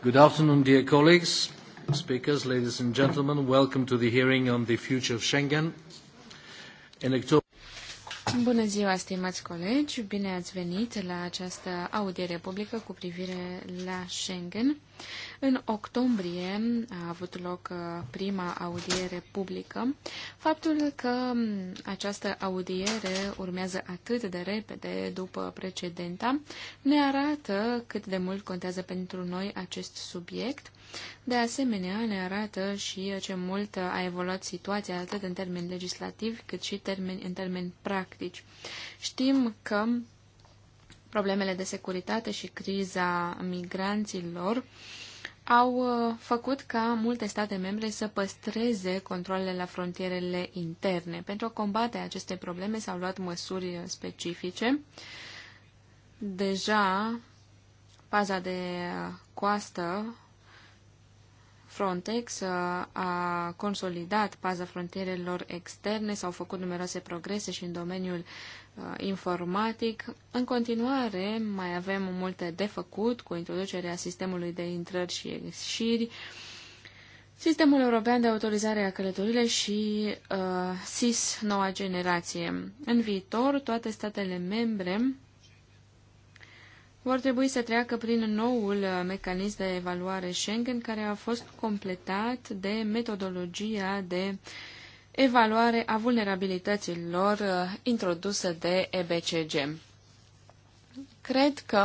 Good afternoon, dear colleagues, speakers, ladies and gentlemen. Welcome to the hearing on the future of Schengen. In October Bună ziua, stimați colegi! Bine ați venit la această audiere publică cu privire la Schengen. În octombrie a avut loc uh, prima audiere publică. Faptul că um, această audiere urmează atât de repede după precedenta ne arată cât de mult contează pentru noi acest subiect de asemenea, ne arată și ce mult a evoluat situația atât în termeni legislativi cât și termeni, în termeni practici. Știm că problemele de securitate și criza migranților au uh, făcut ca multe state membre să păstreze controlele la frontierele interne. Pentru a combate aceste probleme s-au luat măsuri specifice. Deja, paza de coastă Frontex uh, a consolidat paza frontierelor externe, s-au făcut numeroase progrese și în domeniul uh, informatic. În continuare, mai avem multe de făcut cu introducerea sistemului de intrări și ieșiri, Sistemul European de Autorizare a Călătorile și uh, SIS, noua generație. În viitor, toate statele membre vor trebui să treacă prin noul uh, mecanism de evaluare Schengen, care a fost completat de metodologia de evaluare a vulnerabilităților uh, introdusă de EBCG. Cred că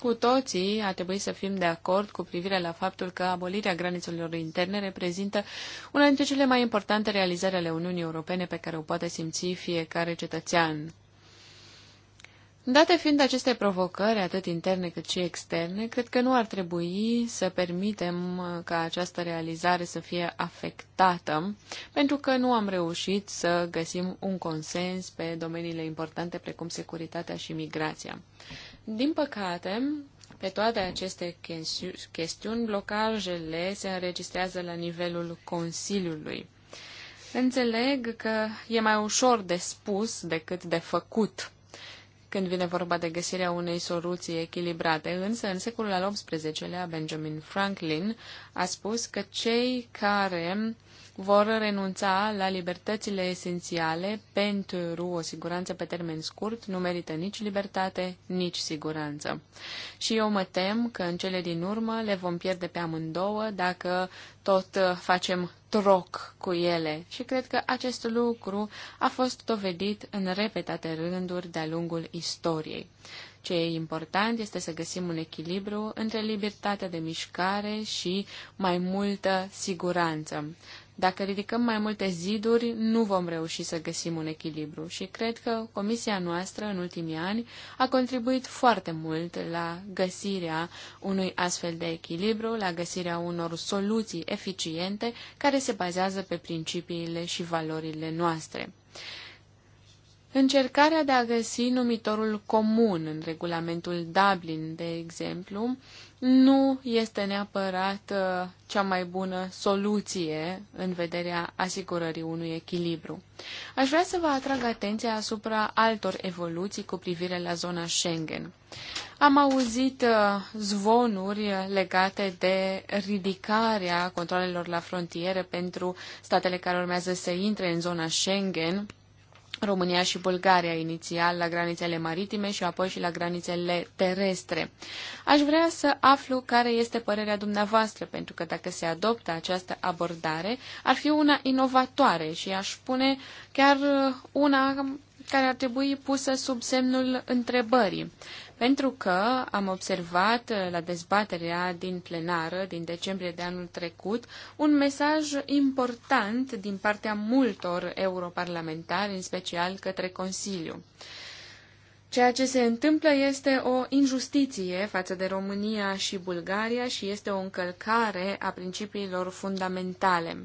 cu toții a trebuit să fim de acord cu privire la faptul că abolirea granițelor interne reprezintă una dintre cele mai importante realizări ale Uniunii Europene pe care o poate simți fiecare cetățean Date fiind aceste provocări, atât interne cât și externe, cred că nu ar trebui să permitem uh, ca această realizare să fie afectată, pentru că nu am reușit să găsim un consens pe domeniile importante precum securitatea și migrația. Din păcate, pe toate aceste chestiuni, blocajele se înregistrează la nivelul Consiliului. Înțeleg că e mai ușor de spus decât de făcut când vine vorba de găsirea unei soluții echilibrate. Însă, în secolul al XVIII-lea, Benjamin Franklin a spus că cei care vor renunța la libertățile esențiale pentru o siguranță pe termen scurt, nu merită nici libertate, nici siguranță. Și eu mă tem că în cele din urmă le vom pierde pe amândouă dacă tot facem troc cu ele. Și cred că acest lucru a fost dovedit în repetate rânduri de-a lungul istoriei. Ce e important este să găsim un echilibru între libertatea de mișcare și mai multă siguranță. Dacă ridicăm mai multe ziduri, nu vom reuși să găsim un echilibru și cred că comisia noastră în ultimii ani a contribuit foarte mult la găsirea unui astfel de echilibru, la găsirea unor soluții eficiente care se bazează pe principiile și valorile noastre. Încercarea de a găsi numitorul comun în regulamentul Dublin, de exemplu, nu este neapărat uh, cea mai bună soluție în vederea asigurării unui echilibru. Aș vrea să vă atrag atenția asupra altor evoluții cu privire la zona Schengen. Am auzit uh, zvonuri legate de ridicarea controlelor la frontiere pentru statele care urmează să intre în zona Schengen, România și Bulgaria inițial la granițele maritime și apoi și la granițele terestre. Aș vrea să aflu care este părerea dumneavoastră, pentru că dacă se adoptă această abordare, ar fi una inovatoare și aș spune chiar uh, una care ar trebui pusă sub semnul întrebării pentru că am observat uh, la dezbaterea din plenară din decembrie de anul trecut un mesaj important din partea multor europarlamentari, în special către Consiliu. Ceea ce se întâmplă este o injustiție față de România și Bulgaria și este o încălcare a principiilor fundamentale.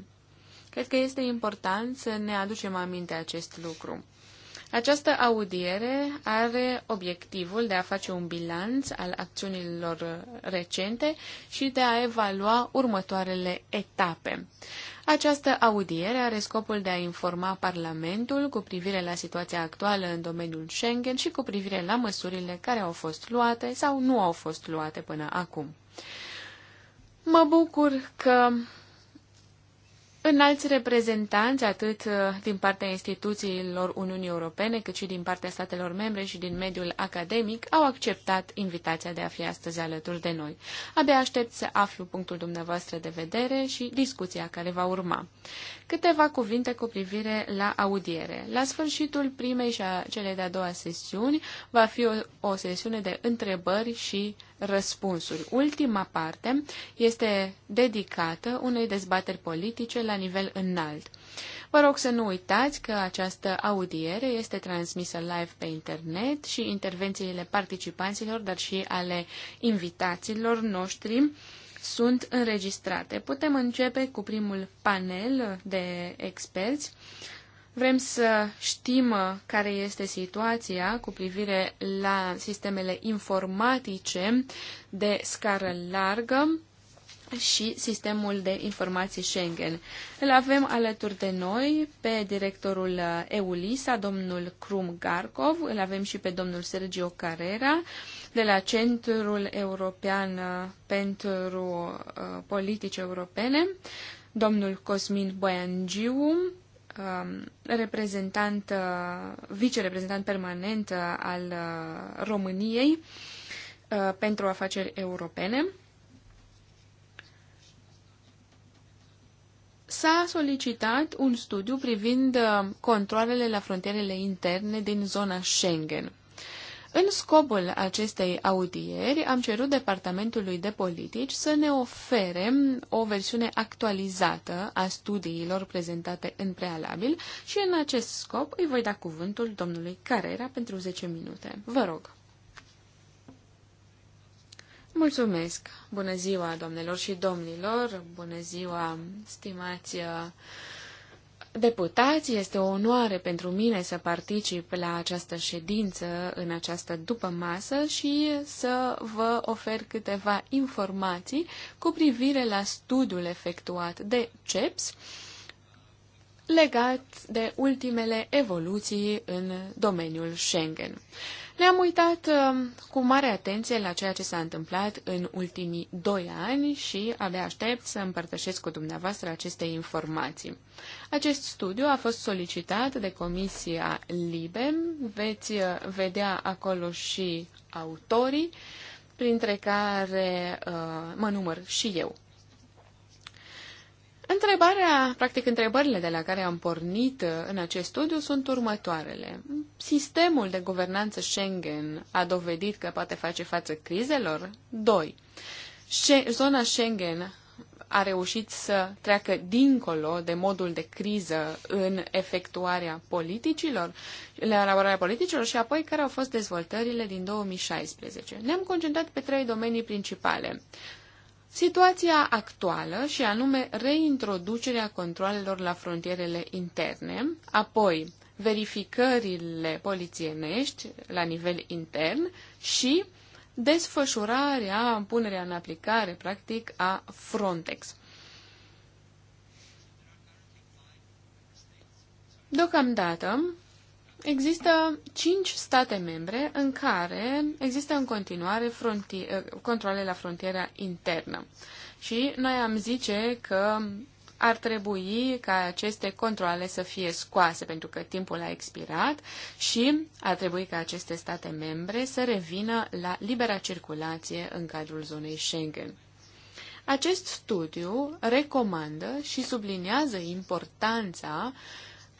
Cred că este important să ne aducem aminte acest lucru. Această audiere are obiectivul de a face un bilanț al acțiunilor recente și de a evalua următoarele etape. Această audiere are scopul de a informa Parlamentul cu privire la situația actuală în domeniul Schengen și cu privire la măsurile care au fost luate sau nu au fost luate până acum. Mă bucur că înalți reprezentanți, atât uh, din partea instituțiilor Uniunii Europene, cât și din partea statelor membre și din mediul academic, au acceptat invitația de a fi astăzi alături de noi. Abia aștept să aflu punctul dumneavoastră de vedere și discuția care va urma. Câteva cuvinte cu privire la audiere. La sfârșitul primei și a cele de-a doua sesiuni va fi o, o sesiune de întrebări și răspunsuri. Ultima parte este dedicată unei dezbateri politice la nivel înalt. Vă rog să nu uitați că această audiere este transmisă live pe internet și intervențiile participanților, dar și ale invitaților noștri sunt înregistrate. Putem începe cu primul panel de experți Vrem să știm uh, care este situația cu privire la sistemele informatice de scară largă și sistemul de informații Schengen. Îl avem alături de noi pe directorul uh, EULISA, domnul Krum Garkov, îl avem și pe domnul Sergio Carrera, de la Centrul European uh, pentru Politici Europene, domnul Cosmin Boiangiu, Um, reprezentant, uh, vicereprezentant permanent uh, al uh, României pentru afaceri europene. S-a solicitat un studiu privind controlele la frontierele interne din zona Schengen. În scopul acestei audieri am cerut Departamentului de Politici să ne ofere o versiune actualizată a studiilor prezentate în prealabil și în acest scop îi voi da cuvântul domnului Carrera pentru 10 minute. Vă rog! Mulțumesc! Bună ziua, domnilor și domnilor! Bună ziua, stimați deputați. Este o onoare pentru mine să particip la această ședință în această dupămasă și să vă ofer câteva informații cu privire la studiul efectuat de CEPS legat de ultimele evoluții în domeniul Schengen. Ne-am uitat um, cu mare atenție la ceea ce s-a întâmplat în ultimii doi ani și abia aștept să împărtășesc cu dumneavoastră aceste informații. Acest studiu a fost solicitat de Comisia LIBE. Veți uh, vedea acolo și autorii, printre care uh, mă număr și eu. Întrebarea, practic întrebările de la care am pornit uh, în acest studiu sunt următoarele. Sistemul de guvernanță Schengen a dovedit că poate face față crizelor? 2. Zona Schengen a reușit să treacă dincolo de modul de criză în efectuarea politicilor, în elaborarea politicilor și apoi care au fost dezvoltările din 2016. Ne-am concentrat pe trei domenii principale situația actuală și anume reintroducerea controlelor la frontierele interne, apoi verificările polițienești la nivel intern și desfășurarea, punerea în aplicare, practic, a Frontex. Deocamdată, Există cinci state membre în care există în continuare eh, controle la frontiera internă. Și noi am zice că ar trebui ca aceste controle să fie scoase, pentru că timpul a expirat și ar trebui ca aceste state membre să revină la libera circulație în cadrul zonei Schengen. Acest studiu recomandă și subliniază importanța uh,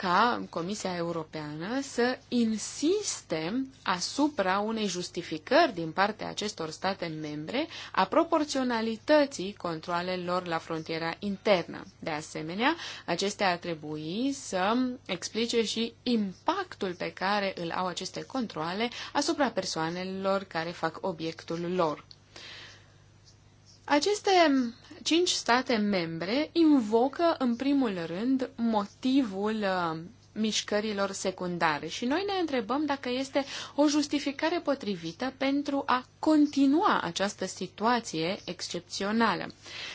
ca Comisia Europeană să insiste asupra unei justificări din partea acestor state membre a proporționalității controalelor la frontiera internă. De asemenea, acestea ar trebui să explice și impactul pe care îl au aceste controale asupra persoanelor care fac obiectul lor. Aceste cinci state membre invocă în primul rând motivul uh, mișcărilor secundare și noi ne întrebăm dacă este o justificare potrivită pentru a continua această situație excepțională.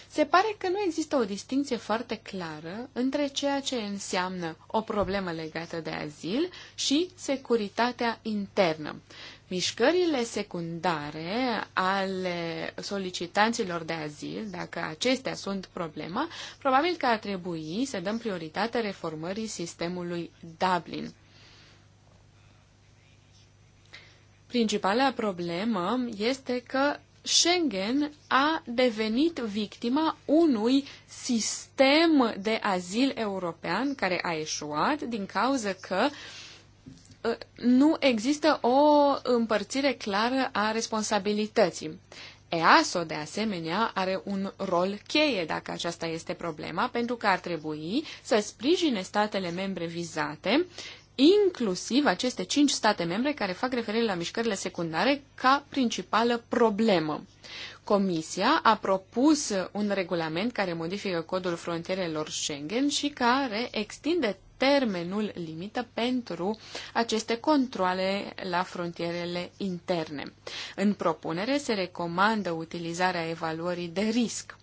Se pare că nu există o distinție foarte clară între ceea ce înseamnă o problemă legată de azil și securitatea internă. Mișcările secundare ale solicitanților de azil, dacă acestea sunt problema, probabil că ar trebui să dăm prioritate reformării sistemului Dublin. Principala problemă este că Schengen a devenit victima unui sistem de azil european care a eșuat din cauza că uh, nu există o împărțire clară a responsabilității. EASO, de asemenea, are un rol cheie dacă aceasta este problema, pentru că ar trebui să sprijine statele membre vizate, inclusiv aceste cinci state membre care fac referire la mișcările secundare ca principală problemă. Comisia a propus un regulament care modifică codul frontierelor Schengen și care extinde termenul limită pentru aceste controle la frontierele interne. În propunere se recomandă utilizarea evaluării de risc.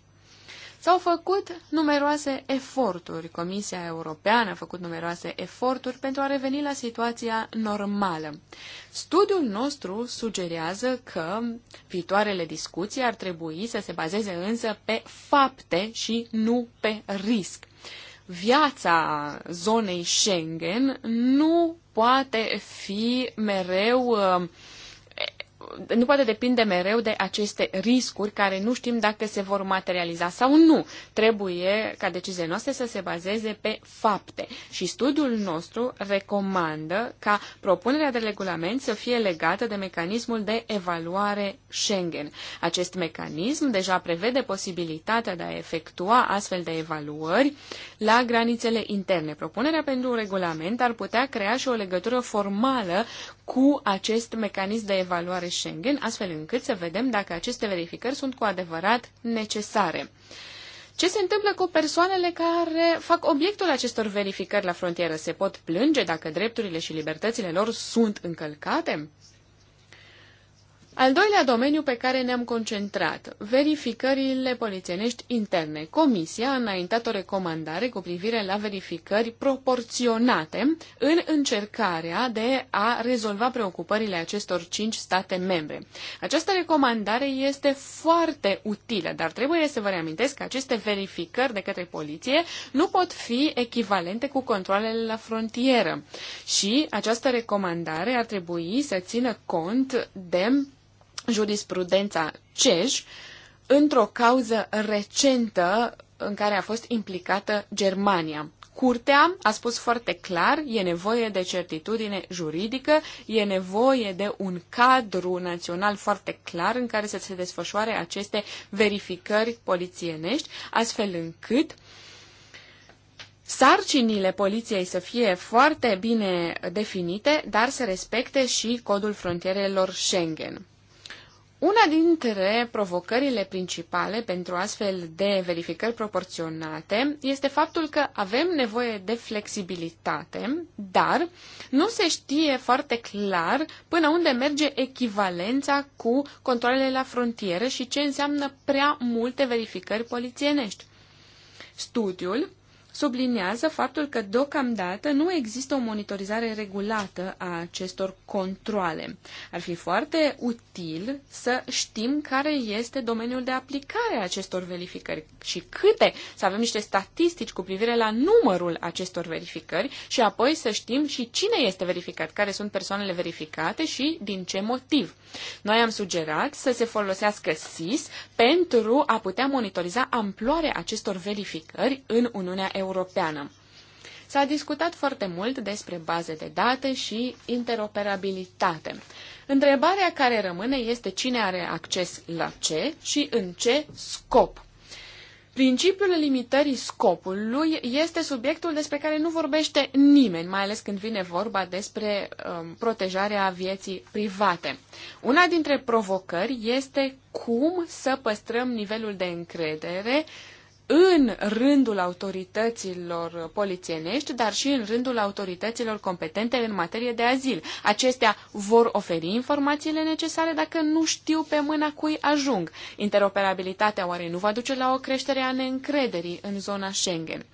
S-au făcut numeroase eforturi. Comisia Europeană a făcut numeroase eforturi pentru a reveni la situația normală. Studiul nostru sugerează că viitoarele discuții ar trebui să se bazeze însă pe fapte și nu pe risc viața zonei Schengen nu poate fi mereu uh, nu poate depinde mereu de aceste riscuri care nu știm dacă se vor materializa sau nu. Trebuie ca deciziile noastre să se bazeze pe fapte și studiul nostru recomandă ca propunerea de regulament să fie legată de mecanismul de evaluare Schengen. Acest mecanism deja prevede posibilitatea de a efectua astfel de evaluări la granițele interne. Propunerea pentru regulament ar putea crea și o legătură formală cu acest mecanism de evaluare Schengen, astfel încât să vedem dacă aceste verificări sunt cu adevărat necesare. Ce se întâmplă cu persoanele care fac obiectul acestor verificări la frontieră? Se pot plânge dacă drepturile și libertățile lor sunt încălcate? Al doilea domeniu pe care ne-am concentrat, verificările polițienești interne. Comisia a înaintat o recomandare cu privire la verificări proporționate în încercarea de a rezolva preocupările acestor cinci state membre. Această recomandare este foarte utilă, dar trebuie să vă reamintesc că aceste verificări de către poliție nu pot fi echivalente cu controlele la frontieră și această recomandare ar trebui să țină cont de jurisprudența CEJ într-o cauză recentă în care a fost implicată Germania. Curtea a spus foarte clar, e nevoie de certitudine juridică, e nevoie de un cadru național foarte clar în care să se desfășoare aceste verificări polițienești, astfel încât sarcinile poliției să fie foarte bine definite, dar să respecte și codul frontierelor Schengen. Una dintre provocările principale pentru astfel de verificări proporționate este faptul că avem nevoie de flexibilitate, dar nu se știe foarte clar până unde merge echivalența cu controlele la frontieră și ce înseamnă prea multe verificări polițienești. Studiul subliniază faptul că deocamdată nu există o monitorizare regulată a acestor controle. Ar fi foarte util să știm care este domeniul de aplicare a acestor verificări și câte, să avem niște statistici cu privire la numărul acestor verificări și apoi să știm și cine este verificat, care sunt persoanele verificate și din ce motiv. Noi am sugerat să se folosească SIS pentru a putea monitoriza amploarea acestor verificări în Uniunea Europeană europeană. S-a discutat foarte mult despre baze de date și interoperabilitate. Întrebarea care rămâne este cine are acces la ce și în ce scop. Principiul limitării scopului este subiectul despre care nu vorbește nimeni, mai ales când vine vorba despre um, protejarea vieții private. Una dintre provocări este cum să păstrăm nivelul de încredere în rândul autorităților polițienești, dar și în rândul autorităților competente în materie de azil. Acestea vor oferi informațiile necesare dacă nu știu pe mâna cui ajung. Interoperabilitatea oare nu va duce la o creștere a neîncrederii în zona Schengen?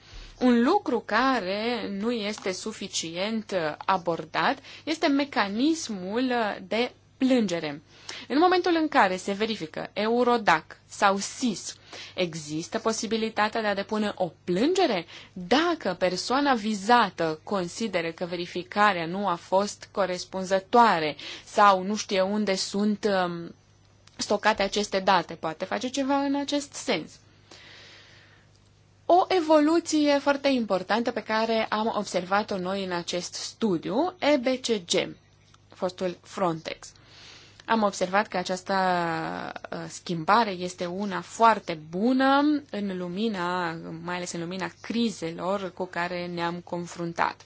Un lucru care nu este suficient abordat este mecanismul de plângere. În momentul în care se verifică Eurodac sau SIS Există posibilitatea de a depune o plângere dacă persoana vizată consideră că verificarea nu a fost corespunzătoare sau nu știe unde sunt um, stocate aceste date. Poate face ceva în acest sens. O evoluție foarte importantă pe care am observat-o noi în acest studiu, EBCG, fostul Frontex. Am observat că această uh, schimbare este una foarte bună în lumina, mai ales în lumina crizelor cu care ne-am confruntat.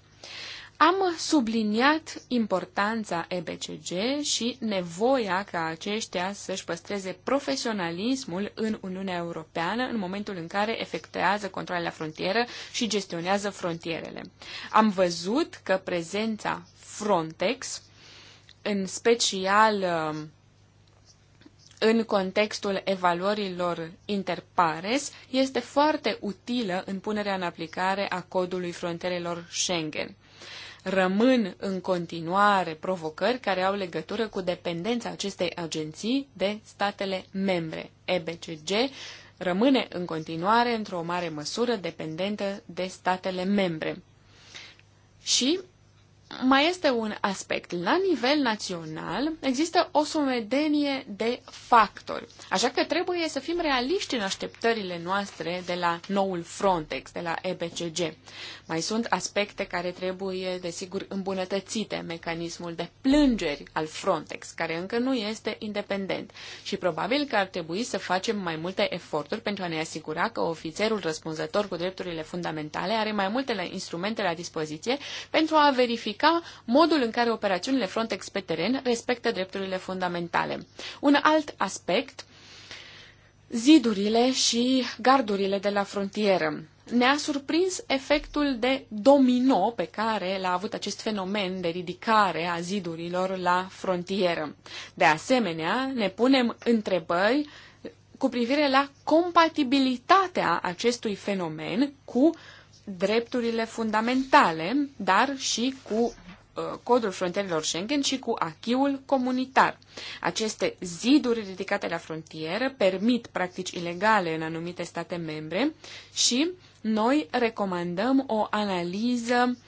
Am subliniat importanța EBCG și nevoia ca aceștia să-și păstreze profesionalismul în Uniunea Europeană în momentul în care efectuează controlele la frontieră și gestionează frontierele. Am văzut că prezența Frontex în special um, în contextul evaluărilor interpares, este foarte utilă în punerea în aplicare a codului frontierelor Schengen. Rămân în continuare provocări care au legătură cu dependența acestei agenții de statele membre. EBCG rămâne în continuare într-o mare măsură dependentă de statele membre. Și mai este un aspect. La nivel național există o sumedenie de factori, așa că trebuie să fim realiști în așteptările noastre de la noul Frontex, de la EBCG. Mai sunt aspecte care trebuie, desigur, îmbunătățite, mecanismul de plângeri al Frontex, care încă nu este independent și probabil că ar trebui să facem mai multe eforturi pentru a ne asigura că ofițerul răspunzător cu drepturile fundamentale are mai multe instrumente la dispoziție pentru a verifica verifica modul în care operațiunile Frontex pe teren respectă drepturile fundamentale. Un alt aspect, zidurile și gardurile de la frontieră. Ne-a surprins efectul de domino pe care l-a avut acest fenomen de ridicare a zidurilor la frontieră. De asemenea, ne punem întrebări cu privire la compatibilitatea acestui fenomen cu drepturile fundamentale, dar și cu uh, codul frontierelor Schengen și cu achiul comunitar. Aceste ziduri ridicate la frontieră permit practici ilegale în anumite state membre și noi recomandăm o analiză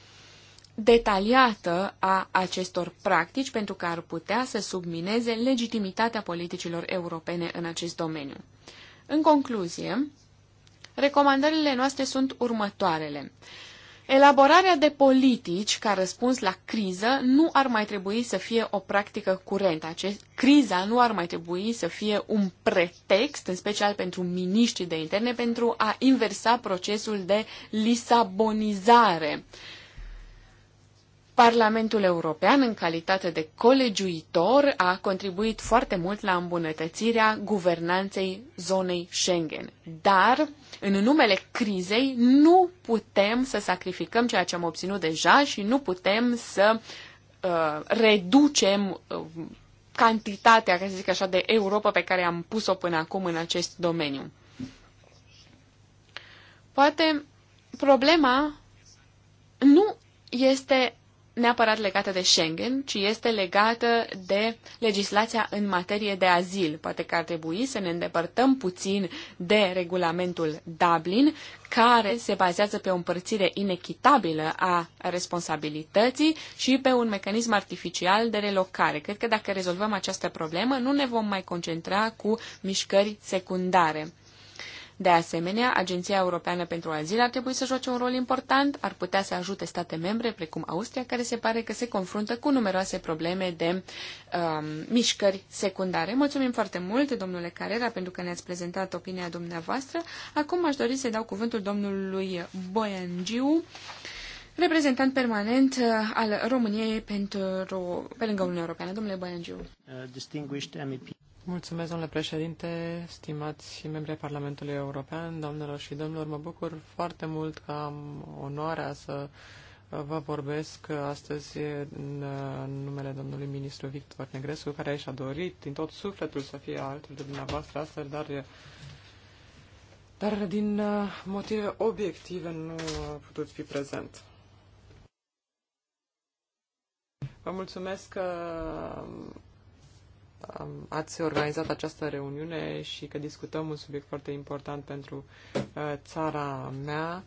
detaliată a acestor practici pentru că ar putea să submineze legitimitatea politicilor europene în acest domeniu. În concluzie, Recomandările noastre sunt următoarele. Elaborarea de politici ca răspuns la criză nu ar mai trebui să fie o practică curentă. Acest, criza nu ar mai trebui să fie un pretext, în special pentru miniștrii de interne, pentru a inversa procesul de lisabonizare uh, Parlamentul European, în calitate de colegiuitor, a contribuit foarte mult la îmbunătățirea guvernanței zonei Schengen. Dar, în numele crizei, nu putem să sacrificăm ceea ce am obținut deja și nu putem să uh, reducem uh, cantitatea, ca să zic așa, de Europa pe care am pus-o până acum în acest domeniu. Poate problema nu este neapărat legată de Schengen, ci este legată de legislația în materie de azil. Poate că ar trebui să ne îndepărtăm puțin de regulamentul Dublin, care se bazează pe o împărțire inechitabilă a responsabilității și pe un mecanism artificial de relocare. Cred că dacă rezolvăm această problemă, nu ne vom mai concentra cu mișcări secundare. De asemenea, Agenția Europeană pentru Azil ar trebui să joace un rol important, ar putea să ajute state membre, precum Austria, care se pare că se confruntă cu numeroase probleme de um, mișcări secundare. Mulțumim foarte mult, domnule Carrera, pentru că ne-ați prezentat opinia dumneavoastră. Acum aș dori să dau cuvântul domnului Boiangiu, reprezentant permanent uh, al României pentru, pe lângă Uniunea Europeană. Domnule Boiangiu. Uh, distinguished MEP. Mulțumesc, domnule președinte, stimați membrii Parlamentului European, doamnelor și domnilor, mă bucur foarte mult că am onoarea să uh, vă vorbesc astăzi uh, în numele domnului ministru Victor Negrescu, care și-a dorit din tot sufletul să fie altul de dumneavoastră astăzi, dar, dar din uh, motive obiective nu a putut fi prezent. Vă mulțumesc că ați organizat această reuniune și că discutăm un subiect foarte important pentru uh, țara mea.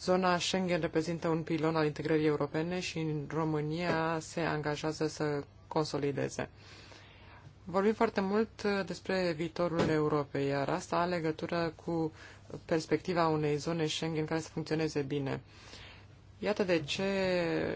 Zona Schengen reprezintă un pilon al integrării europene și în România se angajează să consolideze. Vorbim foarte mult uh, despre viitorul Europei, iar asta are legătură cu perspectiva unei zone Schengen care să funcționeze bine. Iată de ce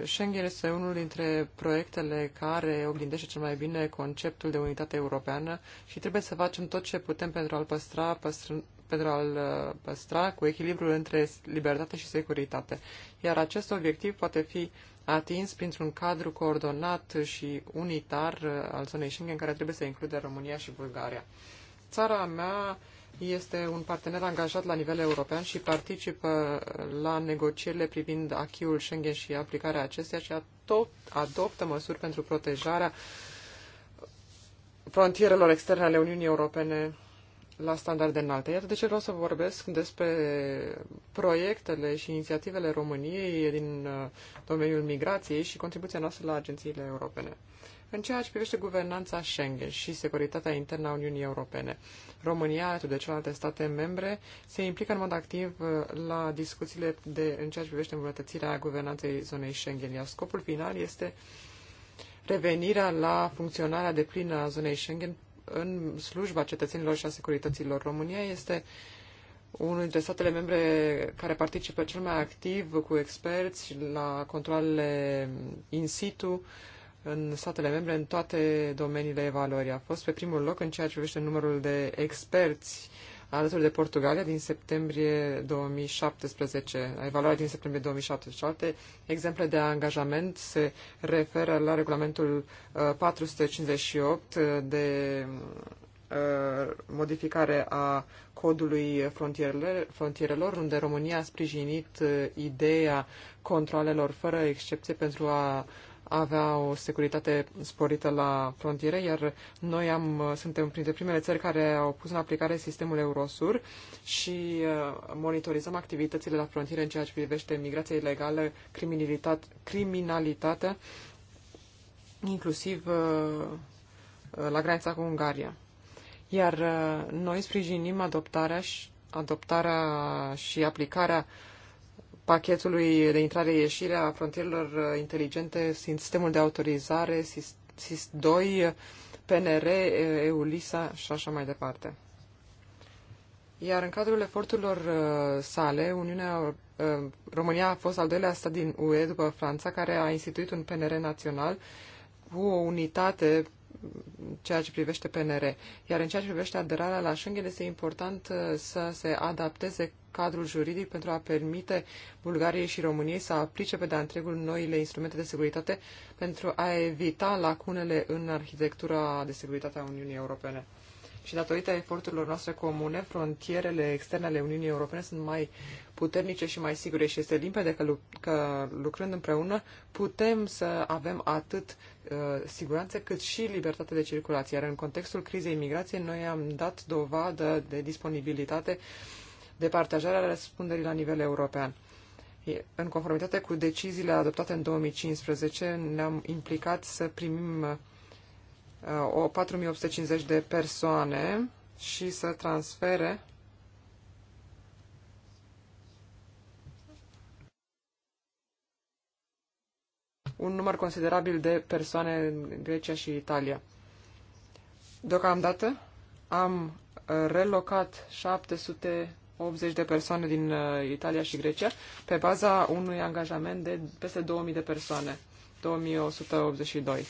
Schengen este unul dintre proiectele care oglindește cel mai bine conceptul de unitate europeană și trebuie să facem tot ce putem pentru a-l păstra, păstr- pentru a-l uh, păstra cu echilibrul între libertate și securitate. Iar acest obiectiv poate fi atins printr-un cadru coordonat și unitar uh, al zonei Schengen, care trebuie să includă România și Bulgaria. Țara mea este un partener angajat la nivel european și participă la negocierile privind achiul Schengen și aplicarea acesteia și adoptă măsuri pentru protejarea frontierelor externe ale Uniunii Europene la standarde înalte. Iată de ce vreau să vorbesc despre proiectele și inițiativele României din uh, domeniul migrației și contribuția noastră la agențiile europene. În ceea ce privește guvernanța Schengen și securitatea internă a Uniunii Europene, România, alături de celelalte state membre, se implică în mod activ uh, la discuțiile de, în ceea ce privește îmbunătățirea guvernanței zonei Schengen, iar scopul final este revenirea la funcționarea de plină a zonei Schengen în slujba cetățenilor și a securităților. România este unul dintre statele membre care participă cel mai activ cu experți la controlele in situ în statele membre în toate domeniile evaluării. A fost pe primul loc în ceea ce privește numărul de experți alături de Portugalia din septembrie 2017, evaluarea din septembrie 2017. Alte exemple de angajament se referă la regulamentul 458 uh, de uh, modificare a codului frontierelor, unde România a sprijinit uh, ideea controlelor fără excepție pentru a avea o securitate sporită la frontiere, iar noi am, suntem printre primele țări care au pus în aplicare sistemul Eurosur și uh, monitorizăm activitățile la frontiere în ceea ce privește migrația ilegală, criminalitatea, inclusiv uh, la granița cu Ungaria. Iar uh, noi sprijinim adoptarea și, adoptarea și aplicarea uh, pachetului de intrare-ieșire a frontierelor uh, inteligente, sistemul de autorizare, SIS-2, PNR, uh, EULISA și așa mai departe. Iar în cadrul eforturilor uh, sale, Uniunea, România a fost al doilea stat din UE după Franța care a instituit un PNR național cu o unitate ceea ce privește PNR. Iar în ceea ce privește aderarea la Schengen, este important uh, să se adapteze cadrul juridic pentru a permite Bulgariei și României să aplice pe de-a întregul noile instrumente de securitate pentru a evita lacunele în arhitectura de securitate a Uniunii Europene și datorită eforturilor noastre comune, frontierele externe ale Uniunii Europene sunt mai puternice și mai sigure și este limpede că, că lucrând împreună putem să avem atât uh, siguranță cât și libertate de circulație. Iar în contextul crizei imigrației noi am dat dovadă de disponibilitate de partajarea răspunderii la nivel european. În conformitate cu deciziile adoptate în 2015, ne-am implicat să primim o 4850 de persoane și să transfere un număr considerabil de persoane în Grecia și Italia. Deocamdată am relocat 780 de persoane din uh, Italia și Grecia pe baza unui angajament de peste 2000 de persoane, 2182.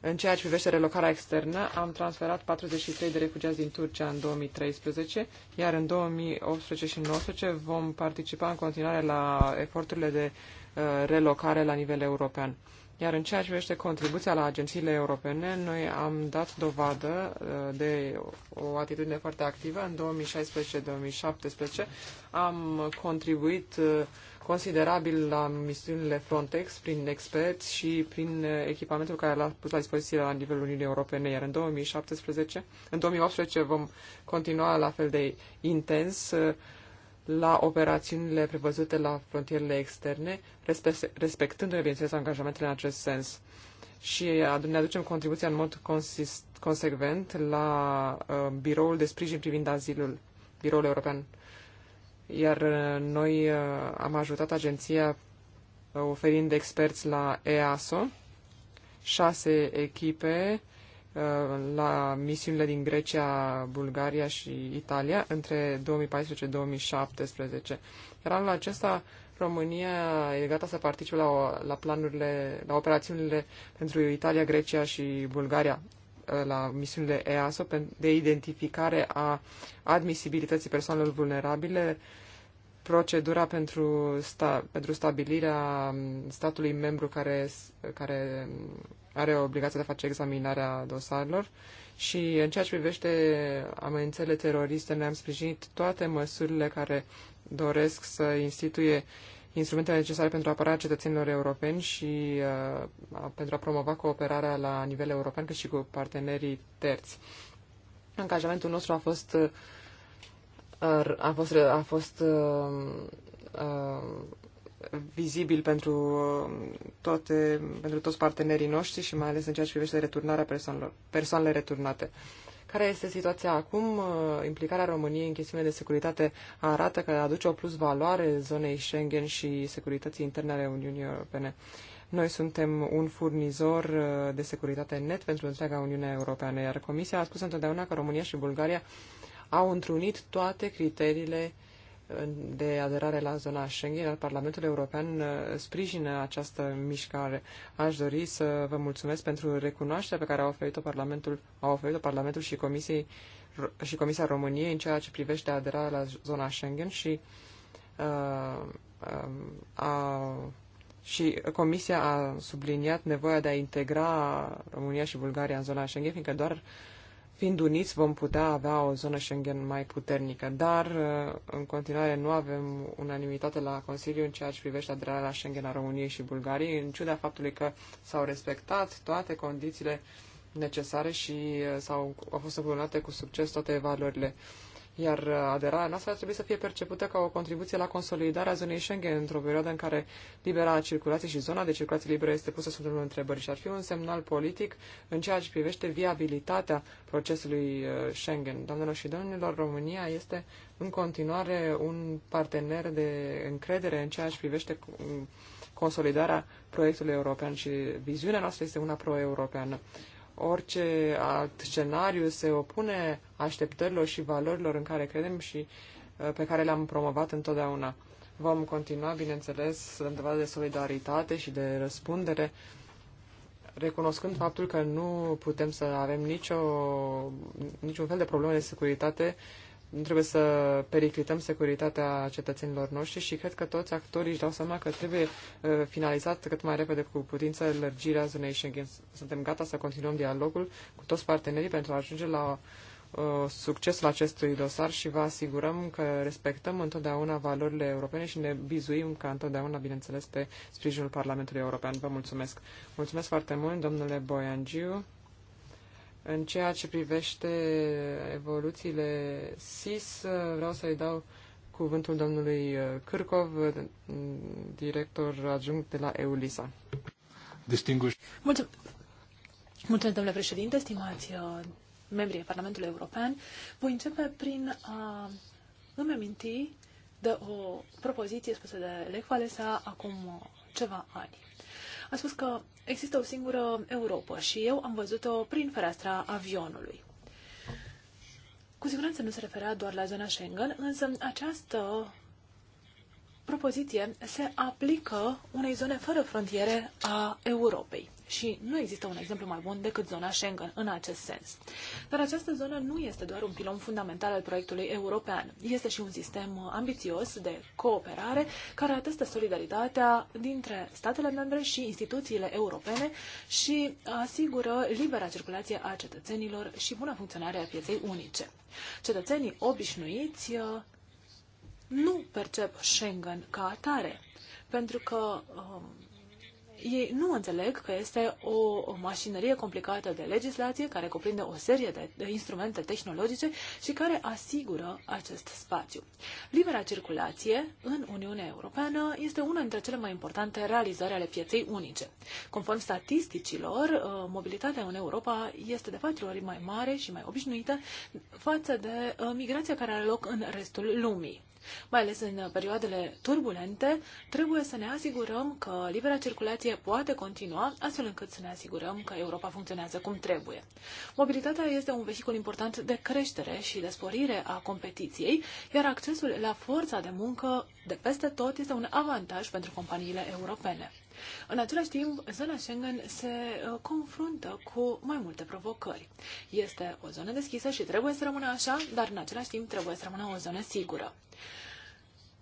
În ceea ce privește relocarea externă, am transferat 43 de refugiați din Turcia în 2013, iar în 2018 și 2019 vom participa în continuare la eforturile de uh, relocare la nivel european. Iar în ceea ce privește contribuția la agențiile europene, noi am dat dovadă uh, de o atitudine foarte activă. În 2016-2017 am contribuit uh, considerabil la misiunile Frontex prin experți și prin uh, echipamentul care l-a pus la dispoziție la nivelul Uniunii Europene, iar în 2017, în 2018 vom continua la fel de intens uh, la operațiunile prevăzute la frontierele externe, respectându-ne, bineînțeles, angajamentele în acest sens. Și ne aducem contribuția în mod consist, consecvent la uh, biroul de sprijin privind azilul, biroul european iar uh, noi uh, am ajutat agenția uh, oferind experți la EASO, șase echipe la misiunile din Grecia, Bulgaria și Italia între 2014-2017. Iar anul acesta România e gata să participe la, la planurile, la operațiunile pentru Italia, Grecia și Bulgaria. Eh, la misiunile EASO de identificare a admisibilității persoanelor vulnerabile, procedura pentru, sta, pentru stabilirea mm, statului membru care, care mm, are obligația de a face examinarea dosarelor și în ceea ce privește amenințele teroriste, ne-am sprijinit toate măsurile care doresc să instituie uh, instrumentele necesare pentru apărarea cetățenilor europeni și uh, pentru a promova cooperarea la nivel european, cât și cu partenerii terți. Angajamentul nostru a fost uh, a fost, a fost uh, uh, vizibil pentru toate pentru toți partenerii noștri și mai ales în ceea ce privește returnarea persoanelor, persoanele returnate. Uh, care este situația acum? Uh, implicarea României în chestiune de securitate arată că aduce o plus valoare zonei Schengen și securității interne ale Uniunii Europene. Noi suntem un furnizor uh, de securitate net pentru întreaga Uniune Europeană, iar Comisia a spus întotdeauna că România și Bulgaria au întrunit toate criteriile uh, de aderare la zona Schengen, iar Parlamentul European uh, sprijină această mișcare. Aș dori să vă mulțumesc pentru recunoașterea pe care a oferit-o Parlamentul, a oferit-o Parlamentul și, Comisiei, și Comisia României în ceea ce privește aderarea la zona Schengen și, uh, uh, a, și Comisia a subliniat nevoia de a integra România și Bulgaria în zona Schengen, fiindcă doar uh, Fiind uniți, vom putea avea o zonă Schengen mai puternică, dar uh, în continuare nu avem unanimitate la Consiliu în ceea ce privește aderarea la Schengen a României și Bulgariei, în ciuda faptului că s-au respectat toate condițiile necesare și uh, s-au, au fost împrunate cu succes toate evaluările uh, iar uh, aderarea noastră ar trebui să fie percepută ca o contribuție la consolidarea zonei Schengen într-o perioadă în care libera circulație și zona de circulație liberă este pusă sub semnul întrebări și ar fi un semnal politic în ceea ce privește viabilitatea procesului uh, Schengen. Doamnelor și domnilor, România este în continuare un partener de încredere în ceea ce privește um, consolidarea proiectului european și viziunea noastră este una pro-europeană orice alt scenariu se opune așteptărilor și valorilor în care credem și uh, pe care le-am promovat întotdeauna. Vom continua, bineînțeles, să dăm dovadă de solidaritate și de răspundere, recunoscând faptul că nu putem să avem nicio, niciun fel de probleme de securitate uh, nu trebuie să periclităm securitatea cetățenilor noștri și cred că toți actorii își dau seama că trebuie uh, finalizat cât mai repede cu putință lărgirea zonei Schengen. Suntem gata să continuăm dialogul cu toți partenerii pentru a ajunge la uh, succesul acestui dosar și vă asigurăm că respectăm întotdeauna valorile europene și ne bizuim ca întotdeauna, bineînțeles, pe sprijinul Parlamentului European. Vă mulțumesc! Mulțumesc foarte mult, domnule Boiangiu! În ceea ce privește evoluțiile SIS, vreau să-i dau cuvântul domnului uh, Cârcov, uh, director adjunct de la EULISA. Mulțumesc. Mulțumesc, domnule președinte, stimați uh, membrii Parlamentului European. Voi începe prin a îmi aminti de o propoziție spusă de Lech Walesa acum ceva ani a spus că există o singură Europa și eu am văzut-o prin fereastra avionului. Cu siguranță nu se referea doar la zona Schengen, însă această propoziție se aplică unei zone fără frontiere a Europei și nu există un exemplu mai bun decât zona Schengen în acest sens. Dar această zonă nu este doar un pilon fundamental al proiectului european, este și un sistem ambițios de cooperare care atestă solidaritatea dintre statele membre și instituțiile europene și asigură libera circulație a cetățenilor și buna funcționare a pieței unice. Cetățenii obișnuiți uh, nu percep Schengen ca atare, pentru că um, ei nu înțeleg că este o, mașinărie complicată de legislație care cuprinde o serie de, de instrumente tehnologice și care asigură acest spațiu. Libera circulație în Uniunea Europeană este una dintre cele mai importante realizări ale pieței unice. Conform statisticilor, uh, mobilitatea în Europa este de patru ori mai mare și mai obișnuită față de uh, migrația care are loc în restul lumii. Mai ales în perioadele turbulente, trebuie să ne asigurăm că libera circulație poate continua, astfel încât să ne asigurăm că Europa funcționează cum trebuie. Mobilitatea este un vehicul important de creștere și de sporire a competiției, iar accesul la forța de muncă de peste tot este un avantaj pentru companiile europene. În același timp, zona Schengen se uh, confruntă cu mai multe provocări. Este o zonă deschisă și trebuie să rămână așa, dar în același timp trebuie să rămână o zonă sigură.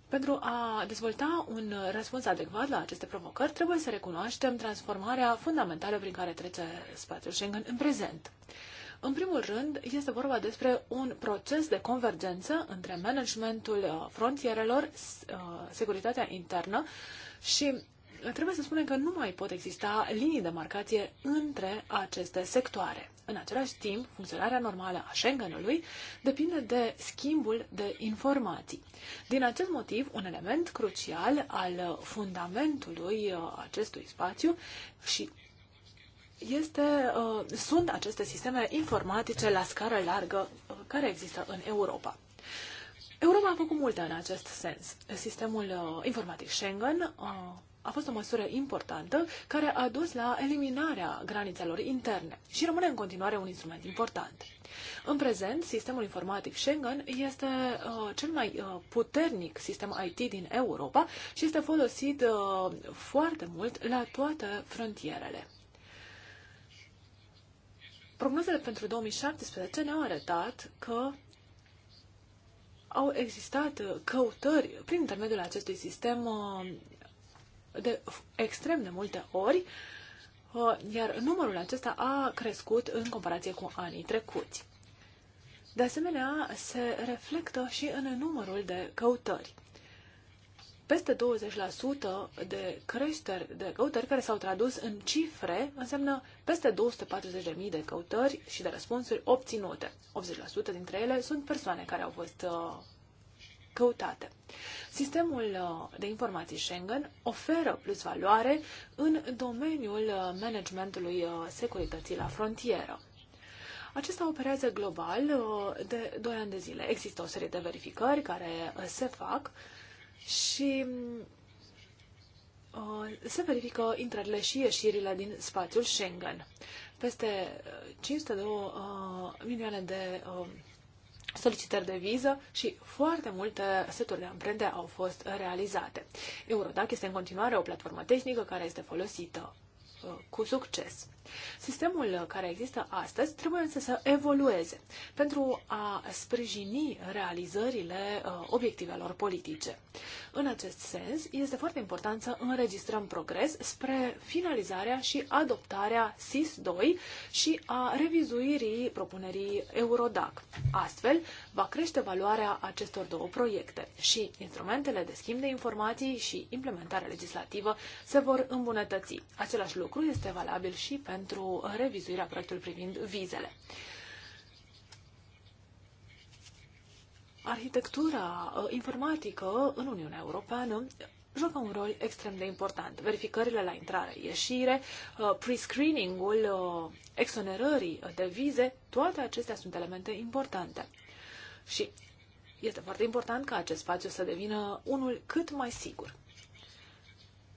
Pentru a dezvolta un răspuns adecvat la aceste provocări, trebuie să recunoaștem transformarea fundamentală prin care trece spațiul Schengen în prezent. În primul rând, este vorba despre un proces de convergență între managementul uh, frontierelor, uh, securitatea internă și trebuie să spunem că nu mai pot exista linii de marcație între aceste sectoare. În același timp, funcționarea normală a Schengenului depinde de schimbul de informații. Din acest motiv, un element crucial al fundamentului uh, acestui spațiu și este, uh, sunt aceste sisteme informatice la scară largă uh, care există în Europa. Europa a făcut multe în acest sens. Sistemul informatic Schengen a fost o măsură importantă care a dus la eliminarea granițelor interne și rămâne în continuare un instrument important. În prezent, sistemul informatic Schengen este uh, cel mai uh, puternic sistem IT din Europa și este folosit uh, foarte mult la toate frontierele. Prognozele pentru 2017 ne-au arătat că au existat căutări prin intermediul acestui sistem uh, de extrem de multe ori, uh, iar numărul acesta a crescut în comparație cu anii trecuți. De asemenea, se reflectă și în numărul de căutări. Peste 20% de creșteri de căutări care s-au tradus în cifre înseamnă peste 240.000 de căutări și de răspunsuri obținute. 80% dintre ele sunt persoane care au fost uh, căutate. Sistemul uh, de informații Schengen oferă plus valoare în domeniul uh, managementului uh, securității la frontieră. Acesta operează global de 2 ani de zile. Există o serie de verificări care se fac și se verifică intrările și ieșirile din spațiul Schengen. Peste 502 milioane de solicitări de viză și foarte multe seturi de amprente au fost realizate. Eurodac este în continuare o platformă tehnică care este folosită uh, cu succes. Sistemul care există astăzi trebuie însă să evolueze pentru a sprijini realizările uh, obiectivelor politice. În acest sens, este foarte important să înregistrăm progres spre finalizarea și adoptarea SIS-2 și a revizuirii propunerii Eurodac. Astfel, va crește valoarea acestor două proiecte și instrumentele de schimb de informații și implementarea legislativă se vor îmbunătăți. Același lucru este valabil și pentru pentru revizuirea proiectului privind vizele. Arhitectura uh, informatică în Uniunea Europeană joacă un rol extrem de important. Verificările la intrare-ieșire, uh, pre-screening-ul uh, exonerării de vize, toate acestea sunt elemente importante. Și este foarte important ca acest spațiu să devină unul cât mai sigur.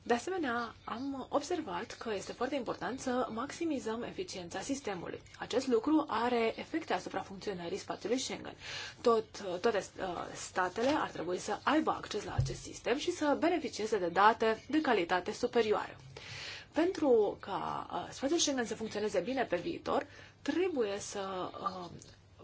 De asemenea, am observat că este foarte important să maximizăm eficiența sistemului. Acest lucru are efecte asupra funcționării spațiului Schengen. Tot, toate uh, statele ar trebui să aibă acces la acest sistem și să beneficieze de date de calitate superioară. Pentru ca uh, spațiul Schengen să funcționeze bine pe viitor, trebuie să uh,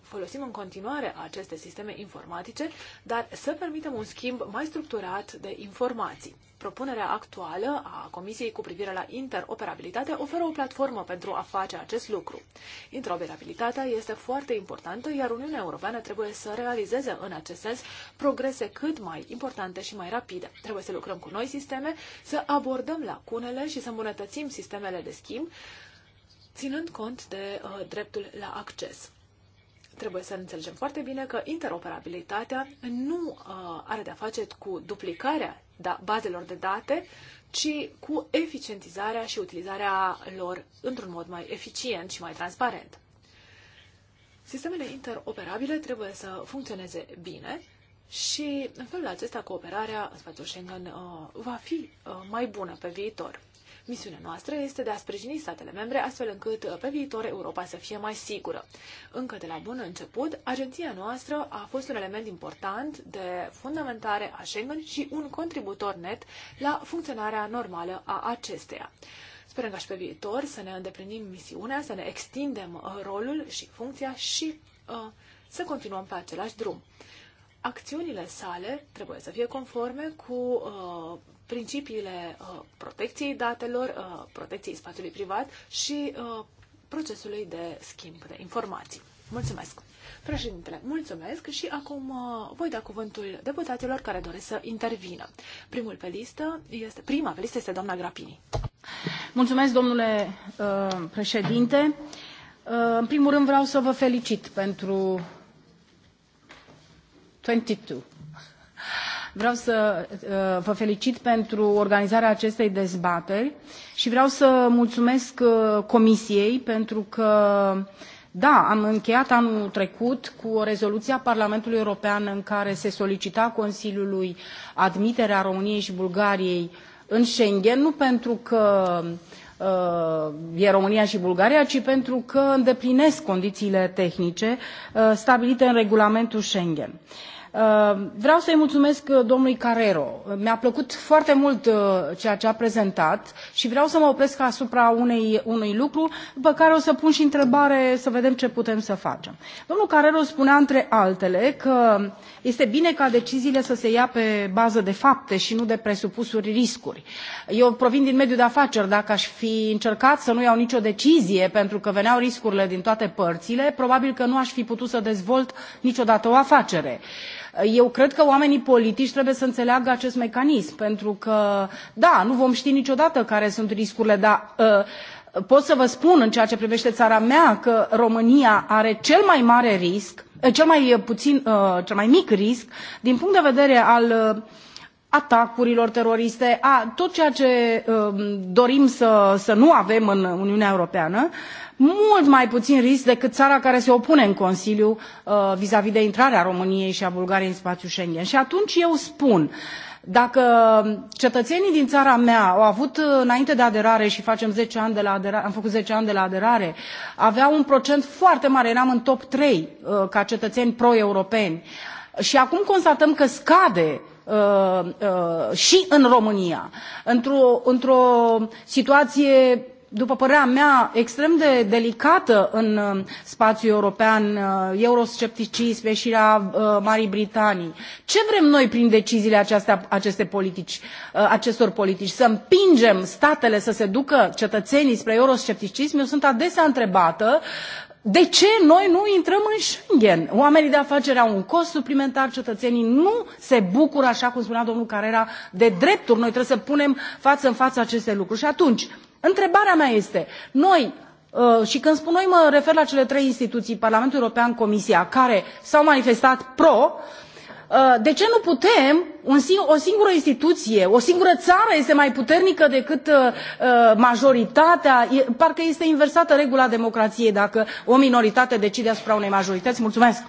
folosim în continuare aceste sisteme informatice, dar să permitem un schimb mai structurat de informații. Propunerea actuală a Comisiei cu privire la interoperabilitate oferă o platformă pentru a face acest lucru. Interoperabilitatea este foarte importantă, iar Uniunea Europeană trebuie să realizeze în acest sens progrese cât mai importante și mai rapide. Trebuie să lucrăm cu noi sisteme, să abordăm lacunele și să îmbunătățim sistemele de schimb, ținând cont de uh, dreptul la acces trebuie să înțelegem foarte bine că interoperabilitatea nu uh, are de-a face cu duplicarea da- bazelor de date, ci cu eficientizarea și utilizarea lor într-un mod mai eficient și mai transparent. Sistemele interoperabile trebuie să funcționeze bine și în felul acesta cooperarea în spațiul Schengen uh, va fi uh, mai bună pe viitor. Misiunea noastră este de a sprijini statele membre astfel încât uh, pe viitor Europa să fie mai sigură. Încă de la bun început, agenția noastră a fost un element important de fundamentare a Schengen și un contributor net la funcționarea normală a acesteia. Sperăm ca și pe viitor să ne îndeplinim misiunea, să ne extindem uh, rolul și funcția și uh, să continuăm pe același drum. Acțiunile sale trebuie să fie conforme cu uh, principiile uh, protecției datelor, uh, protecției spațiului privat și uh, procesului de schimb de informații. Mulțumesc! Președintele, mulțumesc și acum voi da cuvântul deputaților care doresc să intervină. Primul pe listă este, prima pe listă este doamna Grapini. Mulțumesc, domnule uh, președinte. Uh, în primul rând vreau să vă felicit pentru 22 Vreau să uh, vă felicit pentru organizarea acestei dezbateri și vreau să mulțumesc uh, Comisiei pentru că da, am încheiat anul trecut cu o rezoluție a Parlamentului European în care se solicita Consiliului admiterea României și Bulgariei în Schengen, nu pentru că uh, e România și Bulgaria, ci pentru că îndeplinesc condițiile tehnice stabilite în regulamentul Schengen. Uh, vreau să-i mulțumesc uh, domnului Carrero. Uh, mi-a plăcut foarte mult ceea ce a prezentat și vreau să mă opresc asupra unei, unui lucru pe care o să pun și întrebare să vedem ce putem să facem. Domnul Carrero spunea între altele că este bine ca deciziile să se ia pe bază de fapte și nu de presupusuri riscuri. Eu provin din mediul de afaceri. Dacă aș fi încercat să nu iau nicio decizie pentru că veneau riscurile din toate părțile, probabil că nu aș fi putut să dezvolt niciodată o afacere. Uh, eu cred că oamenii politici trebuie să înțeleagă acest mecanism, pentru că, da, nu vom ști niciodată care sunt riscurile, dar uh, pot să vă spun în ceea ce privește țara mea că România are cel mai mare risc, uh, cel mai, puțin, uh, cel mai mic risc din punct de vedere al atacurilor teroriste, a tot ceea ce um, dorim să, să nu avem în Uniunea Europeană mult mai puțin risc decât țara care se opune în Consiliu uh, vis-a-vis de intrarea României și a Bulgariei în spațiul Schengen. Și atunci eu spun, dacă cetățenii din țara mea au avut uh, înainte de aderare și facem 10 ani de la aderare, am făcut 10 ani de la aderare, aveau un procent foarte mare, eram în top 3 uh, ca cetățeni pro-europeni. Și acum constatăm că scade uh, uh, și în România, într-o într situație după părerea mea, extrem de delicată în uh, spațiul european, uh, euroscepticism, ieșirea uh, Marii Britanii. Ce vrem noi prin deciziile acestea, aceste politici, acestor politici? Să împingem statele să se ducă cetățenii spre euroscepticism? Eu sunt adesea întrebată de ce noi nu intrăm în Schengen? Oamenii de afaceri au un cost suplimentar, cetățenii nu se bucură, așa cum spunea domnul Carrera, de drepturi. Noi trebuie să punem față în față aceste lucruri. Și atunci, întrebarea mea este noi uh, și când spun noi mă refer la cele trei instituții parlamentul european comisia care s au manifestat pro uh, de ce nu putem o singură instituție o singură țară este mai puternică decât uh, majoritatea parcă este inversată regula democrației dacă o minoritate decide asupra unei majorități. mulțumesc.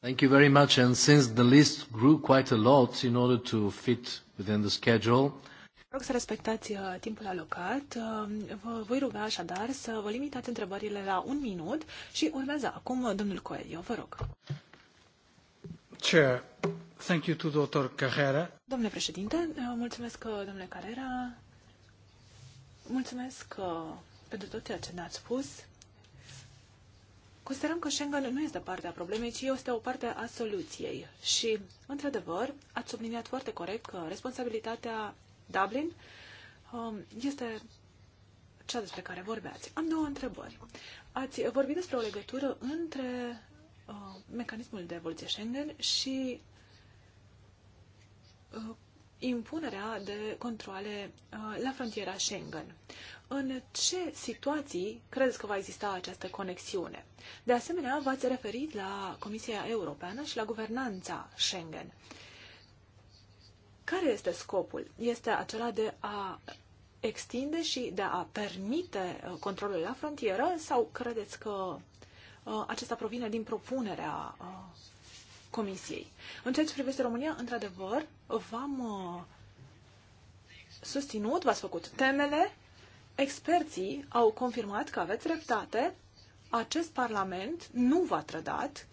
Thank you very much. And since the list grew quite a lot in order to fit within the schedule, Rog să respectați uh, timpul alocat. Uh, vă voi ruga așadar să vă limitați întrebările la un minut și urmează acum domnul Coelho. Vă rog. Chair, thank you to Dr. Carrera. Domnule președinte, uh, mulțumesc, domnule Carrera. Mulțumesc pentru tot ceea ce ne-ați spus. Considerăm că Schengen nu este parte a problemei, ci este o parte a soluției. Și, într-adevăr, ați subliniat foarte corect că responsabilitatea Dublin um, este cea despre care vorbeați. Am două întrebări. Ați vorbit despre o legătură între uh, mecanismul de evoluție Schengen și uh, impunerea de controle uh, la frontiera Schengen. În ce situații credeți că va exista această conexiune? De asemenea, v-ați referit la Comisia Europeană și la guvernanța Schengen. Uh, care este scopul? Este acela de a extinde și de a permite uh, controlul la frontieră sau credeți că uh, acesta provine din propunerea uh, Comisiei? În ceea ce privește România, într-adevăr, v-am susținut, v-ați făcut temele, experții au confirmat că aveți dreptate, acest Parlament nu v-a trădat,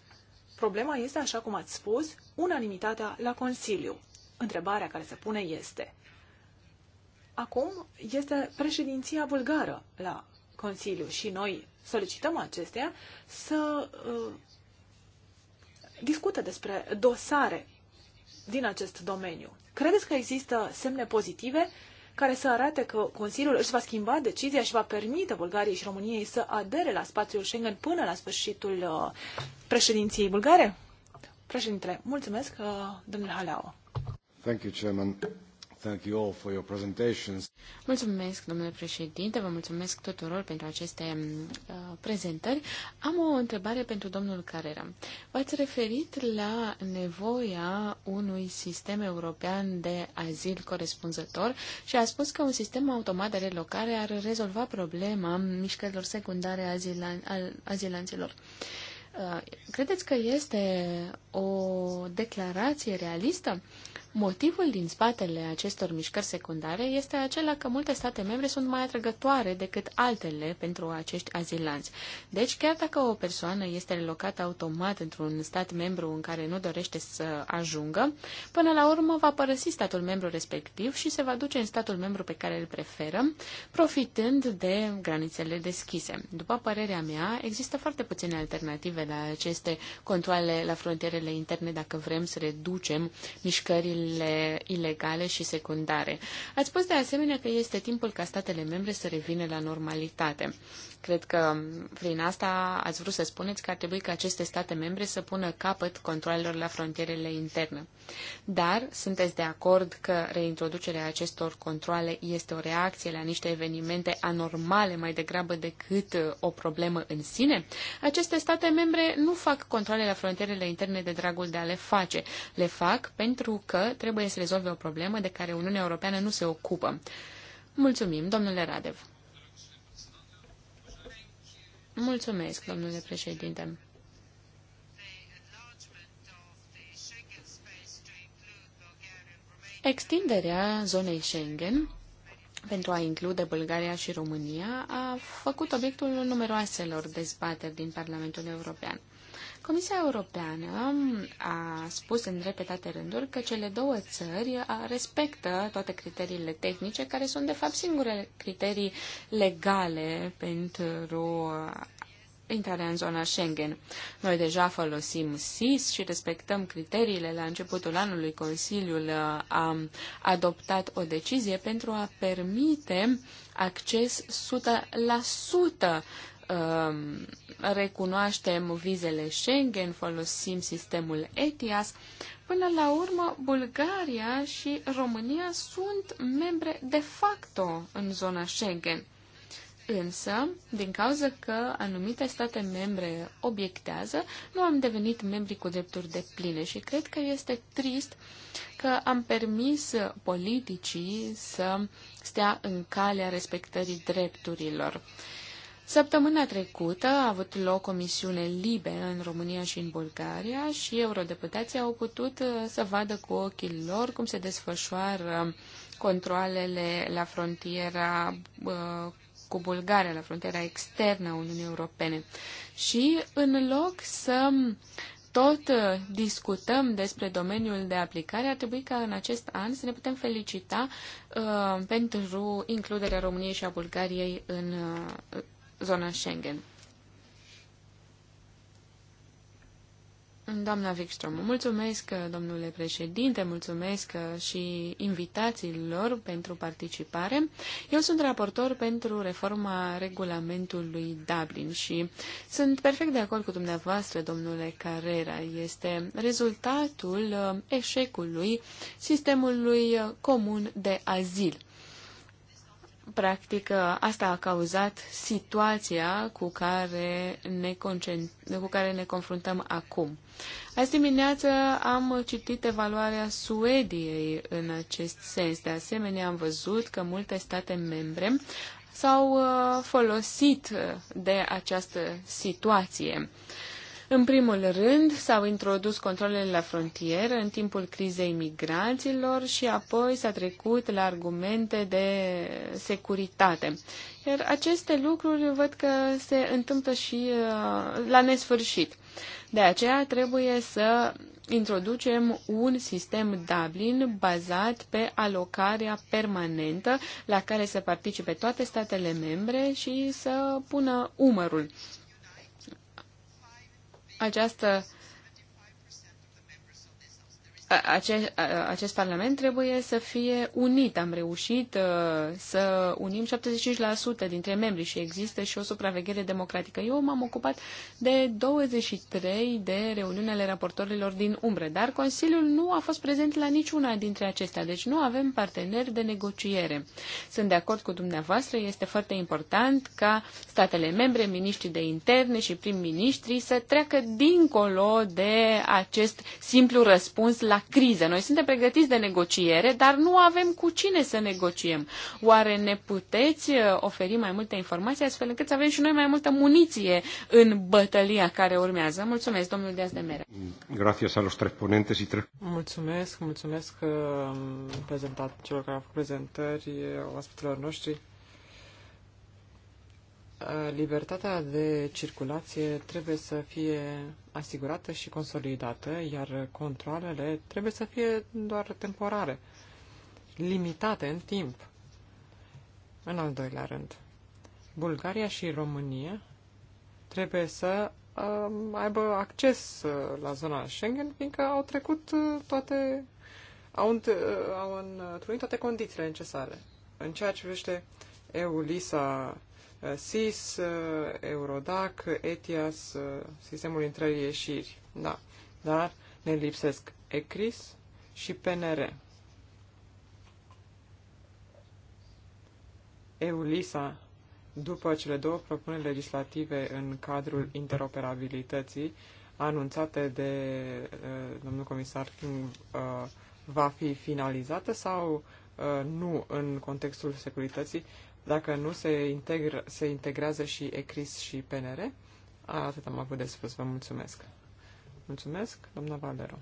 problema este, așa cum ați spus, unanimitatea la Consiliu întrebarea care se pune este acum este președinția bulgară la Consiliu și noi solicităm acestea să discută uh, discute despre dosare din acest domeniu. Credeți că există semne pozitive care să arate că Consiliul își va schimba decizia și va permite Bulgariei și României să adere la spațiul Schengen până la sfârșitul uh, președinției bulgare? Președintele, mulțumesc, uh, domnule Haleau. Mulțumesc, domnule președinte, vă mulțumesc tuturor pentru aceste uh, prezentări. Am o întrebare pentru domnul Carrera. V-ați referit la nevoia unui sistem european de azil corespunzător și a spus că un sistem automat de relocare ar rezolva problema mișcărilor secundare a azilan azilanților. Uh, credeți că este o declarație realistă? Motivul din spatele acestor mișcări secundare este acela că multe state membre sunt mai atrăgătoare decât altele pentru acești azilanți. Deci, chiar dacă o persoană este relocată automat într-un stat membru în care nu dorește să ajungă, până la urmă va părăsi statul membru respectiv și se va duce în statul membru pe care îl preferă, profitând de granițele deschise. După părerea mea, există foarte puține alternative la aceste controle la frontierele interne dacă vrem să reducem mișcările minereurile ilegale și secundare. Ați spus de asemenea că este timpul ca statele membre să revină la normalitate. Cred că prin asta ați vrut să spuneți că ar trebui ca aceste state membre să pună capăt controlelor la frontierele interne. Dar sunteți de acord că reintroducerea acestor controle este o reacție la niște evenimente anormale mai degrabă decât uh, o problemă în sine? Aceste state membre nu fac controle la frontierele interne de dragul de a le face. Le fac pentru că trebuie să rezolve o problemă de care Uniunea Europeană nu se ocupă. Mulțumim, domnule Radev. Mulțumesc, domnule președinte. Extinderea zonei Schengen pentru a include Bulgaria și România a făcut obiectul numeroaselor dezbateri din Parlamentul European. Comisia Europeană a spus în repetate rânduri că cele două țări respectă toate criteriile tehnice, care sunt de fapt singurele criterii legale pentru uh, intrarea în zona Schengen. Noi deja folosim SIS și respectăm criteriile. La începutul anului Consiliul uh, a adoptat o decizie pentru a permite acces 100% Um, recunoaștem vizele Schengen, folosim sistemul ETIAS. Până la urmă, Bulgaria și România sunt membre de facto în zona Schengen. Însă, din cauza că anumite state membre obiectează, nu am devenit membri cu drepturi de pline și cred că este trist că am permis politicii să stea în calea respectării drepturilor. Săptămâna trecută a avut loc o misiune libe în România și în Bulgaria și eurodeputații au putut uh, să vadă cu ochii lor cum se desfășoară controlele la frontiera uh, cu Bulgaria, la frontiera externă a Uniunii Europene. Și în loc să tot uh, discutăm despre domeniul de aplicare, ar trebui ca în acest an să ne putem felicita uh, pentru includerea României și a Bulgariei în uh, zona Schengen. Doamna Wikström, mulțumesc, domnule președinte, mulțumesc și invitațiilor pentru participare. Eu sunt raportor pentru reforma regulamentului Dublin și sunt perfect de acord cu dumneavoastră, domnule Carrera. Este rezultatul eșecului sistemului comun de azil practic, asta a cauzat situația cu care ne, cu care ne confruntăm acum. Azi dimineață am citit evaluarea Suediei în acest sens. De asemenea, am văzut că multe state membre s-au uh, folosit de această situație. Uh, în primul rând, s-au introdus controlele la frontieră în timpul crizei migraților și apoi s-a trecut la argumente de securitate. Iar aceste lucruri văd că se întâmplă și uh, la nesfârșit. De aceea trebuie să introducem un sistem Dublin bazat pe alocarea permanentă la care să participe toate statele membre și să pună umărul această acest Parlament trebuie să fie unit. Am reușit uh, să unim 75% dintre membri și există și o supraveghere democratică. Eu m-am ocupat de 23 de reuniuni ale raportorilor din umbră, dar Consiliul nu a fost prezent la niciuna dintre acestea, deci nu avem parteneri de negociere. Sunt de acord cu dumneavoastră, este foarte important ca statele membre, miniștrii de interne și prim-ministrii să treacă dincolo de acest simplu răspuns la la criză. Noi suntem pregătiți de negociere, dar nu avem cu cine să negociem. Oare ne puteți uh, oferi mai multe informații astfel încât să avem și noi mai multă muniție în bătălia care urmează? Mulțumesc, domnul Diaz de Mere. Gracias a los tres ponentes y tres... Mulțumesc, mulțumesc prezentat celor care au făcut prezentări eh, oaspetelor noștri libertatea de circulație trebuie să fie asigurată și consolidată, iar controlele trebuie să fie doar temporare, limitate în timp. În al doilea rând, Bulgaria și România trebuie să uh, aibă acces uh, la zona Schengen, fiindcă au trecut uh, toate, au, înt, uh, au întrunit toate condițiile necesare. În ceea ce privește lisa Uh, SIS, uh, Eurodac, uh, ETIAS, sistemul intrării ieșiri Da, dar ne lipsesc ECRIS și PNR. EULISA, după cele două propuneri legislative în cadrul interoperabilității anunțate de uh, domnul comisar King, uh, va fi finalizată sau uh, nu în contextul securității, dacă nu se, integra, se integrează și ECRIS și PNR, atât am avut de spus. Vă mulțumesc. Mulțumesc, doamna Valero.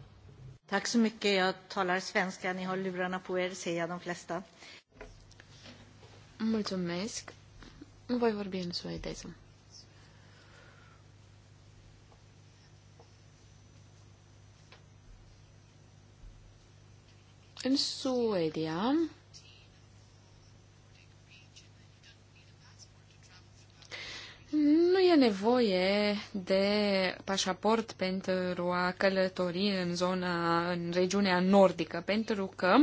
Tack så mycket. Jag talar svenska. Ni har lurarna på er, ser jag de flesta. Mulțumesc. Voi vorbi în suedeză. În Suedia, Nu e nevoie de pașaport pentru a călători în zona, în regiunea nordică, pentru că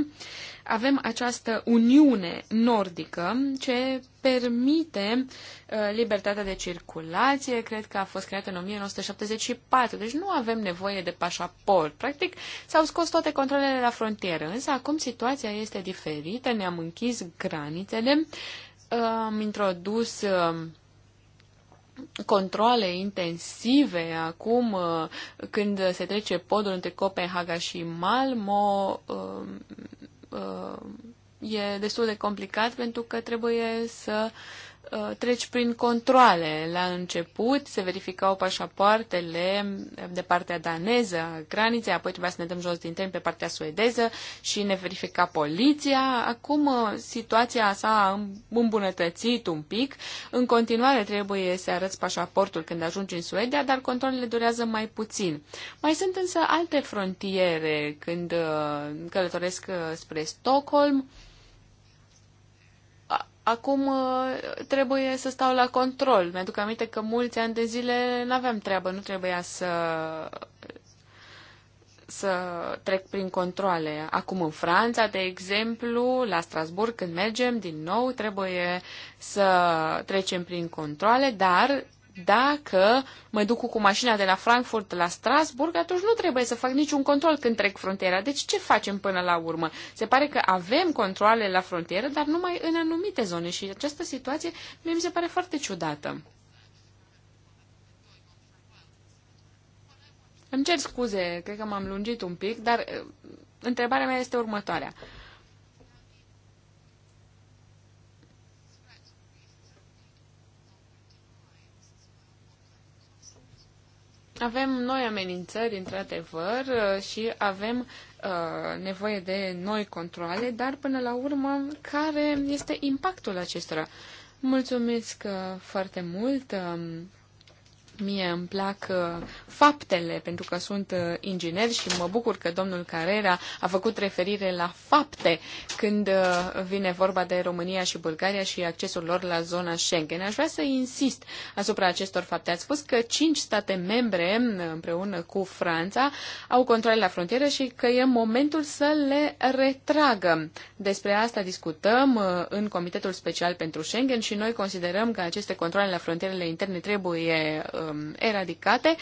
avem această uniune nordică ce permite uh, libertatea de circulație, cred că a fost creată în 1974, deci nu avem nevoie de pașaport. Practic s-au scos toate controlele la frontieră, însă acum situația este diferită, ne-am închis granițele, am introdus uh, controle intensive acum uh, când se trece podul între Copenhaga și Malmo uh, uh, e destul de complicat pentru că trebuie să Uh, treci prin controle. La început se verificau pașapoartele de partea daneză a graniței, apoi trebuia să ne dăm jos din tren pe partea suedeză și ne verifica poliția. Acum uh, situația s-a îmbunătățit un pic. În continuare trebuie să arăți pașaportul când ajungi în Suedia, dar controlele durează mai puțin. Mai sunt însă alte frontiere când uh, călătoresc spre Stockholm Acum uh, trebuie să stau la control. Mi-aduc aminte că mulți ani de zile n-aveam treabă, nu trebuia să să trec prin controle. Acum în Franța, de exemplu, la Strasburg, când mergem din nou, trebuie să trecem prin controle, dar dacă mă duc cu mașina de la Frankfurt la Strasburg, atunci nu trebuie să fac niciun control când trec frontiera. Deci ce facem până la urmă? Se pare că avem controle la frontieră, dar numai în anumite zone și această situație mie mi se pare foarte ciudată. Îmi cer scuze, cred că m-am lungit un pic, dar eh, întrebarea mea este următoarea. Uh, Avem noi amenințări, într-adevăr, și avem uh, nevoie de noi controle, dar până la urmă, care este impactul acestora? Mulțumesc uh, foarte mult! Uh, Mie îmi plac uh, faptele, pentru că sunt uh, inginer și mă bucur că domnul Carrera a făcut referire la fapte când uh, vine vorba de România și Bulgaria și accesul lor la zona Schengen. Aș vrea să insist asupra acestor fapte. Ați spus că cinci state membre, împreună cu Franța, au controle la frontieră și că e momentul să le retragă. Despre asta discutăm în Comitetul Special pentru Schengen și noi considerăm că aceste controle la frontierele interne trebuie Um, eradicate,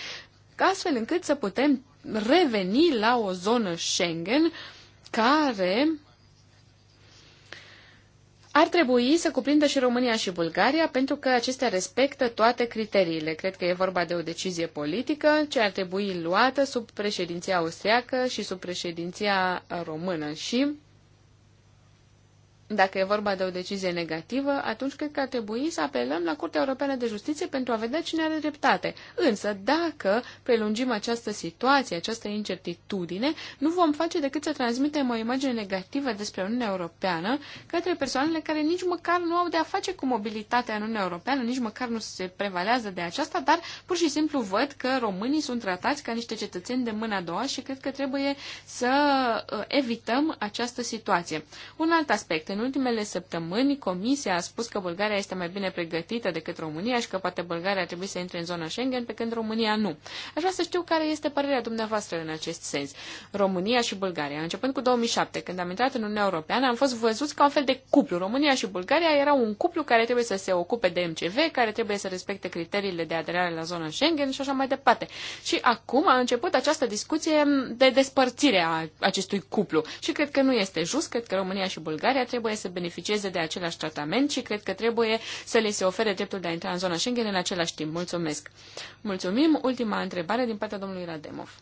astfel încât să putem reveni la o zonă Schengen care ar trebui să cuprindă și România și Bulgaria, pentru că acestea respectă toate criteriile. Cred că e vorba de o decizie politică ce ar trebui luată sub președinția austriacă și sub președinția română. Și dacă e vorba de o decizie negativă, atunci cred că ar trebui să apelăm la Curtea Europeană de Justiție pentru a vedea cine are dreptate. Însă, dacă prelungim această situație, această incertitudine, nu vom face decât să transmitem o imagine negativă despre Uniunea Europeană către persoanele care nici măcar nu au de a face cu mobilitatea în Uniunea Europeană, nici măcar nu se prevalează de aceasta, dar pur și simplu văd că românii sunt tratați ca niște cetățeni de mâna a doua și cred că trebuie să uh, evităm această situație. Un alt aspect, în ultimele săptămâni Comisia a spus că Bulgaria este mai bine pregătită decât România și că poate Bulgaria ar trebui să intre în zona Schengen, pe când România nu. Aș vrea să știu care este părerea dumneavoastră în acest sens. România și Bulgaria. Începând cu 2007, când am intrat în Uniunea Europeană, am fost văzuți ca un fel de cuplu. România și Bulgaria erau un cuplu care trebuie să se ocupe de MCV, care trebuie să respecte criteriile de aderare la zona Schengen și așa mai departe. Și acum a început această discuție de despărțire a acestui cuplu. Și cred că nu este just, cred că România și Bulgaria trebuie trebuie să beneficieze de același tratament și cred că trebuie să le se ofere dreptul de a intra în zona Schengen în același timp. Mulțumesc! Mulțumim! Ultima întrebare din partea domnului Rademov.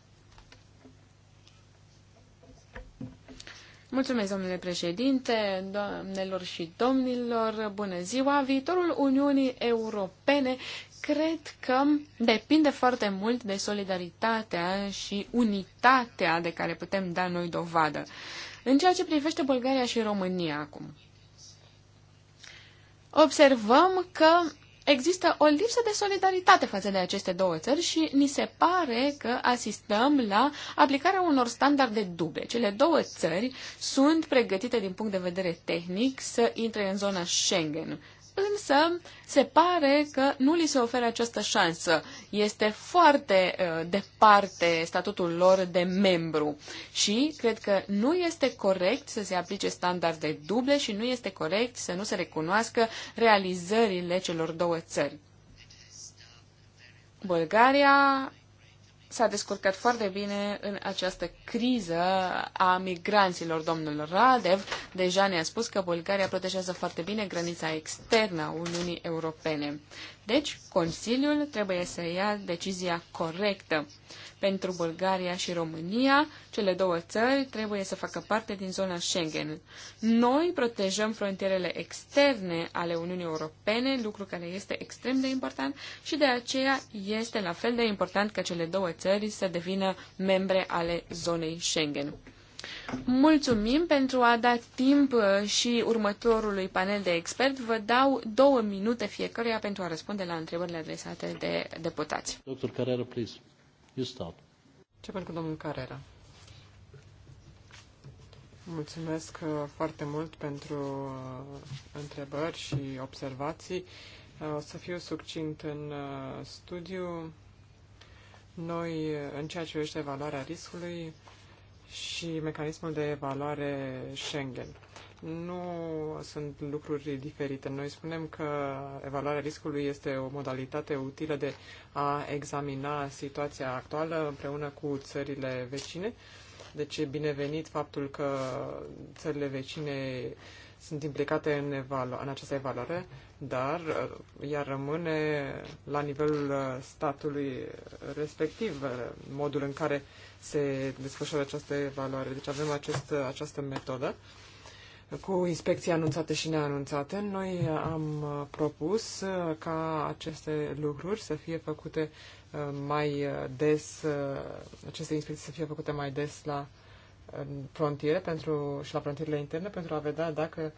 Mulțumesc, domnule președinte, doamnelor și domnilor, bună ziua! Viitorul Uniunii Europene cred că depinde foarte mult de solidaritatea și unitatea de care putem da noi dovadă. În ceea ce privește Bulgaria și România acum, observăm că există o lipsă de solidaritate față de aceste două țări și ni se pare că asistăm la aplicarea unor standarde duble. Cele două țări sunt pregătite din punct de vedere tehnic să intre în zona Schengen, însă se pare că nu li se oferă această șansă. Este foarte uh, departe statutul lor de membru și cred că nu este corect să se aplice standarde duble și nu este corect să nu se recunoască realizările celor două țări. Bulgaria s-a descurcat foarte bine în această criză a migranților. Domnul Radev deja ne-a spus că Bulgaria protejează foarte bine granița externă a Uniunii Europene. Deci, Consiliul trebuie să ia decizia corectă pentru Bulgaria și România. Cele două țări trebuie să facă parte din zona Schengen. Noi protejăm frontierele externe ale Uniunii Europene, lucru care este extrem de important și de aceea este la fel de important ca cele două țări să devină membre ale zonei Schengen. Mulțumim pentru a da timp uh, și următorului panel de expert. Vă dau două minute fiecăruia pentru a răspunde la întrebările adresate de deputați. Dr. Carrera, please. You start. Începem cu domnul Carrera. Mulțumesc uh, foarte mult pentru uh, întrebări și observații. Uh, o să fiu succint în studiu. Noi, în ceea ce privește evaluarea riscului și mecanismul de evaluare Schengen nu sunt lucruri diferite. Noi spunem că evaluarea riscului este o modalitate utilă de a examina situația actuală împreună cu țările vecine. Deci e binevenit faptul că țările vecine sunt implicate în, evalu- în această evaluare, dar uh, ea rămâne la nivelul uh, statului respectiv, uh, modul în care se desfășoară această evaluare. Deci avem acest, această metodă cu inspecții anunțate și neanunțate, noi am propus uh, ca aceste lucruri să fie făcute uh, mai uh, des, aceste inspecții să fie făcute mai des la frontiere pentru, și la frontierele interne pentru a vedea dacă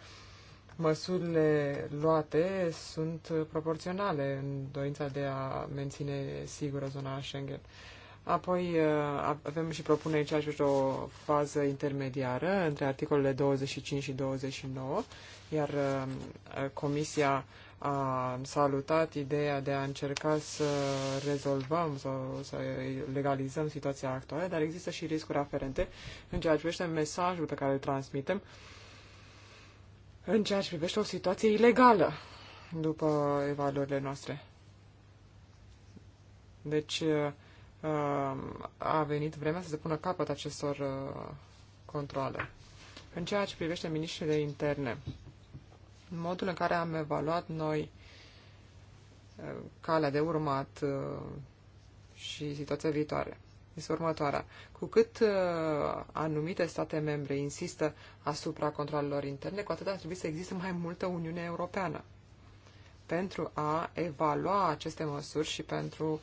măsurile luate sunt proporționale în dorința de a menține sigură zona Schengen. Apoi uh, avem și propune aici o fază intermediară între articolele 25 și 29, iar um, Comisia a salutat ideea de a încerca să rezolvăm sau să legalizăm situația actuală, dar există și riscuri aferente în ceea ce privește mesajul pe care îl transmitem în ceea ce privește o situație ilegală după evaluările noastre. Deci, uh, Uh, a venit vremea să se pună capăt acestor uh, controle. În ceea ce privește miniștrile interne, modul în care am evaluat noi uh, calea de urmat și situația viitoare este următoarea. Cu cât anumite state membre insistă asupra controlelor interne, cu atât ar trebui să existe mai multă Uniune Europeană pentru a evalua aceste măsuri și pentru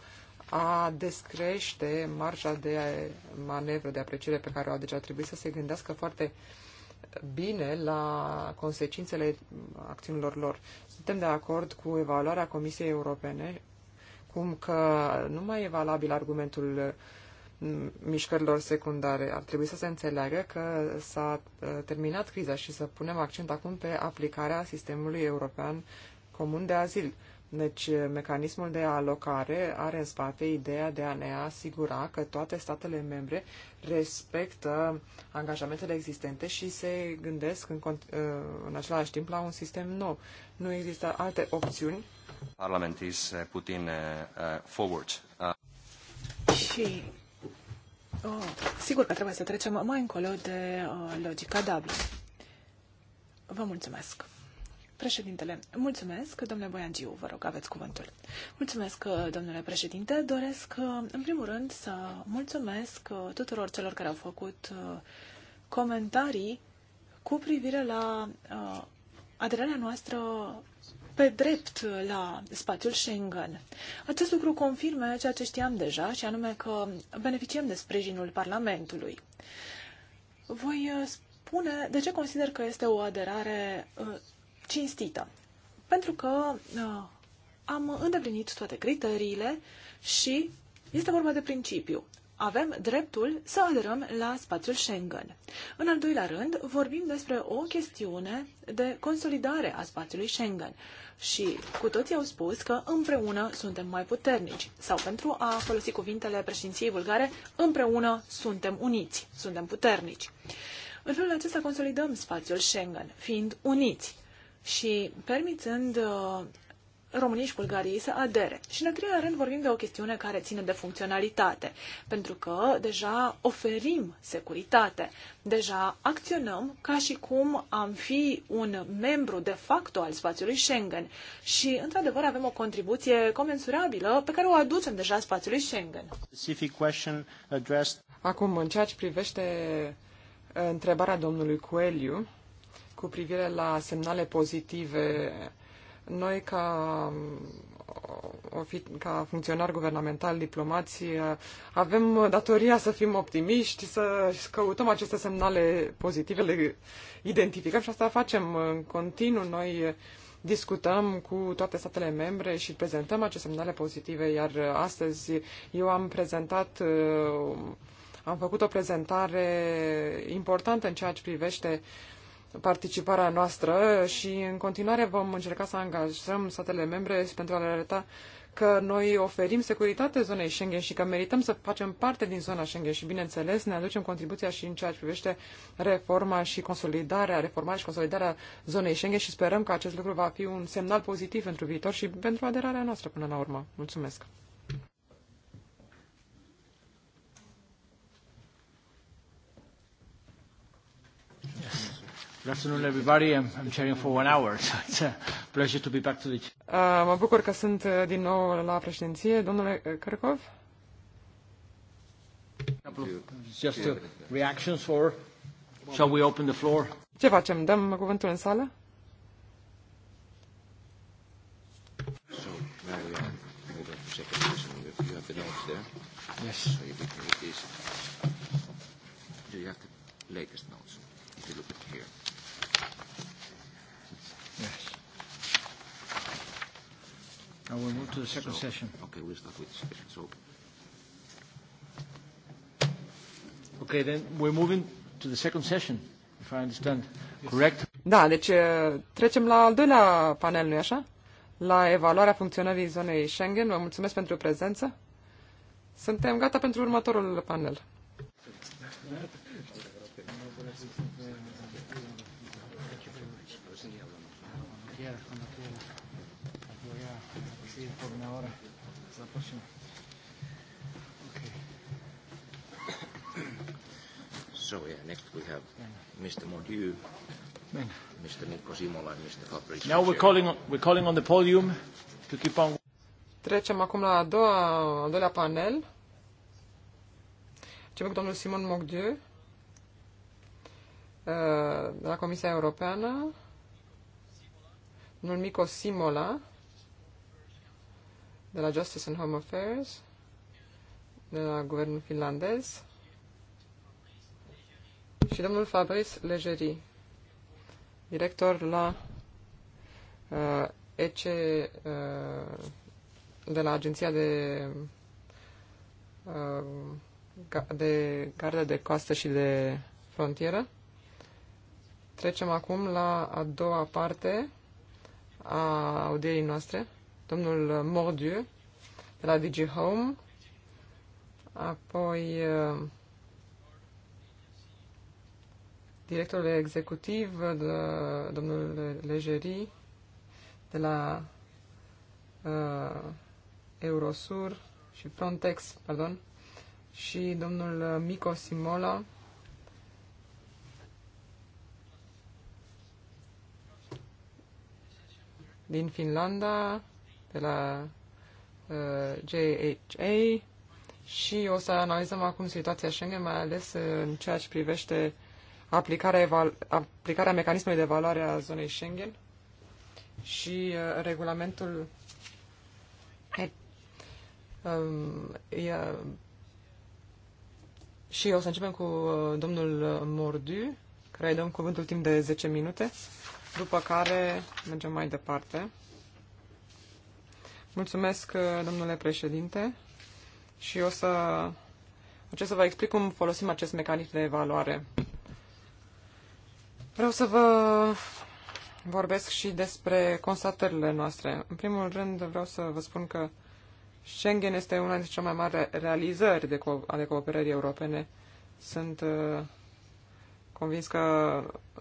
a descrește marja de manevră, de apreciere pe care o au. Deci ar trebui să se gândească foarte bine la consecințele acțiunilor lor. Suntem de acord cu evaluarea Comisiei Europene, cum că nu mai e valabil argumentul mișcărilor secundare. Ar trebui să se înțeleagă că s-a uh, terminat criza și să punem accent acum pe aplicarea sistemului european comun de azil. Deci, mecanismul de alocare are în spate ideea de a ne asigura că toate statele membre respectă angajamentele existente și se gândesc în, ă, în același timp la un sistem nou. Nu există alte opțiuni. Parlament is uh, forward. Ah. Și oh, sigur că trebuie să trecem mai încolo de uh, logica Dublin. Vă mulțumesc. Președintele, mulțumesc, domnule Boiangiu, vă rog, aveți cuvântul. Mulțumesc, domnule președinte, doresc, în primul rând, să mulțumesc tuturor celor care au făcut uh, comentarii cu privire la uh, aderarea noastră pe drept la spațiul Schengen. Acest lucru confirmă ceea ce știam deja, și anume că beneficiem de sprijinul Parlamentului. Voi uh, spune de ce consider că este o aderare cinstită, pentru că uh, am îndeplinit toate criteriile și este vorba de principiu. Avem dreptul să aderăm la spațiul Schengen. În al doilea rând, vorbim despre o chestiune de consolidare a spațiului Schengen. Și cu toții au spus că împreună suntem mai puternici. Sau pentru a folosi cuvintele președinției bulgare, împreună suntem uniți, suntem puternici. În felul acesta consolidăm spațiul Schengen, fiind uniți și permițând uh, românii și bulgarii să adere. Și în al treilea rând vorbim de o chestiune care ține de funcționalitate, pentru că deja oferim securitate, deja acționăm ca și cum am fi un membru de facto al spațiului Schengen și, într-adevăr, avem o contribuție comensurabilă pe care o aducem deja spațiului Schengen. Acum, în ceea ce privește uh, întrebarea domnului Coeliu, cu privire la semnale pozitive. Noi, ca, ca funcționari guvernamentali, diplomați, avem datoria să fim optimiști, să căutăm aceste semnale pozitive, le identificăm și asta facem în continuu. Noi discutăm cu toate statele membre și prezentăm aceste semnale pozitive, iar astăzi eu am prezentat am făcut o prezentare importantă în ceea ce privește uh, participarea noastră și în continuare vom încerca să angajăm statele membre pentru a le arăta că noi oferim securitate zonei Schengen și că merităm să facem parte din zona Schengen și, bineînțeles, ne aducem contribuția și în ceea ce privește reforma și consolidarea, reformarea și consolidarea zonei Schengen și sperăm că acest lucru va fi un semnal pozitiv pentru viitor și pentru aderarea noastră până la urmă. Mulțumesc! Good afternoon, everybody. I'm, I'm chairing for one hour, so it's a pleasure to be back to the... Uh, mă bucur că sunt uh, din nou la președinție. Domnule uh, Cărcov? Just a reactions or shall we open the floor? Ce facem? Dăm cuvântul în sală? So, now we to second You have the notes there? Yes. So you can read these. Do you have the latest notes? If you look Now we'll move to the second so, session. Okay, we'll start with the session. So. Okay, then we're moving to the second session, if I understand correct. Da, deci uh, trecem la al doilea panel, nu-i așa? La evaluarea funcționării zonei Schengen. Vă mulțumesc pentru prezență. Suntem gata pentru următorul panel. Thank you. Sí, por una hora. So yeah, next we have Mr. Mordieu, Mr. Nico Simola and Mr. Fabrice. Now we're calling on, we're calling on the podium to keep on. Trecem acum la a doua, al doilea panel. Începem cu domnul Simon Mogdieu uh, de la Comisia Europeană, domnul Mico Simola, de la Justice and Home Affairs, de la guvernul finlandez, și domnul Fabrice Legerie, director la uh, EC uh, de la Agenția de uh, de Gardă de Coastă și de Frontieră. Trecem acum la a doua parte a audierii noastre domnul Mordieu de la DG Home, apoi uh, directorul executiv, uh, domnul Legeri, de la uh, Eurosur și Frontex, pardon, și domnul uh, Mico Simola, din Finlanda, de la uh, JHA și o să analizăm acum situația Schengen, mai ales în ceea ce privește aplicarea, aplicarea mecanismului de evaluare a zonei Schengen și uh, regulamentul um, e, și o să începem cu uh, domnul uh, Mordu, care îi dăm cuvântul timp de 10 minute, după care mergem mai departe Mulțumesc, uh, domnule președinte, și o să, o să vă explic cum folosim acest mecanism de evaluare. Vreau să vă vorbesc și despre constatările noastre. În primul rând, vreau să vă spun că Schengen este una dintre cele mai mari realizări de co- ale cooperării europene. Sunt uh, convins că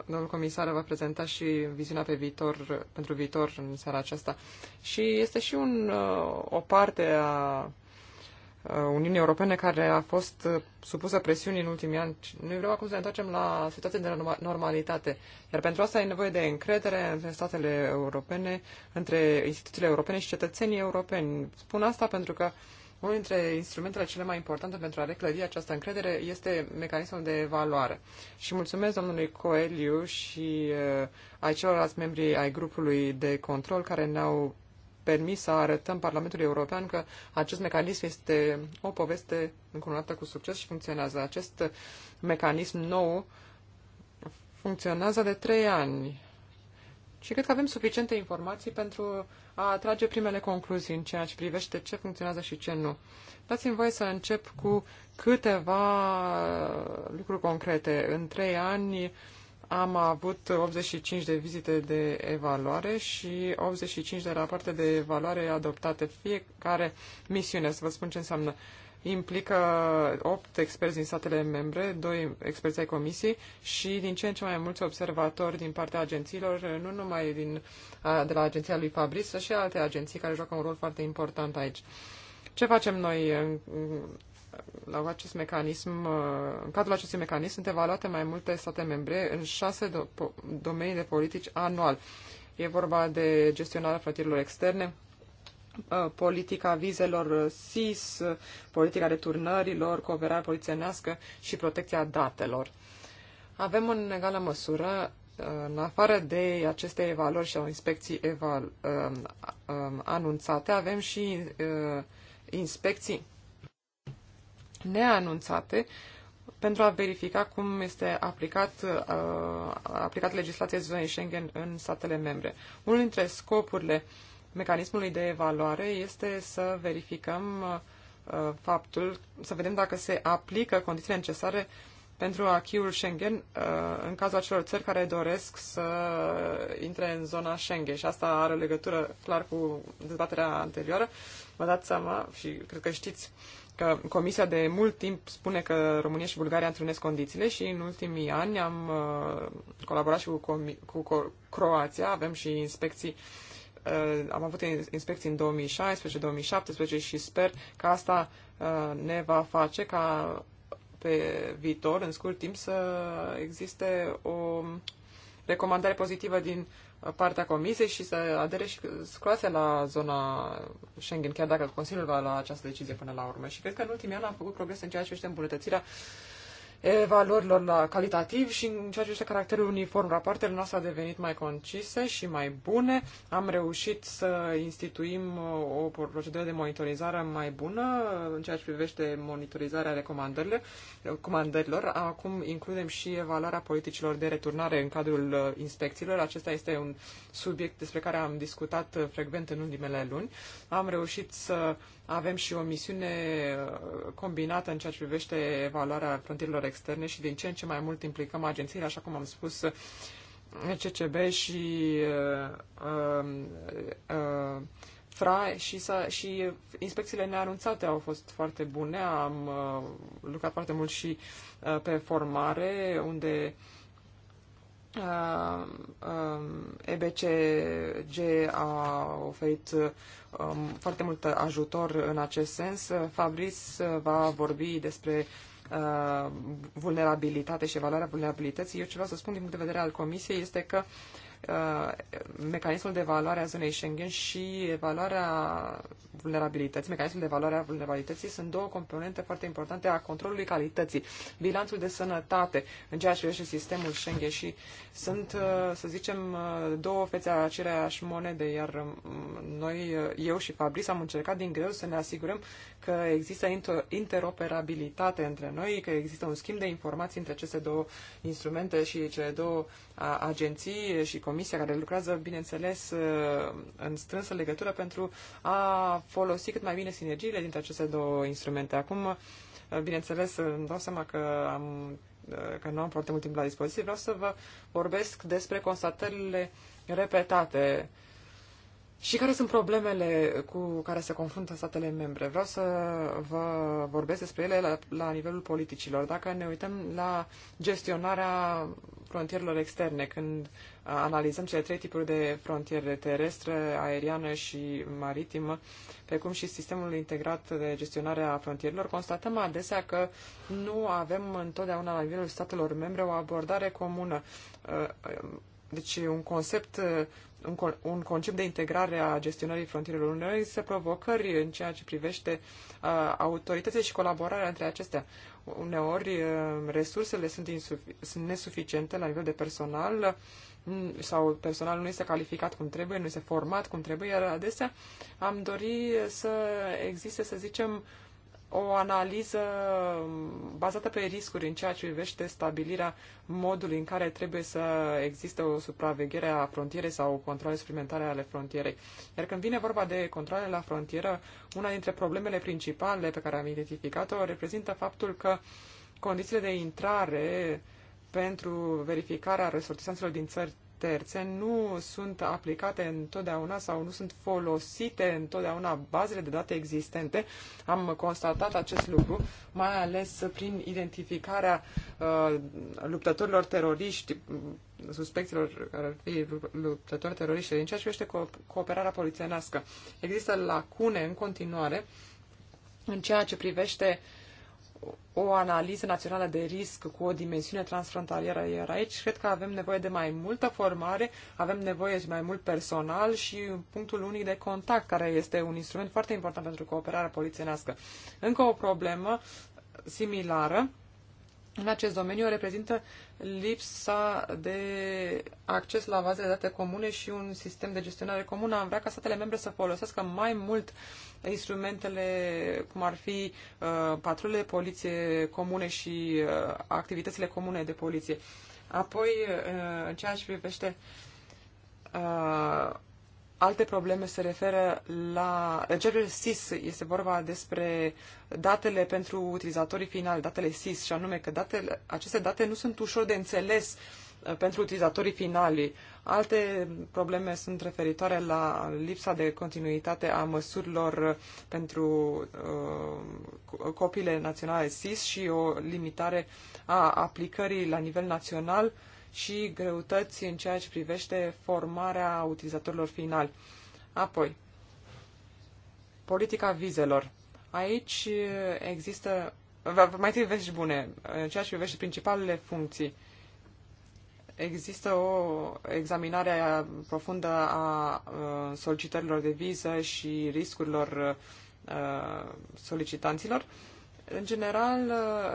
domnul comisar va prezenta și viziunea pe viitor, pentru viitor în seara aceasta. Și este și un, uh, o parte a uh, Uniunii Europene care a fost uh, supusă presiunii în ultimii ani. Noi vreau acum să ne întoarcem la situația de normalitate. Iar pentru asta e nevoie de încredere între statele europene, între instituțiile europene și cetățenii europeni. Spun asta pentru că uh, unul dintre instrumentele cele mai importante pentru a reclădi această încredere este mecanismul de evaluare. Și mulțumesc domnului Coeliu și uh, ai celorlalți membri ai grupului de control care ne-au permis să arătăm Parlamentului European că acest mecanism este o poveste încununată cu succes și funcționează. Acest mecanism nou funcționează de trei ani și cred că avem suficiente informații pentru a trage primele concluzii în ceea ce privește ce funcționează și ce nu. Dați-mi voie să încep cu câteva lucruri concrete. În trei ani am avut 85 de vizite de evaluare și 85 de rapoarte de evaluare adoptate fiecare misiune. Să vă spun ce înseamnă. Uh, implică opt experți din statele membre, doi experți ai comisiei și din ce în ce mai mulți observatori din partea agențiilor, nu numai din, de la agenția lui Fabris, dar și alte agenții care joacă un rol foarte important aici. Ce facem noi la acest mecanism, uh, în cadrul acestui mecanism sunt evaluate mai multe state membre în șase do- domenii de politici anual. E vorba de gestionarea frontierilor externe, Uh, politica vizelor uh, SIS, uh, politica returnărilor, cooperarea polițienească și protecția datelor. Avem în egală măsură, în afară de aceste evaluări și inspecții eval, um, um, anunțate, avem și inspecții neanunțate pentru a verifica cum este aplicat, aplicat legislația zonei Schengen în statele membre. Unul dintre scopurile uh, mecanismului de evaluare este să verificăm uh, faptul, să vedem dacă se aplică condițiile necesare pentru achiul Schengen uh, în cazul acelor țări care doresc să intre în zona Schengen. Și asta are legătură clar cu dezbaterea anterioară. Vă dați seama și cred că știți că Comisia de mult timp spune că România și Bulgaria întrunesc condițiile și în ultimii ani am uh, colaborat și cu, cu Croația, avem și inspecții uh, Uh, am avut inspecții în 2016-2017 și sper că asta uh, ne va face ca pe viitor, în scurt timp, să existe o recomandare pozitivă din partea Comisiei și să adere și scroase la zona Schengen, chiar dacă Consiliul va lua această decizie până la urmă. Și cred că în ultimii ani am făcut progres în ceea ce este îmbunătățirea uh, valorilor la calitativ și în ceea ce este caracterul uniform. Rapoartele noastre au devenit mai concise și mai bune. Am reușit să instituim o procedură de monitorizare mai bună în ceea ce privește monitorizarea recomandărilor. Acum includem și evaluarea politicilor de returnare în cadrul uh, inspecțiilor. Acesta este un subiect despre care am discutat uh, frecvent în ultimele luni. Am reușit să avem și o misiune uh, combinată în ceea ce privește evaluarea frontierilor externe și din ce în ce mai mult implicăm agențiile, așa cum am spus, uh, CCB și uh, um, uh, FRA și, și inspecțiile neanunțate au fost foarte bune. Am uh, lucrat foarte mult și uh, pe formare, unde uh, Uh, um, EBCG a oferit um, foarte mult ajutor în acest sens. Fabrice va vorbi despre uh, vulnerabilitate și evaluarea vulnerabilității. Eu ce vreau să spun din punct de vedere al Comisiei este că Uh, mecanismul de evaluare a zonei Schengen și evaluarea vulnerabilității, mecanismul de evaluare a vulnerabilității sunt două componente foarte importante a controlului calității. Bilanțul de sănătate în ceea ce privește sistemul Schengen și sunt, uh, să zicem, uh, două fețe ale aceleași monede, iar um, noi, eu și Fabrice, am încercat din greu să ne asigurăm că există interoperabilitate între noi, că există un schimb de informații între aceste două instrumente și cele două uh, agenții și comisia care lucrează, bineînțeles, uh, în strânsă legătură pentru a folosi cât mai bine sinergiile dintre aceste două instrumente. Acum, uh, bineînțeles, îmi dau seama că am uh, că nu am foarte mult timp la dispoziție, vreau să vă vorbesc despre constatările repetate uh, și care sunt problemele cu care se confruntă statele membre? Vreau să vă vorbesc despre ele la, la nivelul politicilor. Dacă ne uităm la gestionarea frontierelor externe, când analizăm cele trei tipuri de frontiere, terestră, aeriană și maritimă, precum și sistemul integrat de gestionare a frontierelor, constatăm adesea că nu avem întotdeauna la nivelul statelor membre o abordare comună deci un concept un, un concept de integrare a gestionării frontierelor Uniunii, există provocări în ceea ce privește uh, autoritățile și colaborarea între acestea. Uneori uh, resursele sunt, sunt nesuficiente la nivel de personal mm, sau personalul nu este calificat cum trebuie, nu este format cum trebuie, iar adesea am dori să existe, să zicem, uh, o analiză bazată pe riscuri în ceea ce privește stabilirea modului în care trebuie să existe o supraveghere a frontierei sau controle suplimentare ale frontierei. Iar când vine vorba de controle la frontieră, una dintre problemele principale pe care am identificat-o reprezintă faptul că condițiile de intrare pentru verificarea resortisanților din țări terțe nu sunt aplicate întotdeauna sau nu sunt folosite întotdeauna bazele de date existente. Am constatat acest lucru, mai ales prin identificarea uh, luptătorilor teroriști, suspecților luptători teroriști din ceea ce privește cooperarea polițienească. Există lacune în continuare în ceea ce privește uh, o analiză națională de risc cu o dimensiune transfrontalieră, iar aici cred că avem nevoie de mai multă formare, avem nevoie de mai mult personal și punctul unic de contact, care este un instrument foarte important pentru cooperarea polițienească. Încă o problemă similară în acest domeniu reprezintă lipsa de acces la bazele de date comune și un sistem de gestionare comună. Am vrea ca statele membre să folosească mai mult instrumentele cum ar fi uh, patrulele poliție comune și uh, activitățile comune de poliție. Apoi, uh, în ceea ce privește uh, Alte probleme se referă la... În cerul SIS este vorba despre datele pentru utilizatorii finali, datele SIS, și anume că datele, aceste date nu sunt ușor de înțeles uh, pentru utilizatorii finali. Alte probleme sunt referitoare la lipsa de continuitate a măsurilor uh, pentru uh, copiile naționale SIS și o limitare a aplicării la nivel național uh, și greutăți în ceea ce privește formarea utilizatorilor finali. Apoi, politica vizelor. Aici există, mai trebuie vești bune, în ceea ce privește principalele funcții. Există o examinare profundă a solicitărilor de viză și riscurilor solicitanților. În general,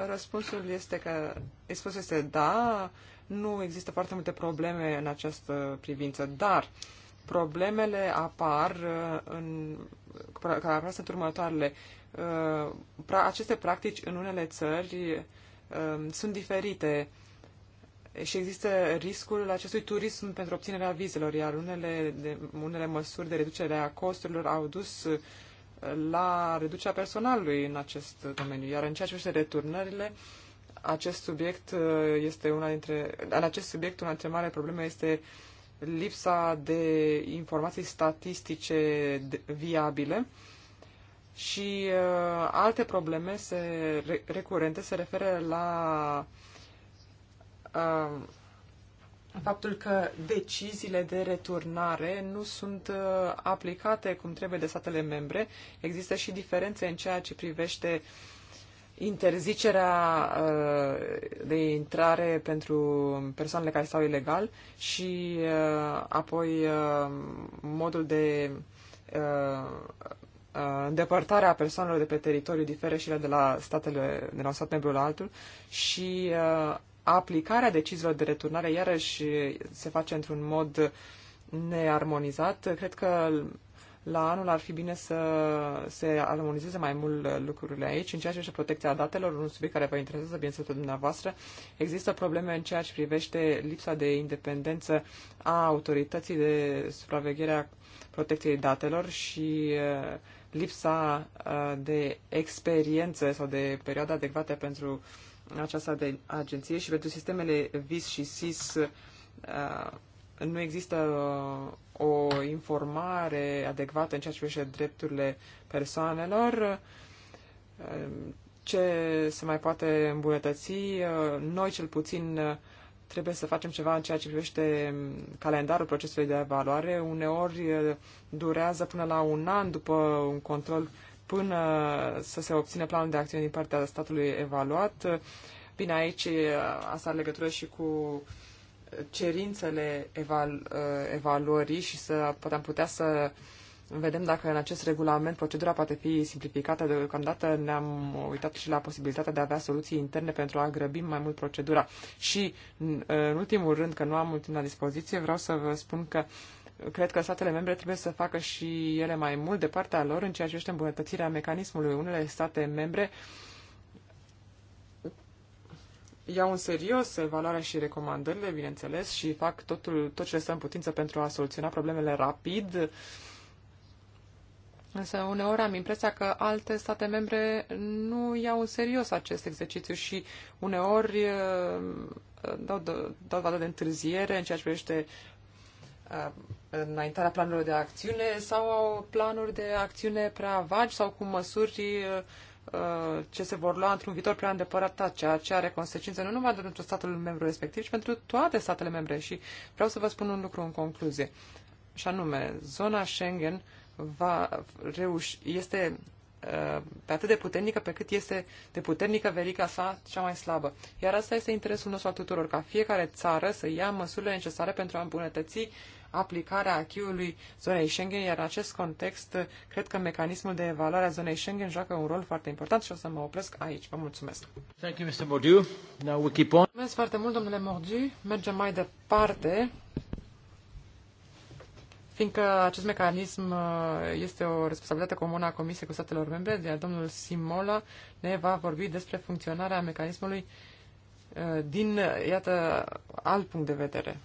răspunsul este că răspunsul este da, nu există foarte multe probleme în această privință, dar problemele apar uh, în, care apar sunt următoarele. Uh, aceste practici în unele țări um, sunt diferite și există riscul acestui turism pentru obținerea vizelor, iar unele, de, unele măsuri de reducere a costurilor au dus uh, la reducerea personalului în acest domeniu. Iar în ceea ce privește returnările, uh, acest subiect uh, este una dintre, în acest subiect una dintre mare probleme este lipsa de informații statistice viabile și uh, alte probleme se, re, recurente se referă la uh, faptul că deciziile de returnare nu sunt uh, aplicate cum trebuie de statele membre. Există și diferențe în ceea ce privește uh, interzicerea uh, de intrare pentru persoanele care stau ilegal și uh, apoi uh, modul de îndepărtarea persoanelor de pe teritoriu diferă și de la, statele, de la un stat membru la altul și aplicarea deciziilor de returnare iarăși se face într-un mod nearmonizat. Cred că la anul ar fi bine să se armonizeze mai mult lucrurile aici. În ceea ce privește protecția datelor, un subiect care vă interesează, bineînțeles, pe dumneavoastră, există probleme în ceea ce privește lipsa de independență a autorității de supraveghere a protecției datelor și eh, lipsa eh, de experiență sau de perioadă adecvată pentru aceasta de agenție și pentru sistemele VIS și SIS nu există uh, o informare adecvată în ceea ce privește drepturile persoanelor, uh, ce se mai poate îmbunătăți, uh, noi cel puțin trebuie să facem ceva în ceea ce privește um, calendarul procesului de evaluare. Uneori durează până la un an după un control până să se obține planul de acțiune din partea statului evaluat. Bine, aici asta are legătură și cu uh, cerințele eval, uh, evaluării și să putem putea să vedem dacă în acest regulament procedura poate fi simplificată. Deocamdată ne-am uitat și la posibilitatea de a avea soluții interne pentru a grăbi mai mult procedura. Și, în ultimul rând, că nu am mult timp la dispoziție, vreau să vă spun că cred că statele membre trebuie să facă și ele mai mult de partea lor în ceea ce este îmbunătățirea mecanismului. Unele state membre uh, iau în serios evaluarea și recomandările, bineînțeles, și fac totul, tot ce stă în putință pentru a soluționa problemele rapid. Însă uneori am impresia că alte state membre nu iau în serios acest exercițiu și uneori uh, dau, dau vadă de întârziere în ceea ce privește uh, înaintarea planurilor de acțiune sau au planuri de acțiune prea vagi sau cu măsuri uh, Uh, ce se vor lua într-un viitor prea îndepărtat, ceea ce are consecințe nu numai pentru statul membru respectiv, ci pentru toate statele membre. Și vreau să vă spun un lucru în concluzie. Și anume, zona Schengen va reuși, este uh, pe atât de puternică pe cât este de puternică verica sa cea mai slabă. Iar asta este interesul nostru al tuturor, ca fiecare țară să ia măsurile necesare pentru a îmbunătăți uh, aplicarea acquis-ului zonei Schengen, iar în acest context cred că mecanismul de evaluare a zonei Schengen joacă un rol foarte important și o să mă opresc aici. Vă mulțumesc. Thank you, Mr. Mordiu. Now we keep on. Mulțumesc foarte mult, domnule Mordiu. Mergem mai departe fiindcă acest mecanism uh, este o responsabilitate comună a Comisiei cu statelor membre, iar domnul Simola ne va vorbi despre funcționarea mecanismului uh, din, iată, alt punct de vedere.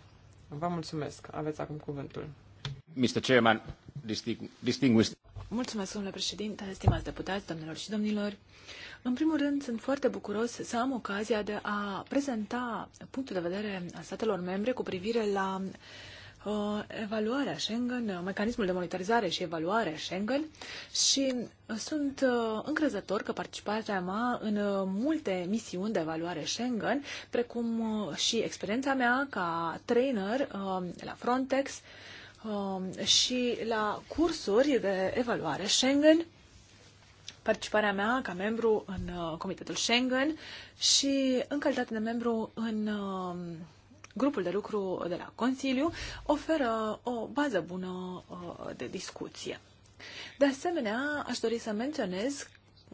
Vă mulțumesc. Aveți acum cuvântul. Mr. Chairman, distinguished... Mulțumesc, domnule președinte, stimați deputați, domnilor și domnilor. În primul rând, sunt foarte bucuros să am ocazia de a prezenta punctul de vedere a statelor membre cu privire la uh, evaluarea Schengen, mecanismul de monitorizare și evaluare Schengen și uh, sunt uh, încrezător că participarea mea în uh, multe misiuni de evaluare Schengen, precum și experiența mea ca trainer la Frontex um, și la cursuri de evaluare Schengen, participarea mea ca membru în Comitetul Schengen și în calitate de membru în um, grupul de lucru de la Consiliu oferă o bază bună uh, de discuție. De asemenea, aș dori să menționez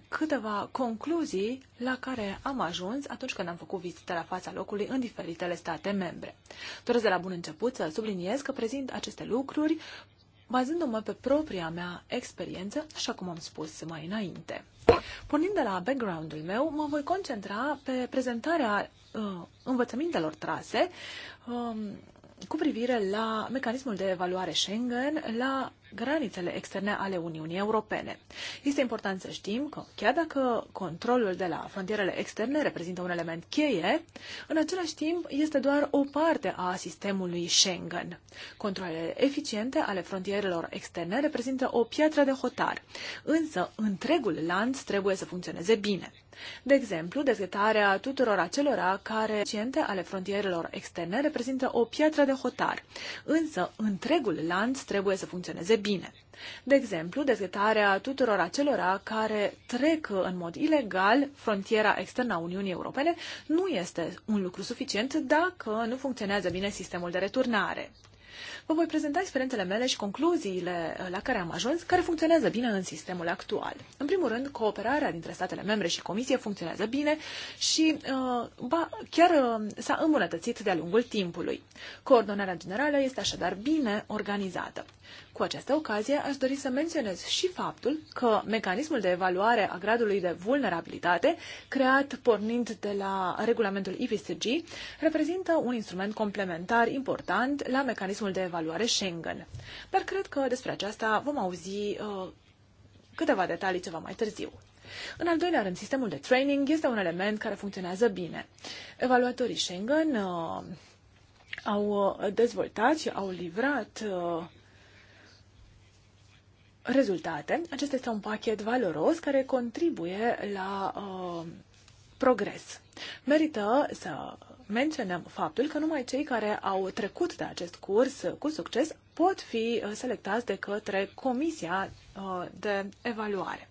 câteva concluzii la care am ajuns atunci când am făcut vizite la fața locului în diferitele state membre. Doresc de la bun început să subliniez că prezint aceste lucruri bazându-mă pe propria mea experiență, așa cum am spus mai înainte. Pornind de la background-ul meu, mă voi concentra pe prezentarea uh, învățămintelor trase uh, cu privire la mecanismul de evaluare Schengen la granițele externe ale Uniunii Europene. Este important să știm că, chiar dacă controlul de la frontierele externe reprezintă un element cheie, în același timp este doar o parte a sistemului Schengen. Controlele eficiente ale frontierelor externe reprezintă o piatră de hotar, însă întregul lanț trebuie să funcționeze bine. De exemplu, dezghetarea tuturor acelora care ciente ale frontierelor externe reprezintă o piatră de hotar, însă întregul lanț trebuie să funcționeze bine. De exemplu, dezghetarea tuturor acelora care trec în mod ilegal frontiera externă a Uniunii Europene nu este un lucru suficient dacă nu funcționează bine sistemul de returnare vă voi prezenta experiențele mele și concluziile uh, la care am ajuns, care funcționează bine în sistemul actual. În primul rând, cooperarea dintre statele membre și Comisie funcționează bine și uh, ba, chiar uh, s-a îmbunătățit de-a lungul timpului. Coordonarea generală este așadar bine organizată. Cu această ocazie, aș dori să menționez și faptul că mecanismul de evaluare a gradului de vulnerabilitate, creat pornind de la regulamentul IPCG, reprezintă un instrument complementar important la mecanismul de evaluare Schengen. Dar cred că despre aceasta vom auzi uh, câteva detalii ceva mai târziu. În al doilea rând, sistemul de training este un element care funcționează bine. Evaluatorii Schengen uh, au uh, dezvoltat și au livrat uh, rezultate. Acesta este un pachet valoros care contribuie la uh, progres. Merită să menționăm faptul că numai cei care au trecut de acest curs cu succes pot fi uh, selectați de către Comisia uh, de Evaluare.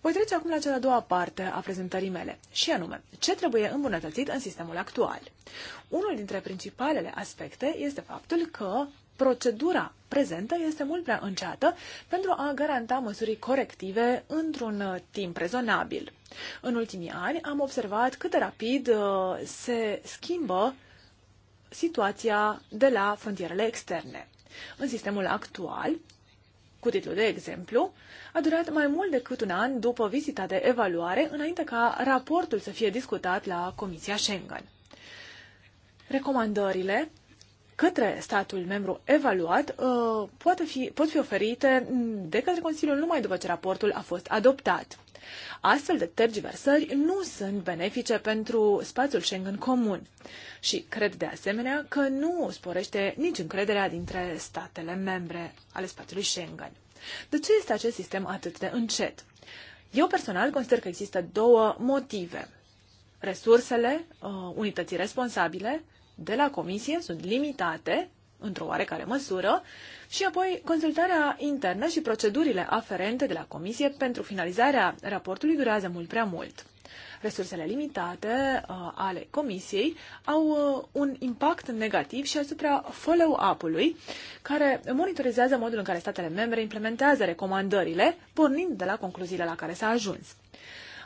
Voi trece acum la cea de-a doua parte a prezentării mele, și anume, ce trebuie îmbunătățit în sistemul actual. Unul dintre principalele aspecte este faptul că procedura prezentă este mult prea înceată pentru a garanta măsuri corective într-un uh, timp rezonabil. În ultimii ani am observat cât de rapid uh, se schimbă situația de la frontierele externe. În sistemul actual, cu titlu de exemplu, a durat mai mult decât un an după vizita de evaluare înainte ca raportul să fie discutat la Comisia Schengen. Recomandările către statul membru evaluat uh, poate fi, pot fi oferite de către Consiliul numai după ce raportul a fost adoptat. Astfel de tergiversări nu sunt benefice pentru spațiul Schengen comun și cred de asemenea că nu sporește nici încrederea dintre statele membre ale spațiului Schengen. De ce este acest sistem atât de încet? Eu personal consider că există două motive. Resursele uh, unității responsabile de la comisie sunt limitate, într-o oarecare măsură, și apoi consultarea internă și procedurile aferente de la comisie pentru finalizarea raportului durează mult prea mult. Resursele limitate uh, ale comisiei au uh, un impact negativ și asupra follow-up-ului, care monitorizează modul în care statele membre implementează recomandările, pornind de la concluziile la care s-a ajuns.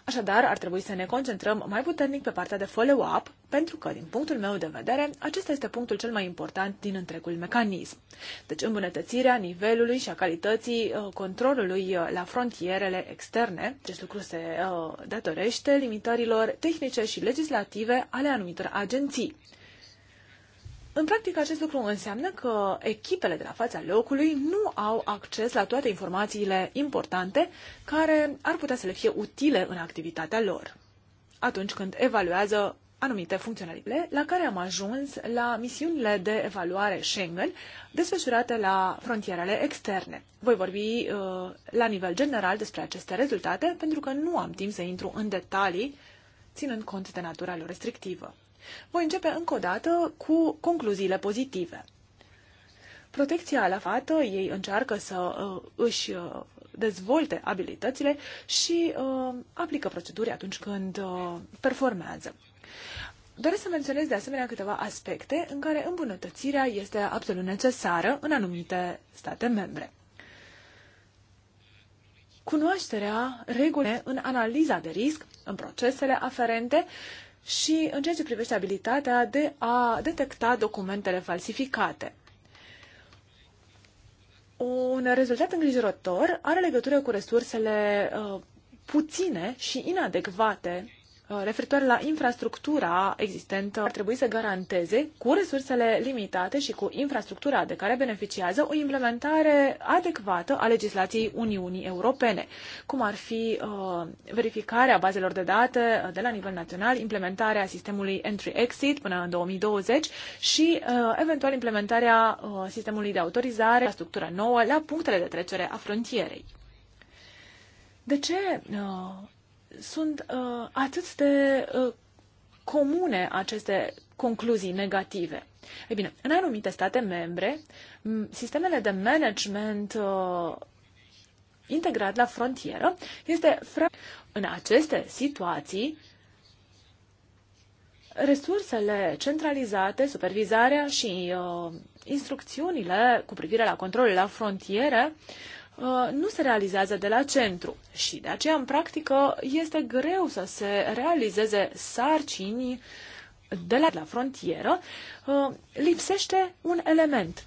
Așadar, ar trebui să ne concentrăm mai puternic pe partea de follow-up, pentru că, din punctul meu de vedere, acesta este punctul cel mai important din întregul mecanism. Deci, îmbunătățirea nivelului și a calității uh, controlului uh, la frontierele externe. Acest lucru se uh, datorește limitărilor tehnice și legislative ale anumitor agenții. În practică, acest lucru înseamnă că echipele de la fața locului nu au acces la toate informațiile importante care ar putea să le fie utile în activitatea lor atunci când evaluează anumite funcționalități la care am ajuns la misiunile de evaluare Schengen desfășurate la frontierele externe. Voi vorbi uh, la nivel general despre aceste rezultate pentru că nu am timp să intru în detalii ținând cont de natura lor restrictivă. Voi începe încă o dată cu concluziile pozitive. Protecția la fată, ei încearcă să uh, își uh, dezvolte abilitățile și uh, aplică proceduri atunci când uh, performează. Doresc să menționez de asemenea câteva aspecte în care îmbunătățirea este absolut necesară în anumite state membre. Cunoașterea regulilor în analiza de risc, în procesele aferente și în ceea ce privește abilitatea de a detecta documentele falsificate. Un rezultat îngrijorător are legătură cu resursele uh, puține și inadecvate Uh, referitoare la infrastructura existentă ar trebui să garanteze, cu resursele limitate și cu infrastructura de care beneficiază, o implementare adecvată a legislației Uniunii Europene, cum ar fi uh, verificarea bazelor de date de la nivel național, implementarea sistemului entry-exit până în 2020 și uh, eventual implementarea uh, sistemului de autorizare, la structură nouă, la punctele de trecere a frontierei. De ce uh, sunt uh, atât de uh, comune aceste concluzii negative. Ei bine, în anumite state membre, sistemele de management uh, integrat la frontieră este în aceste situații resursele centralizate, supervizarea și uh, instrucțiunile cu privire la controlul la frontiere uh, Uh, nu se realizează de la centru și de aceea, în practică, este greu să se realizeze sarcini de la, la frontieră. Uh, lipsește un element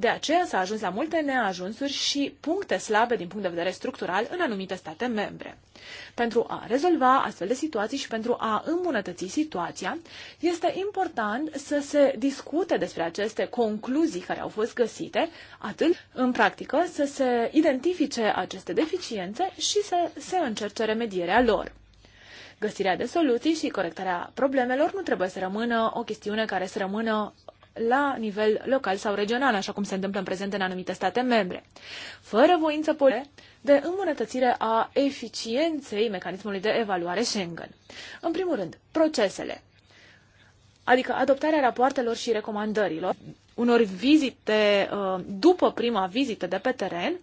de aceea s-a ajuns la multe neajunsuri și puncte slabe din punct de vedere structural în anumite state membre. Pentru a rezolva astfel de situații și pentru a îmbunătăți situația, este important să se discute despre aceste concluzii care au fost găsite, atât în practică să se identifice aceste deficiențe și să se încerce remedierea lor. Găsirea de soluții și corectarea problemelor nu trebuie să rămână o chestiune care să rămână la nivel local sau regional, așa cum se întâmplă în prezent în anumite state membre, fără voință politică de îmbunătățire a eficienței mecanismului de evaluare Schengen. În primul rând, procesele adică adoptarea rapoartelor și recomandărilor, unor vizite uh, după prima vizită de pe teren,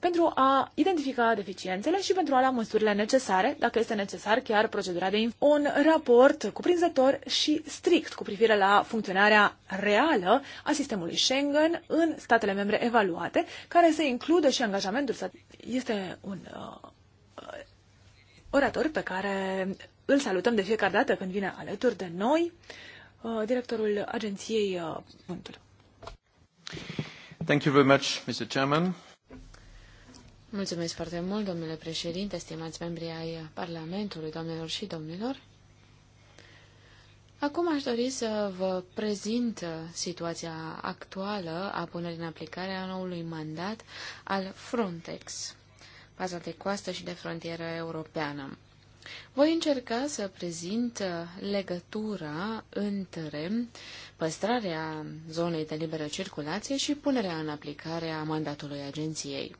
pentru a identifica deficiențele și pentru a lua măsurile necesare, dacă este necesar chiar procedura de un raport cuprinzător și strict cu privire la funcționarea reală a sistemului Schengen în statele membre evaluate, care să includă și angajamentul să Este un uh, orator pe care îl salutăm de fiecare dată când vine alături de noi, uh, directorul agenției uh, Pântul. Thank you very much, Mr. Chairman. Mulțumesc foarte mult, domnule președinte, stimați membri ai Parlamentului, doamnelor și domnilor. Acum aș dori să vă prezint situația actuală a punerii în aplicare a noului mandat al Frontex, baza de coastă și de frontieră europeană. Voi încerca să prezint legătura între păstrarea zonei de liberă circulație și punerea în aplicare a mandatului agenției.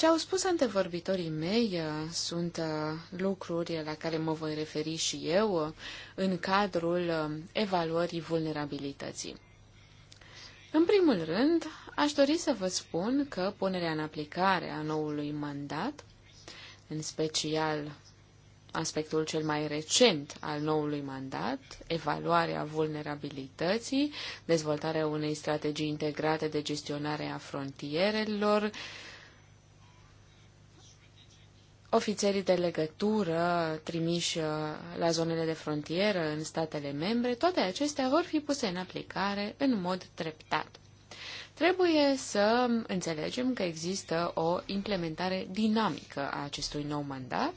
Ce au spus antevorbitorii mei uh, sunt uh, lucruri la care mă voi referi și eu uh, în cadrul evaluării vulnerabilității. În primul rând, aș dori să vă spun că punerea în aplicare a noului mandat, în special aspectul cel mai recent al noului mandat, evaluarea vulnerabilității, dezvoltarea unei strategii integrate de gestionare a frontierelor, ofițerii de legătură trimiși uh, la zonele de frontieră în statele membre, toate acestea vor fi puse în aplicare în mod treptat. Trebuie să înțelegem că există o implementare dinamică a acestui nou mandat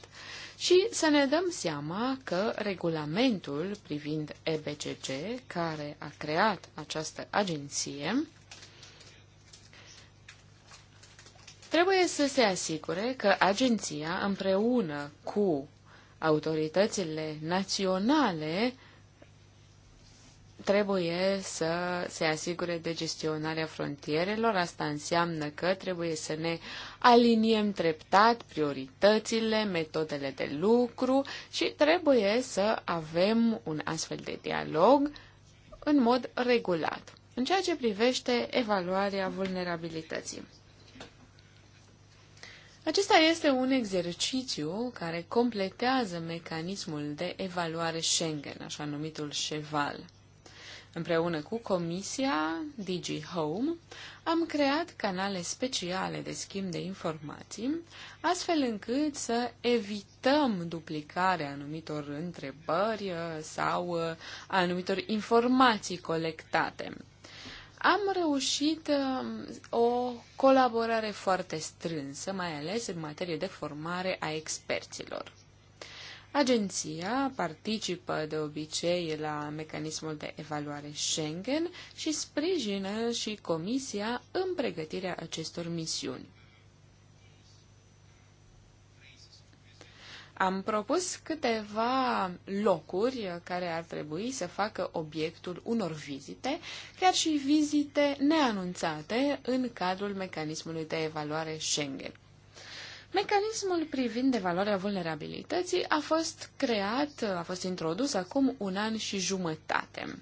și să ne dăm seama că regulamentul privind EBCG, care a creat această agenție, trebuie să se asigure că agenția împreună cu autoritățile naționale trebuie să se asigure de gestionarea frontierelor. Asta înseamnă că trebuie să ne aliniem treptat prioritățile, metodele de lucru și trebuie să avem un astfel de dialog în mod regulat. În ceea ce privește evaluarea vulnerabilității. Acesta este un exercițiu care completează mecanismul de evaluare Schengen, așa numitul Cheval. Împreună cu Comisia DG Home am creat canale speciale de schimb de informații, astfel încât să evităm duplicarea anumitor întrebări sau anumitor informații colectate am reușit um, o colaborare foarte strânsă, mai ales în materie de formare a experților. Agenția participă de obicei la mecanismul de evaluare Schengen și sprijină și Comisia în pregătirea acestor misiuni. Am propus câteva locuri care ar trebui să facă obiectul unor vizite, chiar și vizite neanunțate în cadrul mecanismului de evaluare Schengen. Mecanismul privind evaluarea vulnerabilității a fost creat, a fost introdus acum un an și jumătate.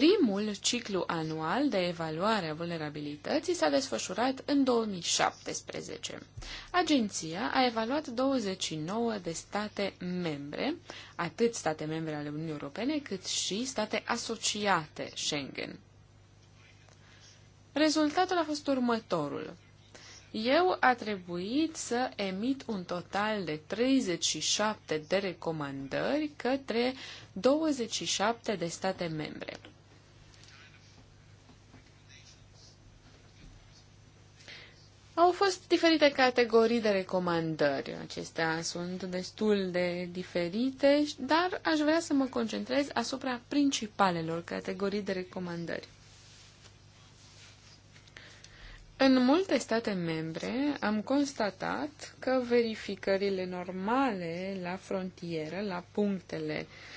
Primul ciclu anual de evaluare a vulnerabilității s-a desfășurat în 2017. Agenția a evaluat 29 de state membre, atât state membre ale Uniunii Europene, cât și state asociate Schengen. Rezultatul a fost următorul. Eu a trebuit să emit un total de 37 de recomandări către 27 de state membre. Au fost diferite categorii de recomandări. Acestea sunt destul de diferite, dar aș vrea să mă concentrez asupra principalelor categorii de recomandări. În multe state membre am constatat că verificările normale la frontieră, la punctele uh,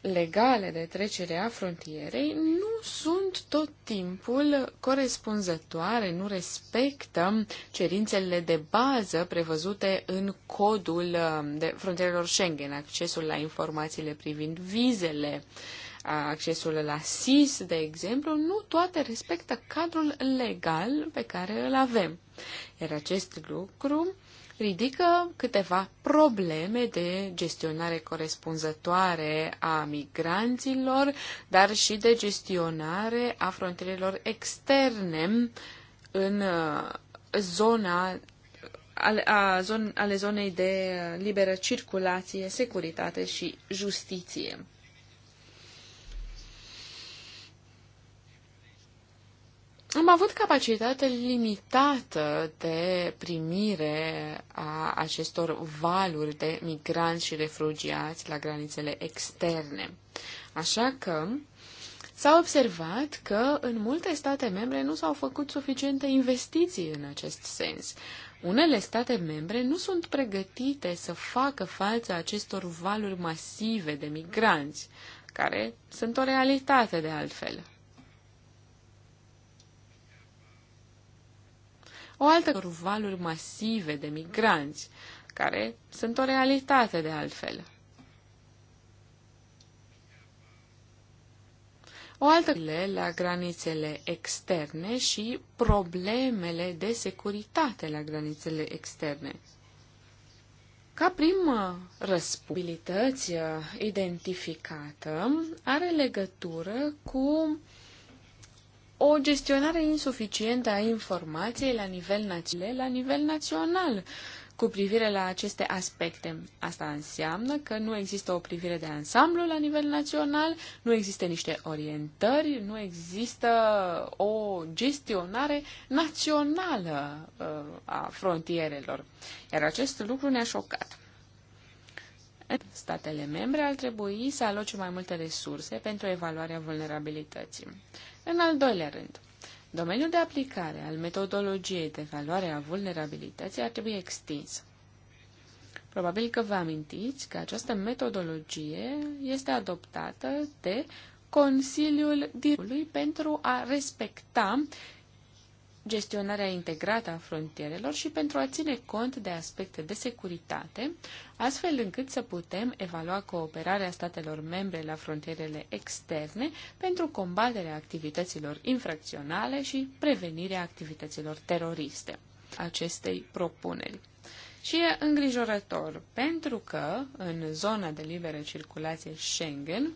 legale de trecere a frontierei nu sunt tot timpul corespunzătoare, nu respectă cerințele de bază prevăzute în codul um, de frontierelor Schengen, accesul la informațiile privind vizele, accesul la SIS, de exemplu, nu toate respectă cadrul legal pe care îl avem. Iar acest lucru ridică câteva probleme de gestionare corespunzătoare a migranților, dar și de gestionare a frontierelor externe în uh, zona a zon, ale zonei de liberă circulație, securitate și justiție. Am avut capacitate limitată de primire a acestor valuri de migranți și refugiați la granițele externe. Așa că s-a observat că în multe state membre nu s-au făcut suficiente investiții în acest sens. Unele state membre nu sunt pregătite să facă față acestor valuri masive de migranți, care sunt o realitate de altfel o altă valuri masive de migranți, care sunt o realitate de altfel. O altă la granițele externe și problemele de securitate la granițele externe. Ca primă uh, răspunsabilități identificată are legătură cu o gestionare insuficientă a informației la nivel național, la nivel național cu privire la aceste aspecte. Asta înseamnă că nu există o privire de ansamblu la nivel național, nu există niște orientări, nu există o gestionare națională uh, a frontierelor. Iar acest lucru ne-a șocat. Statele membre ar trebui să aloce mai multe resurse pentru evaluarea vulnerabilității. În al doilea rând, domeniul de aplicare al metodologiei de valoare a vulnerabilității ar trebui extins. Probabil că vă amintiți că această metodologie este adoptată de Consiliul Dirului pentru a respecta gestionarea integrată a frontierelor și pentru a ține cont de aspecte de securitate, astfel încât să putem evalua cooperarea statelor membre la frontierele externe pentru combaterea activităților infracționale și prevenirea activităților teroriste acestei propuneri. Și e îngrijorător, pentru că în zona de liberă circulație Schengen,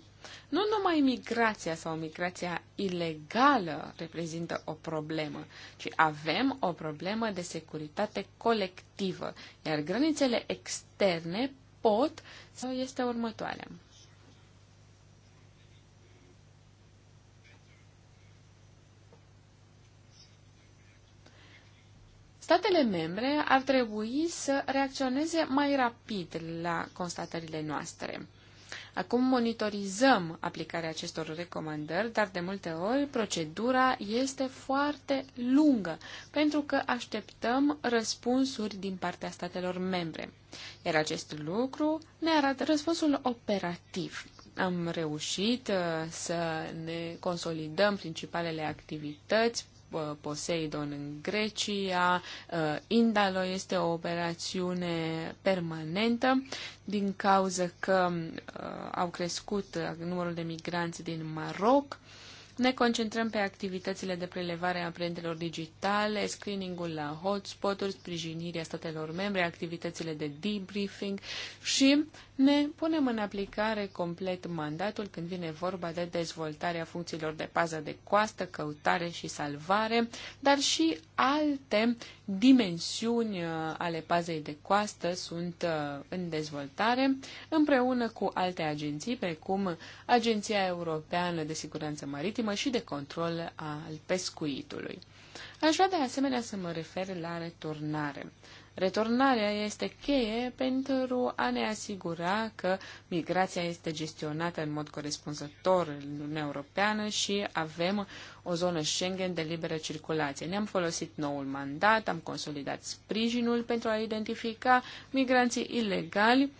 nu numai migrația sau migrația ilegală reprezintă o problemă, ci avem o problemă de securitate colectivă, iar granițele externe pot să este următoarea. statele membre ar trebui să reacționeze mai rapid la constatările noastre. Acum monitorizăm aplicarea acestor recomandări, dar de multe ori procedura este foarte lungă, pentru că așteptăm răspunsuri din partea statelor membre. Iar acest lucru ne arată răspunsul operativ. Am reușit uh, să ne consolidăm principalele activități Poseidon în Grecia, uh, Indalo este o operațiune permanentă din cauza că uh, au crescut uh, numărul de migranți din Maroc. Ne concentrăm pe activitățile de prelevare a amprentelor digitale, screening-ul la hotspot-uri, sprijinirea statelor membre, activitățile de debriefing și ne punem în aplicare complet mandatul când vine vorba de dezvoltarea funcțiilor de pază de coastă, căutare și salvare, dar și alte dimensiuni uh, ale pazei de coastă sunt uh, în dezvoltare, împreună cu alte agenții, precum Agenția Europeană de Siguranță Maritimă și de Control al Pescuitului. Aș vrea de asemenea să mă refer la returnare. Retornarea este cheie pentru a ne asigura că migrația este gestionată în mod corespunzător în Uniunea Europeană și avem o zonă Schengen de liberă circulație. Ne-am folosit noul mandat, am consolidat sprijinul pentru a identifica migranții ilegali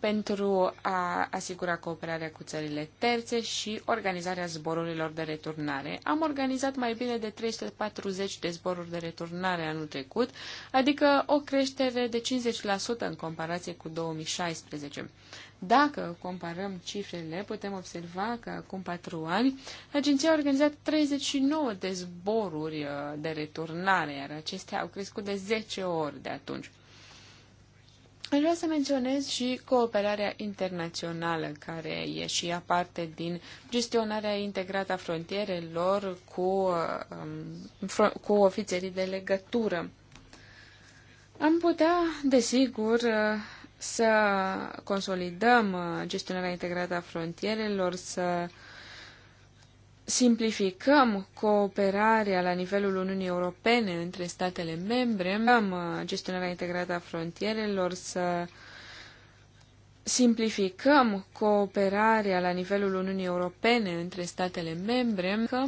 pentru a asigura cooperarea cu țările terțe și organizarea zborurilor de returnare. Am organizat mai bine de 340 de zboruri de returnare anul trecut, adică o creștere de 50% în comparație cu 2016. Dacă comparăm cifrele, putem observa că acum patru ani, agenția a organizat 39 de zboruri uh, de returnare, iar acestea au crescut de 10 ori de atunci. Aș vrea să menționez și cooperarea internațională, care e și ea parte din gestionarea integrată a frontierelor cu, um, cu ofițerii de legătură. Am putea, desigur, să consolidăm gestionarea integrată a frontierelor, să simplificăm cooperarea la nivelul Uniunii Europene între statele membre, am uh, gestionarea integrată a frontierelor, să simplificăm cooperarea la nivelul Uniunii Europene între statele membre, că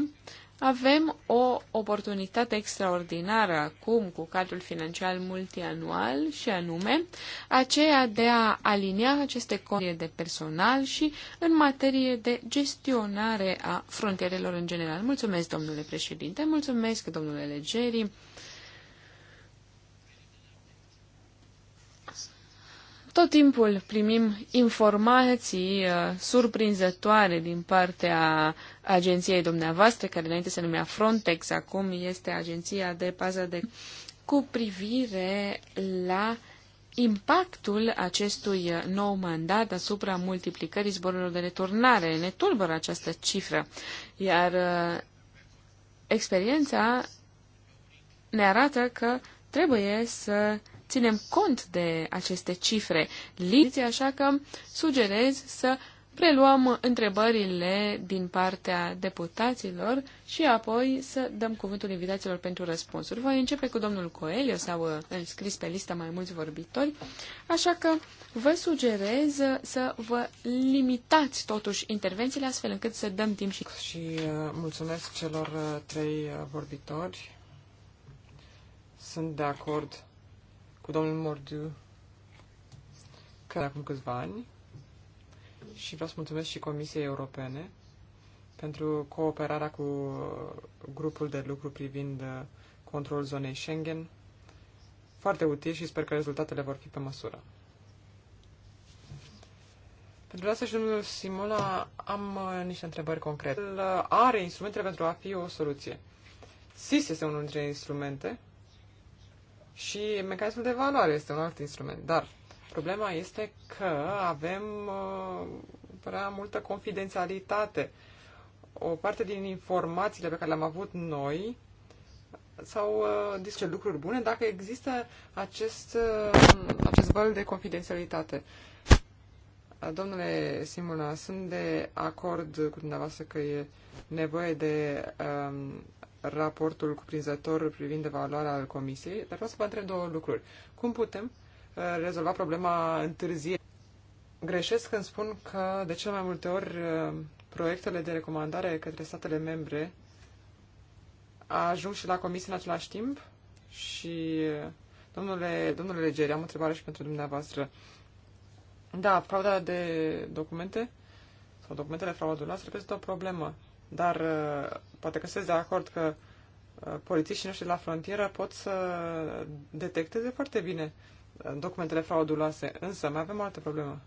avem o oportunitate extraordinară acum cu cadrul financiar multianual și anume aceea de a alinia aceste condiții de personal și în materie de gestionare a frontierelor în general. Mulțumesc, domnule președinte, mulțumesc, domnule Legeri. Tot timpul primim informații uh, surprinzătoare din partea agenției dumneavoastră, care înainte se numea Frontex, acum este Agenția de Pază de cu privire la impactul acestui nou mandat asupra multiplicării zborurilor de returnare. Ne tulbură această cifră, iar uh, experiența ne arată că trebuie să ținem cont de aceste cifre. Liți, așa că sugerez să preluăm întrebările din partea deputaților și apoi să dăm cuvântul invitațiilor pentru răspunsuri. Voi începe cu domnul Coelho, s-au uh, înscris pe lista mai mulți vorbitori, așa că vă sugerez să vă limitați totuși intervențiile astfel încât să dăm timp și... Și uh, mulțumesc celor uh, trei vorbitori. Sunt de acord cu domnul Mordiu că acum câțiva ani și vreau să mulțumesc și Comisiei Europene pentru cooperarea cu grupul de lucru privind uh, controlul zonei Schengen. Foarte util și sper că rezultatele vor fi pe măsură. Pentru asta și domnul Simola am uh, niște întrebări concrete. Uh, are instrumente pentru a fi o soluție. SIS este unul dintre instrumente și mecanismul de valoare este un alt instrument, dar Problema este că avem uh, prea multă confidențialitate. O parte din informațiile pe care le-am avut noi sau uh, disce lucruri bune dacă există acest, uh, acest val de confidențialitate. Domnule Simona, sunt de acord cu dumneavoastră că e nevoie de um, raportul cuprinzător privind evaluarea al comisiei, dar vreau să vă întreb două lucruri. Cum putem uh, rezolva problema întârziei. Greșesc când spun că de cel mai multe ori uh, proiectele de recomandare către statele membre ajung și la comisie în același timp și uh, domnule, domnule Legeri, am o întrebare și pentru dumneavoastră. Da, frauda de documente sau documentele frauduloase reprezintă o problemă, dar uh, poate că sunteți de acord că polițiștii noștri la frontieră pot să detecteze foarte bine documentele frauduloase. Însă mai avem o altă problemă.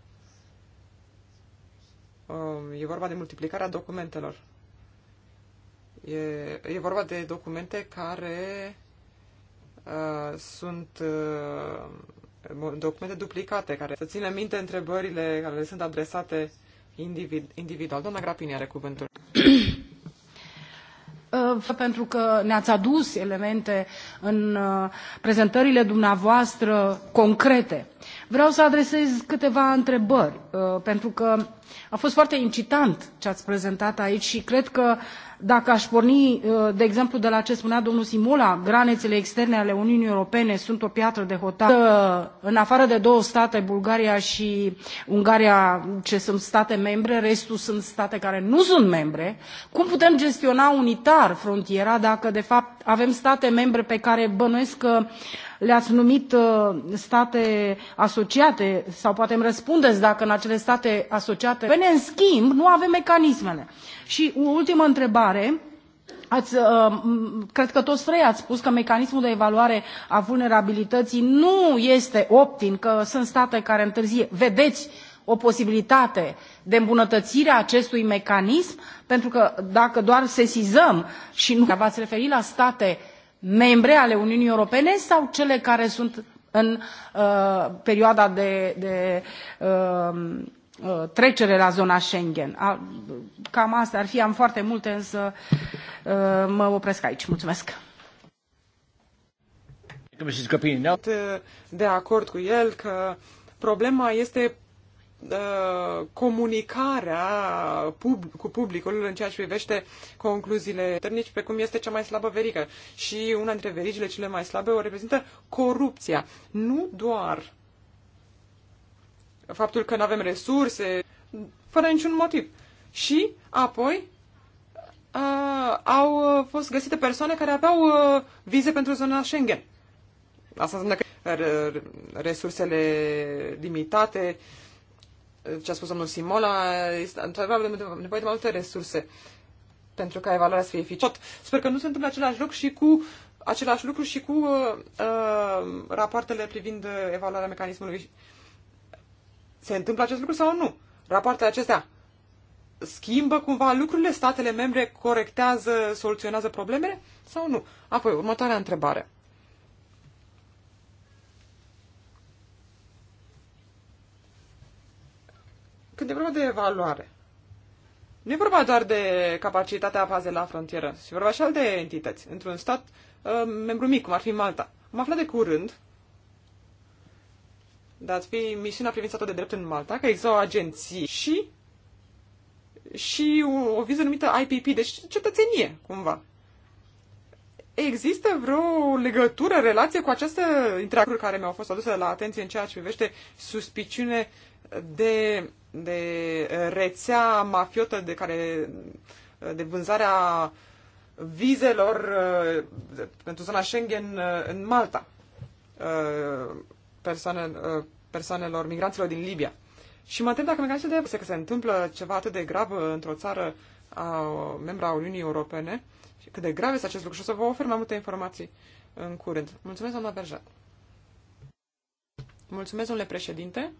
Um, e vorba de multiplicarea documentelor. E, e vorba de documente care uh, sunt uh, documente duplicate, care să țină minte întrebările care le sunt adresate individ, individual. Doamna Grapini are cuvântul. pentru că ne-ați adus elemente în uh, prezentările dumneavoastră concrete. Vreau să adresez câteva întrebări, uh, pentru că a fost foarte incitant ce ați prezentat aici și cred că dacă aș porni, uh, de exemplu, de la ce spunea domnul Simula, granițele externe ale Uniunii Europene sunt o piatră de hotar. Uh, în afară de două state, Bulgaria și Ungaria, ce sunt state membre, restul sunt state care nu sunt membre, cum putem gestiona unitar frontiera dacă, de fapt, avem state membre pe care bănuiesc că le-ați numit uh, state asociate sau poate îmi răspundeți dacă în acele state asociate europene, în schimb, nu avem mecanismele. Și o ultimă întrebare. Ați, uh, cred că toți trei ați spus că mecanismul de evaluare a vulnerabilității nu este optim, că sunt state care întârzie. Vedeți o posibilitate de îmbunătățire a acestui mecanism? Pentru că dacă doar sesizăm și nu v-ați referit la state membre ale Uniunii Europene sau cele care sunt în uh, perioada de, de um, uh, trecere la zona Schengen. Cam asta ar fi, am foarte multe, însă uh, mă opresc aici. Mulțumesc. De acord cu el că problema este Uh, comunicarea pub- cu publicul în ceea ce privește concluziile tărnici, precum este cea mai slabă verică. Și una dintre verigile cele mai slabe o reprezintă corupția. Nu doar faptul că nu avem resurse, fără niciun motiv. Și apoi uh, au fost găsite persoane care aveau uh, vize pentru zona Schengen. Asta înseamnă că resursele limitate ce a spus domnul Simola, este într-adevăr nevoie de mai multe resurse pentru ca evaluarea să fie eficientă. Sper că nu se întâmplă același lucru și cu același lucru și cu uh, uh, rapoartele privind evaluarea mecanismului. Se întâmplă acest lucru sau nu? Rapoartele acestea schimbă cumva lucrurile? Statele membre corectează, soluționează problemele sau nu? Apoi, următoarea întrebare. Când e vorba de evaluare, nu e vorba doar de capacitatea paze la frontieră, ci vorba și de entități. Într-un stat uh, membru mic, cum ar fi Malta. Am aflat de curând, dați fi misiunea privind statul de drept în Malta, că există o agenție și și o, o viză numită IPP, deci cetățenie, cumva. Există vreo legătură, relație cu această interacțiune care mi-au fost aduse la atenție în ceea ce privește suspiciune de de rețea mafiotă de care de vânzarea vizelor uh, pentru zona Schengen uh, în Malta uh, persoane, persoanelor, migranților din Libia. Și mă întreb dacă mecanismul de evaluare, că se întâmplă ceva atât de grav într-o țară a, membra a Uniunii Europene, cât de grav este acest lucru și o să vă ofer mai multe informații în curând. Mulțumesc, doamna Berjat. Mulțumesc, domnule președinte.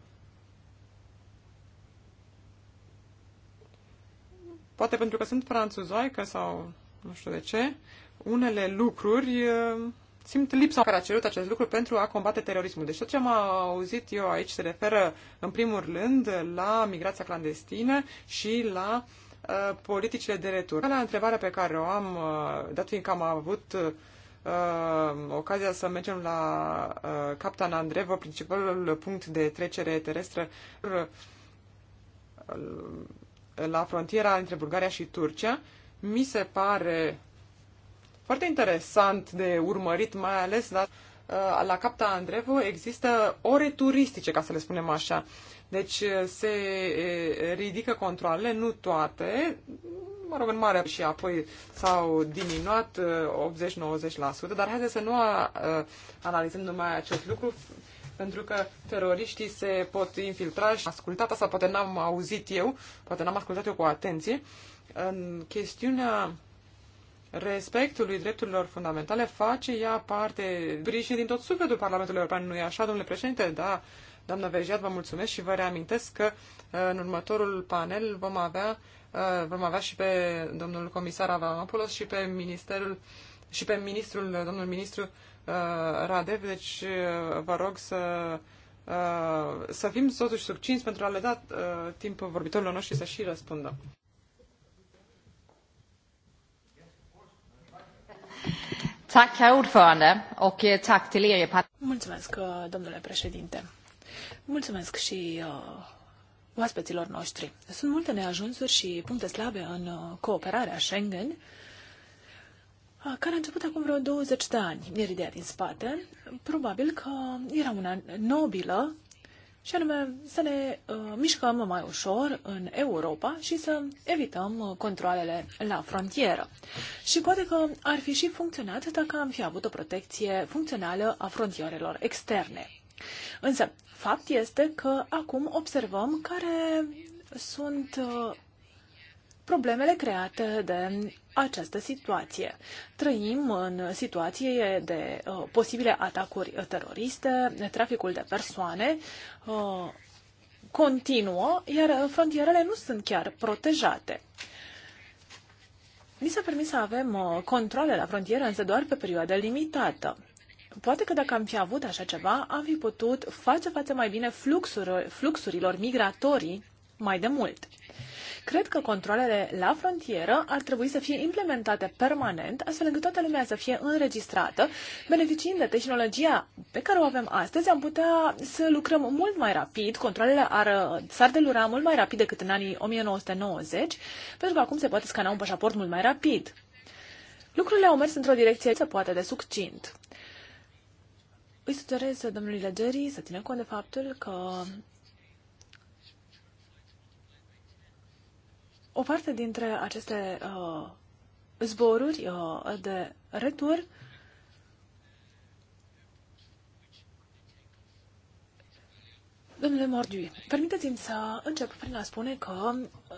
poate pentru că sunt franțuzoică sau nu știu de ce, unele lucruri uh, simt lipsa care a cerut acest lucru pentru a combate terorismul. Deci tot ce am auzit eu aici se referă în primul rând la migrația clandestină și la uh, politicile de retur. La întrebarea pe care o am, uh, dat fiindcă am avut uh, ocazia să mergem la uh, Captain Andrevo, principalul punct de trecere terestră, uh, la frontiera între Bulgaria și Turcia, mi se pare foarte interesant de urmărit, mai ales la, uh, la Capta Andrevo există ore turistice, ca să le spunem așa. Deci uh, se uh, ridică controlele, nu toate, mă rog, în mare și apoi s-au diminuat 80-90%, dar haideți să nu analizăm numai acest lucru, pentru că teroriștii se pot infiltra și ascultat asta, poate n-am auzit eu, poate n-am ascultat eu cu atenție. În chestiunea respectului drepturilor fundamentale face ea parte sprijin din tot sufletul Parlamentului European, nu e așa, domnule președinte? Da, doamnă Vejiat, vă mulțumesc și vă reamintesc că în următorul panel vom avea, uh, vom avea și pe domnul comisar Avramopoulos și pe ministerul și pe ministrul, domnul ministru Uh, Radev, deci uh, vă rog să, uh, să fim totuși succinți pentru a le da timp vorbitorilor noștri să și răspundă. Tack, och eh, tack till er. Mulțumesc, domnule președinte. Mulțumesc și uh, oaspeților noștri. Sunt multe neajunsuri și puncte slabe în cooperarea Schengen, Ah, care a început acum vreo 20 de ani, iar ideea din spate. Probabil că era una nobilă și anume să ne uh, mișcăm mai ușor în Europa și să evităm uh, controlele la frontieră. Și poate că ar fi și funcționat dacă am fi avut o protecție funcțională a frontierelor externe. Însă, fapt este că acum observăm care sunt uh, problemele create de această situație. Trăim în situație de uh, posibile atacuri teroriste, traficul de persoane uh, continuă, iar frontierele nu sunt chiar protejate. Ni s-a permis să avem uh, controle la frontieră, însă doar pe perioadă limitată. Poate că dacă am fi avut așa ceva, am fi putut face față mai bine fluxurilor, fluxurilor migratorii mai de mult. Cred că controlele la frontieră ar trebui să fie implementate permanent, astfel încât toată lumea să fie înregistrată. Beneficiind de tehnologia pe care o avem astăzi, am putea să lucrăm mult mai rapid, controlele ar, s-ar delura mult mai rapid decât în anii 1990, pentru că acum se poate scana un pașaport mult mai rapid. Lucrurile au mers într-o direcție se poate de succint. Îi sugerez domnului Legerii să ține cont de faptul că O parte dintre aceste uh, zboruri uh, de retur Domnule Mordiu, permiteți-mi să încep prin a spune că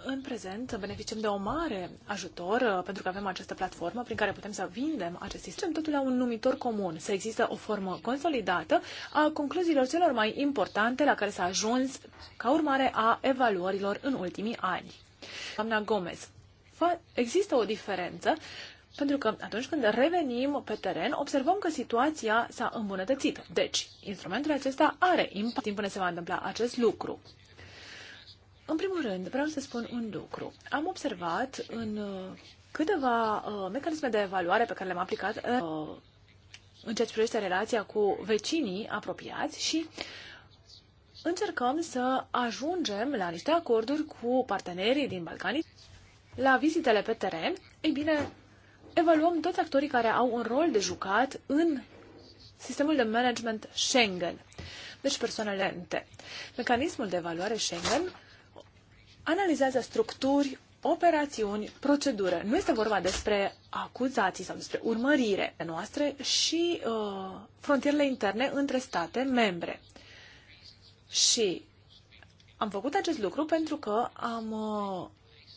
în prezent beneficiem de o mare ajutor uh, pentru că avem această platformă prin care putem să vindem acest sistem totul la un numitor comun, să există o formă consolidată a concluziilor celor mai importante la care s-a ajuns ca urmare a evaluărilor în ultimii ani. Doamna Gomez, există o diferență pentru că atunci când revenim pe teren, observăm că situația s-a îmbunătățit. Deci, instrumentul acesta are impact timp până se va întâmpla acest lucru. În primul rând, vreau să spun un lucru. Am observat în uh, câteva uh, mecanisme de evaluare pe care le-am aplicat uh, în ceea ce privește relația cu vecinii apropiați și încercăm să ajungem la niște acorduri cu partenerii din Balcani. La vizitele pe teren, ei bine, evaluăm toți actorii care au un rol de jucat în sistemul de management Schengen, deci persoanele ente. Mecanismul de evaluare Schengen analizează structuri, operațiuni, procedură. Nu este vorba despre acuzații sau despre urmărire noastre și uh, frontierele interne între state membre. Și am făcut acest lucru pentru că am uh,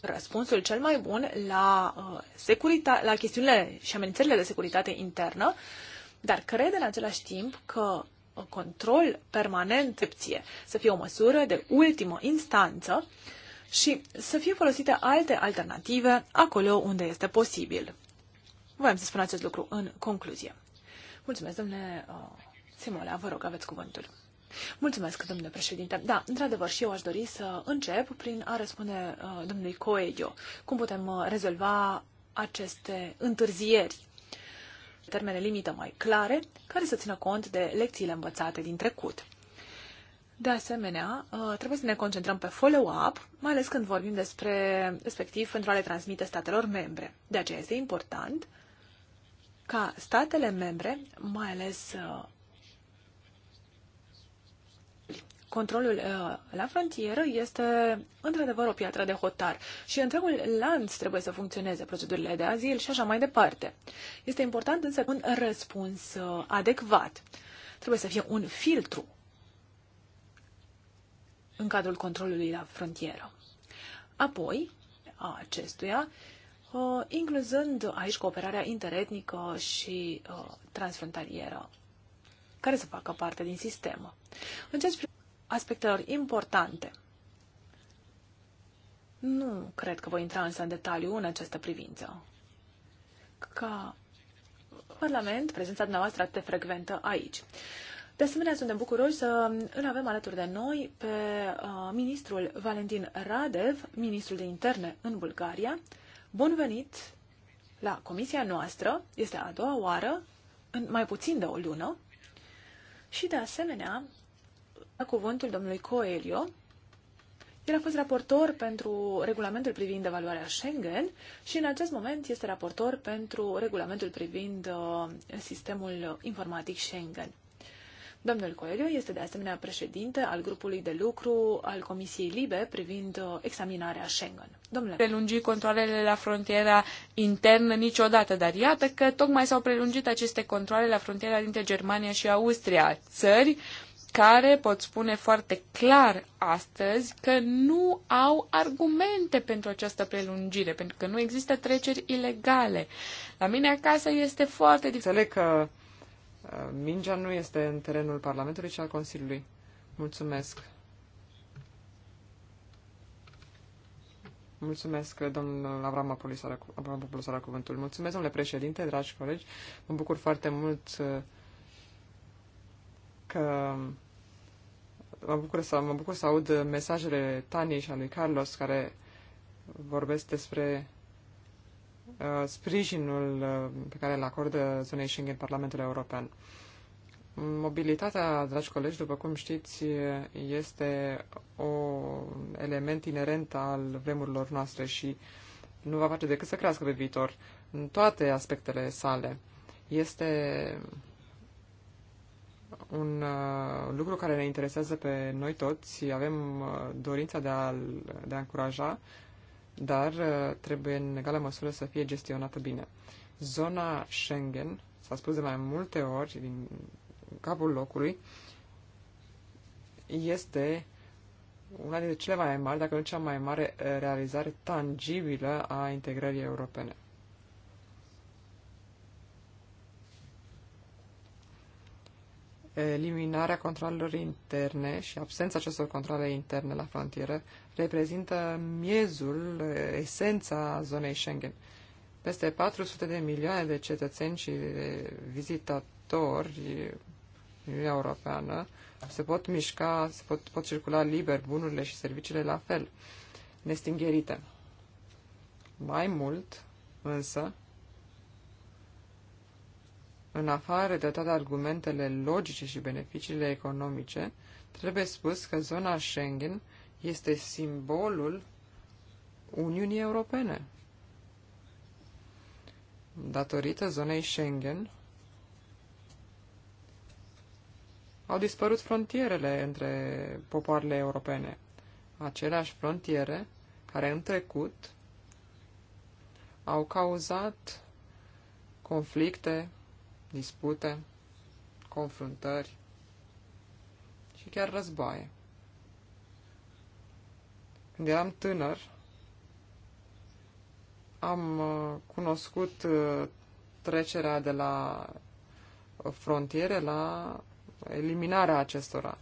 răspunsul cel mai bun la, uh, securita- la chestiunile și amenințările de securitate internă, dar cred în același timp că uh, control permanent să fie o măsură de ultimă instanță și să fie folosite alte alternative acolo unde este posibil. Voiam să spun acest lucru în concluzie. Mulțumesc, domnule uh, Simola, vă rog, aveți cuvântul. Mulțumesc, domnule președinte. Da, într-adevăr, și eu aș dori să încep prin a răspunde uh, domnului Coelho cum putem uh, rezolva aceste întârzieri termene limită mai clare, care să țină cont de lecțiile învățate din trecut. De asemenea, uh, trebuie să ne concentrăm pe follow-up, mai ales când vorbim despre respectiv pentru a le transmite statelor membre. De aceea este important ca statele membre, mai ales uh, controlul uh, la frontieră este într-adevăr o piatră de hotar și întregul lanț trebuie să funcționeze, procedurile de azil și așa mai departe. Este important însă un răspuns uh, adecvat. Trebuie să fie un filtru în cadrul controlului la frontieră. Apoi, a acestuia, uh, incluzând aici cooperarea interetnică și transfrontalieră care să facă parte din sistem. În ceea ce aspectelor importante. Nu cred că voi intra însă în detaliu în această privință. Ca Parlament, prezența dumneavoastră atât de frecventă aici. De asemenea, suntem bucuroși să îl avem alături de noi pe uh, ministrul Valentin Radev, ministrul de interne în Bulgaria. Bun venit la comisia noastră, este a doua oară, în mai puțin de o lună. Și de asemenea, cuvântul domnului Coelio. El a fost raportor pentru regulamentul privind evaluarea Schengen și în acest moment este raportor pentru regulamentul privind uh, sistemul informatic Schengen. Domnul Coelho este de asemenea președinte al grupului de lucru al Comisiei Libe privind uh, examinarea Schengen. Domnule. Prelungi controlele la frontiera internă niciodată, dar iată că tocmai s-au prelungit aceste controle la frontiera dintre Germania și Austria, țări care pot spune foarte clar astăzi că nu au argumente pentru această prelungire, pentru că nu există treceri ilegale. La mine acasă este foarte dificil. Înțeleg că uh, mingea nu este în terenul Parlamentului, ci al Consiliului. Mulțumesc. Mulțumesc, domnul Avram Apolisar, Avramopoulos cuvântul. Mulțumesc, domnule președinte, dragi colegi. Mă bucur foarte mult uh, că mă bucur să, mă bucur să aud mesajele Tanii și a lui Carlos care vorbesc despre uh, sprijinul uh, pe care îl acordă zonei Schengen Parlamentul European. Mobilitatea, dragi colegi, după cum știți, este un element inerent al vremurilor noastre și nu va face decât să crească pe viitor în toate aspectele sale. Este un uh, lucru care ne interesează pe noi toți. Avem uh, dorința de a, de a încuraja, dar uh, trebuie în egală măsură să fie gestionată bine. Zona Schengen, s-a spus de mai multe ori din capul locului, este una dintre cele mai mari, dacă nu cea mai mare uh, realizare tangibilă a integrării europene. eliminarea controlelor interne și absența acestor controle interne la frontieră reprezintă miezul, esența zonei Schengen. Peste 400 de milioane de cetățeni și de vizitatori în Uniunea Europeană se pot mișca, se pot, pot circula liber bunurile și serviciile la fel, nestingherite. Mai mult, însă, în afară de toate argumentele logice și beneficiile economice, trebuie spus că zona Schengen este simbolul Uniunii Europene. Datorită zonei Schengen, au dispărut frontierele între popoarele europene. Aceleași frontiere care în trecut au cauzat conflicte dispute, confruntări și chiar războaie. Când eram tânăr, am uh, cunoscut uh, trecerea de la frontiere la eliminarea acestora.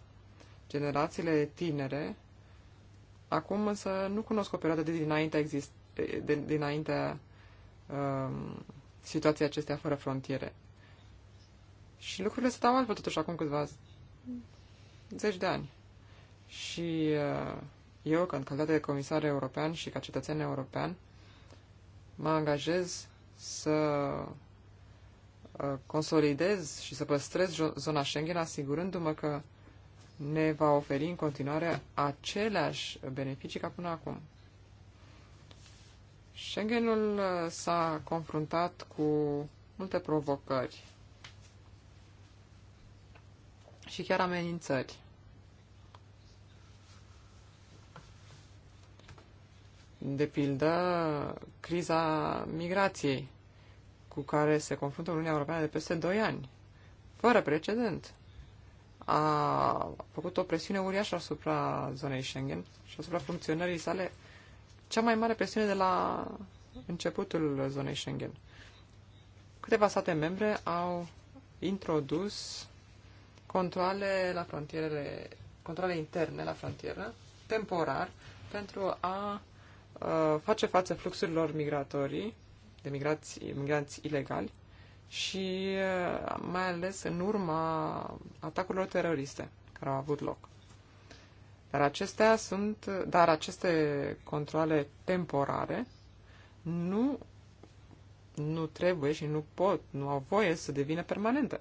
Generațiile tinere acum însă nu cunosc o perioadă de dinainte, exist- de, dinainte um, situația acestea fără frontiere. Și lucrurile stau altfel totuși acum câțiva zeci de ani. Și uh, eu, ca în calitate de comisar european și ca cetățean european, mă angajez să uh, consolidez și să păstrez zona Schengen, asigurându-mă că ne va oferi în continuare aceleași beneficii ca până acum. Schengenul uh, s-a confruntat cu multe provocări și chiar amenințări. De pildă, criza migrației cu care se confruntă Uniunea Europeană de peste 2 ani, fără precedent. A făcut o presiune uriașă asupra zonei Schengen și asupra funcționării sale, cea mai mare presiune de la începutul zonei Schengen. Câteva state membre au introdus controle la frontierele, controle interne la frontieră, temporar, pentru a uh, face față fluxurilor migratorii, de migrați, migranți ilegali, și uh, mai ales în urma atacurilor teroriste care au avut loc. Dar acestea sunt, dar aceste controle temporare nu, nu trebuie și nu pot, nu au voie să devină permanente.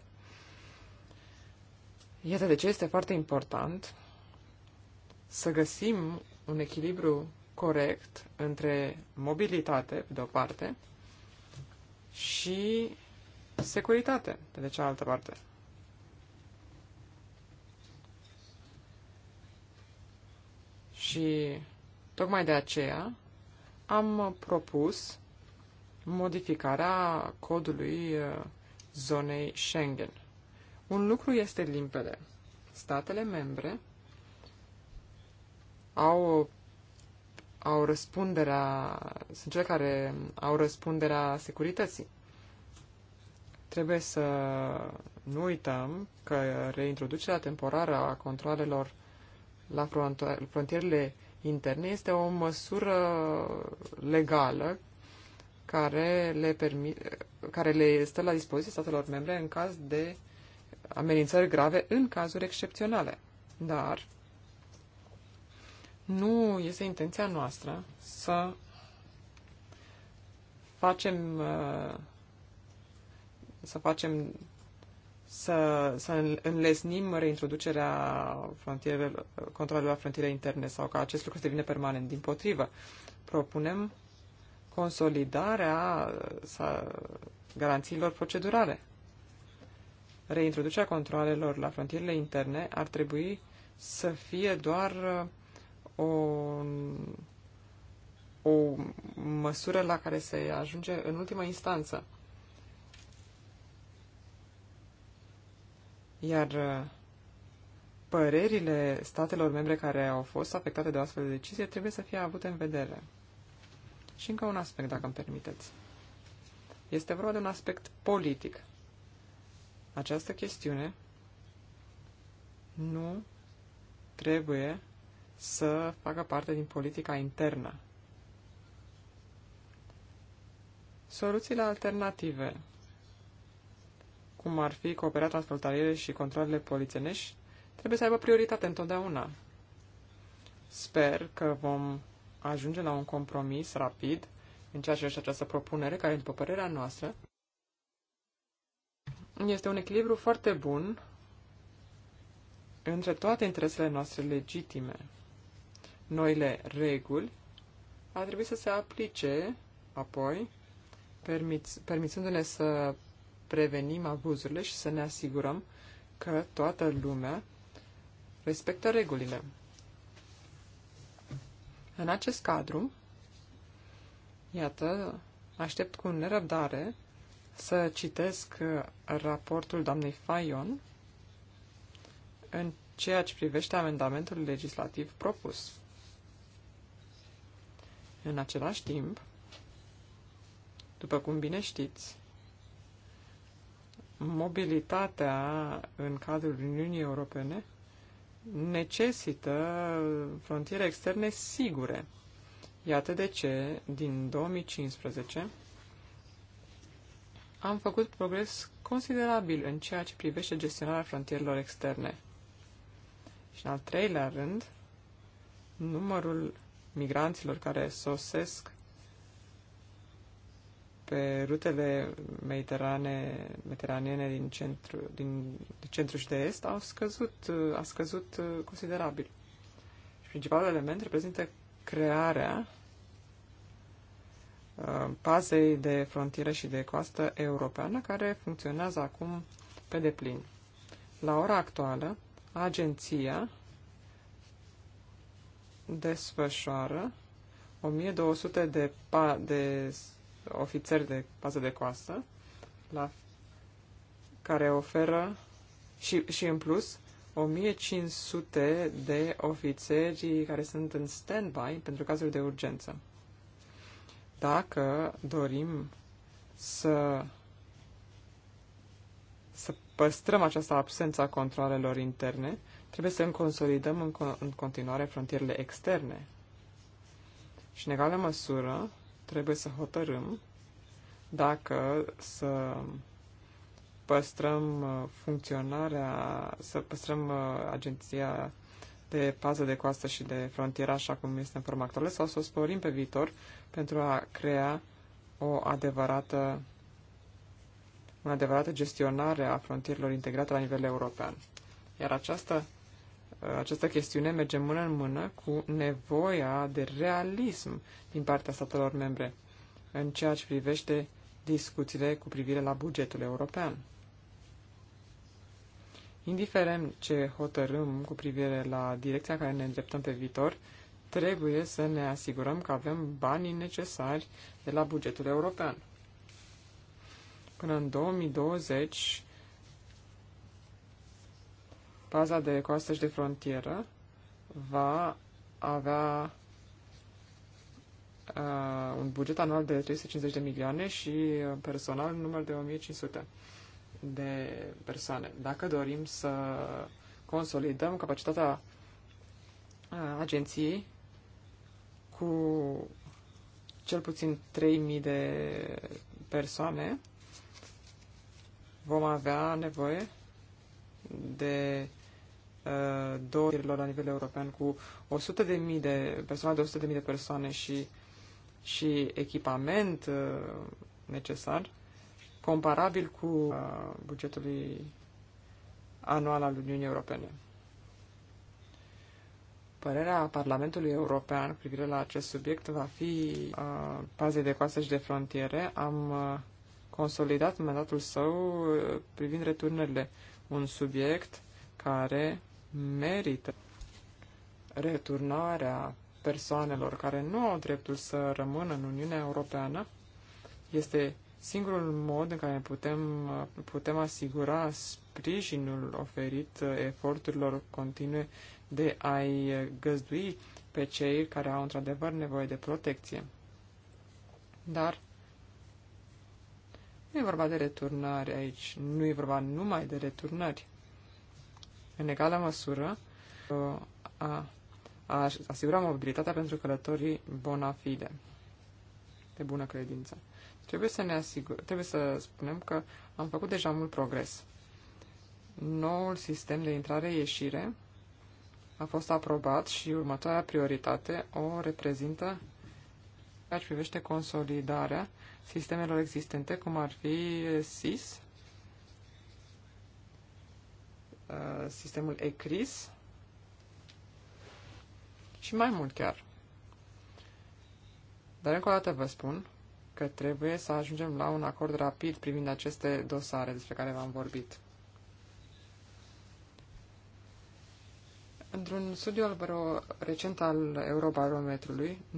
Iată de ce este foarte important să găsim un echilibru corect între mobilitate, pe de-o parte, și securitate, pe de cealaltă parte. Și tocmai de aceea am propus modificarea codului uh, zonei Schengen. Un lucru este limpede. Statele membre au, au răspunderea, sunt cele care au răspunderea securității. Trebuie să nu uităm că reintroducerea temporară a controlelor la frontierele interne este o măsură legală care le, permit, care le stă la dispoziție statelor membre în caz de uh, amenințări grave în cazuri excepționale. Dar nu este intenția noastră să facem uh, să facem să, să înlesnim reintroducerea frontierelor, controlului la frontiere interne sau ca acest lucru să devină permanent. Din potrivă, propunem consolidarea uh, garanțiilor procedurale reintroducerea controalelor la frontierele interne ar trebui să fie doar uh, o, o măsură la care se ajunge în ultima instanță. Iar uh, părerile statelor membre care au fost afectate de o astfel de decizie trebuie să fie avute în vedere. Și încă un aspect, dacă îmi permiteți. Este vorba de un aspect politic. Această chestiune nu trebuie să facă parte din politica internă. Soluțiile alternative, cum ar fi cooperarea transfrontalieră și controlele polițienești, trebuie să aibă prioritate întotdeauna. Sper că vom ajunge la un compromis rapid în ceea ce este această propunere, care, după părerea noastră, este un echilibru foarte bun între toate interesele noastre legitime. Noile reguli ar trebui să se aplice apoi, permițându-ne să prevenim abuzurile și să ne asigurăm că toată lumea respectă regulile. În acest cadru, iată, aștept cu nerăbdare să citesc uh, raportul doamnei Fayon în ceea ce privește amendamentul legislativ propus. În același timp, după cum bine știți, mobilitatea în cadrul Uniunii Europene necesită frontiere externe sigure. Iată de ce, din 2015, am făcut progres considerabil în ceea ce privește gestionarea frontierelor externe. Și în al treilea rând, numărul migranților care sosesc pe rutele mediterane, mediteraniene din centru, din, din centru și de est au scăzut, a scăzut uh, considerabil. Și principalul element reprezintă crearea Uh, pazei de frontieră și de coastă europeană, care funcționează acum pe deplin. La ora actuală, agenția desfășoară 1200 de, pa- de ofițeri de pază de coastă la, care oferă și, și în plus 1500 de ofițeri care sunt în stand-by pentru cazuri de urgență dacă dorim să, să păstrăm această absență a controlelor interne, trebuie să consolidăm în, în continuare frontierele externe. Și, în egală măsură, trebuie să hotărâm dacă să păstrăm uh, funcționarea, să păstrăm uh, agenția de pază de coastă și de frontieră, așa cum este în forma actuală, sau să o sporim pe viitor pentru a crea o adevărată, o adevărată gestionare a frontierilor integrate la nivel european. Iar această, această chestiune merge mână în mână cu nevoia de realism din partea statelor membre în ceea ce privește discuțiile cu privire la bugetul european. Indiferent ce hotărâm cu privire la direcția care ne îndreptăm pe viitor, trebuie să ne asigurăm că avem banii necesari de la bugetul european. Până în 2020, paza de coastă și de frontieră va avea uh, un buget anual de 350 de milioane și uh, personal număr de 1500 de persoane. Dacă dorim să consolidăm capacitatea agenției cu cel puțin 3.000 de persoane, vom avea nevoie de uh, două tirilor la nivel european cu 100.000 de, mii de persoane, de 100.000 de, de persoane și, și echipament uh, necesar comparabil cu uh, bugetului anual al Uniunii Europene. Părerea Parlamentului European cu privire la acest subiect va fi uh, paze de coastă și de frontiere. Am uh, consolidat mandatul său privind returnările, un subiect care merită returnarea persoanelor care nu au dreptul să rămână în Uniunea Europeană este Singurul mod în care putem, putem asigura sprijinul oferit uh, eforturilor continue de a-i uh, găzdui pe cei care au într-adevăr nevoie de protecție. Dar nu e vorba de returnări aici, nu e vorba numai de returnări. În egală măsură, uh, a, a asigura mobilitatea pentru călătorii bona fide, de bună credință. Trebuie să ne asigur, trebuie să spunem că am făcut deja mult progres. Noul sistem de intrare-ieșire a fost aprobat și următoarea prioritate o reprezintă ceea ce privește consolidarea sistemelor existente, cum ar fi eh, SIS, eh, sistemul ECRIS și mai mult chiar. Dar încă o dată vă spun că trebuie să ajungem la un acord rapid privind aceste dosare despre care v-am vorbit. Într-un studiu al recent al Eurobarometrului, 92%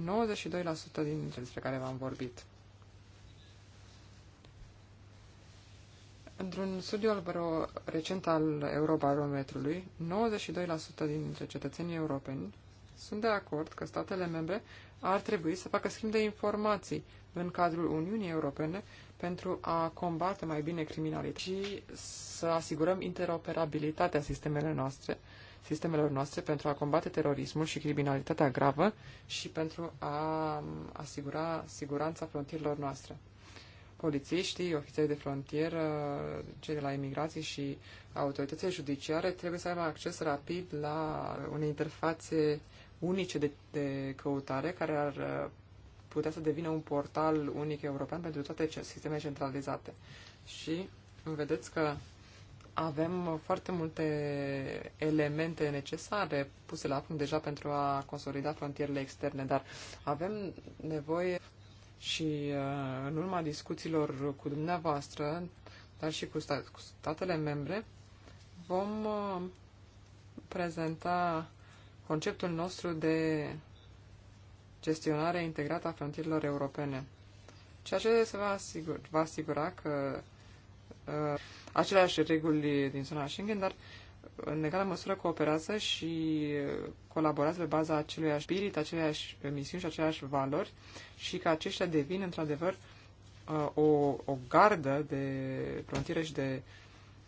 din dintre despre care v-am vorbit. Într-un studiu al recent al Eurobarometrului, 92% din cetățenii europeni sunt de acord că statele membre ar trebui să facă schimb de informații în cadrul Uniunii Europene pentru a combate mai bine criminalitatea și să asigurăm interoperabilitatea sistemelor noastre, sistemelor noastre pentru a combate terorismul și criminalitatea gravă și pentru a um, asigura siguranța frontierilor noastre. Polițiștii, ofițerii de frontieră, cei de la imigrație și autoritățile judiciare trebuie să aibă acces rapid la unei interfațe unice de, de căutare care ar uh, putea să devină un portal unic european pentru toate sistemele centralizate. Și vedeți că avem foarte multe elemente necesare puse la punct deja pentru a consolida frontierele externe, dar avem nevoie și uh, în urma discuțiilor cu dumneavoastră, dar și cu, statele membre, vom uh, prezenta conceptul nostru de gestionare integrată a frontierilor europene, ceea ce se va, asigur, va asigura că uh, aceleași reguli din zona Schengen, dar în egală măsură cooperează și colaborează pe baza aceluiași spirit, aceleași misiuni și aceleași valori și că aceștia devin într-adevăr uh, o, o gardă de frontieră și de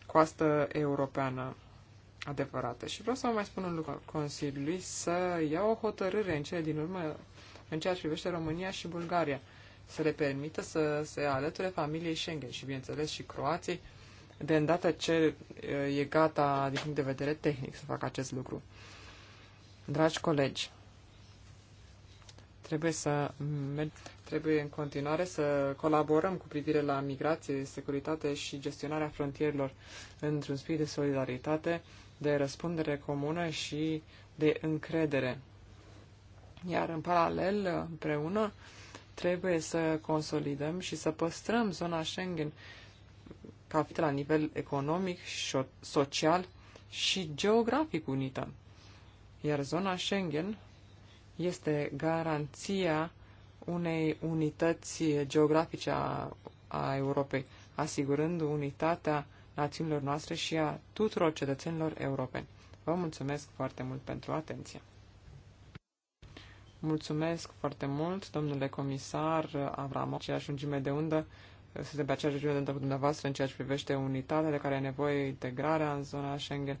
coastă europeană adevărată. Și vreau să vă mai spun un lucru Consiliului să ia o hotărâre în cele din urmă în ceea ce privește România și Bulgaria, să le permită să se alăture familiei Schengen și, bineînțeles, și Croației, de îndată ce e gata din punct de vedere tehnic să facă acest lucru. Dragi colegi, trebuie să trebuie în continuare să colaborăm cu privire la migrație, securitate și gestionarea frontierilor într-un spirit de solidaritate de răspundere comună și de încredere. Iar în paralel, împreună, trebuie să consolidăm și să păstrăm zona Schengen ca fi la nivel economic, social și geografic unită. Iar zona Schengen este garanția unei unități geografice a, a Europei, asigurând unitatea națiunilor noastre și a tuturor cetățenilor europeni. Vă mulțumesc foarte mult pentru atenție. Mulțumesc foarte mult, domnule comisar Avram, aceeași lungime de undă, suntem pe aceeași lungime de undă cu dumneavoastră în ceea ce privește unitatea de care e nevoie integrarea în zona Schengen.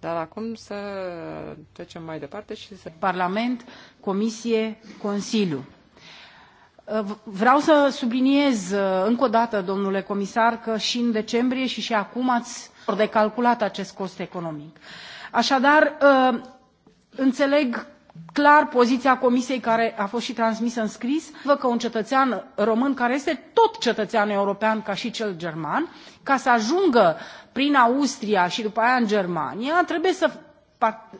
Dar acum să trecem mai departe și să... Parlament, Comisie, Consiliu. Vreau să subliniez uh, încă o dată, domnule comisar, că și în decembrie și și acum ați decalculat acest cost economic. Așadar, uh, înțeleg clar poziția comisiei care a fost și transmisă în scris că un cetățean român care este tot cetățean european ca și cel german ca să ajungă prin austria și după aia în germania trebuie să,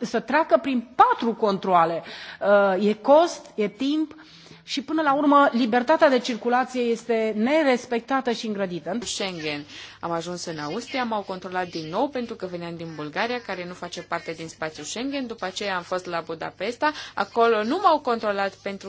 să treacă prin patru controale uh, e cost e timp și și până la urmă libertatea de circulație este nerespectată și îngrădită. Schengen. Am ajuns în Austria, m-au controlat din nou pentru că veneam din Bulgaria, care nu face parte din spațiul Schengen. După aceea am fost la Budapesta, acolo nu m-au controlat pentru că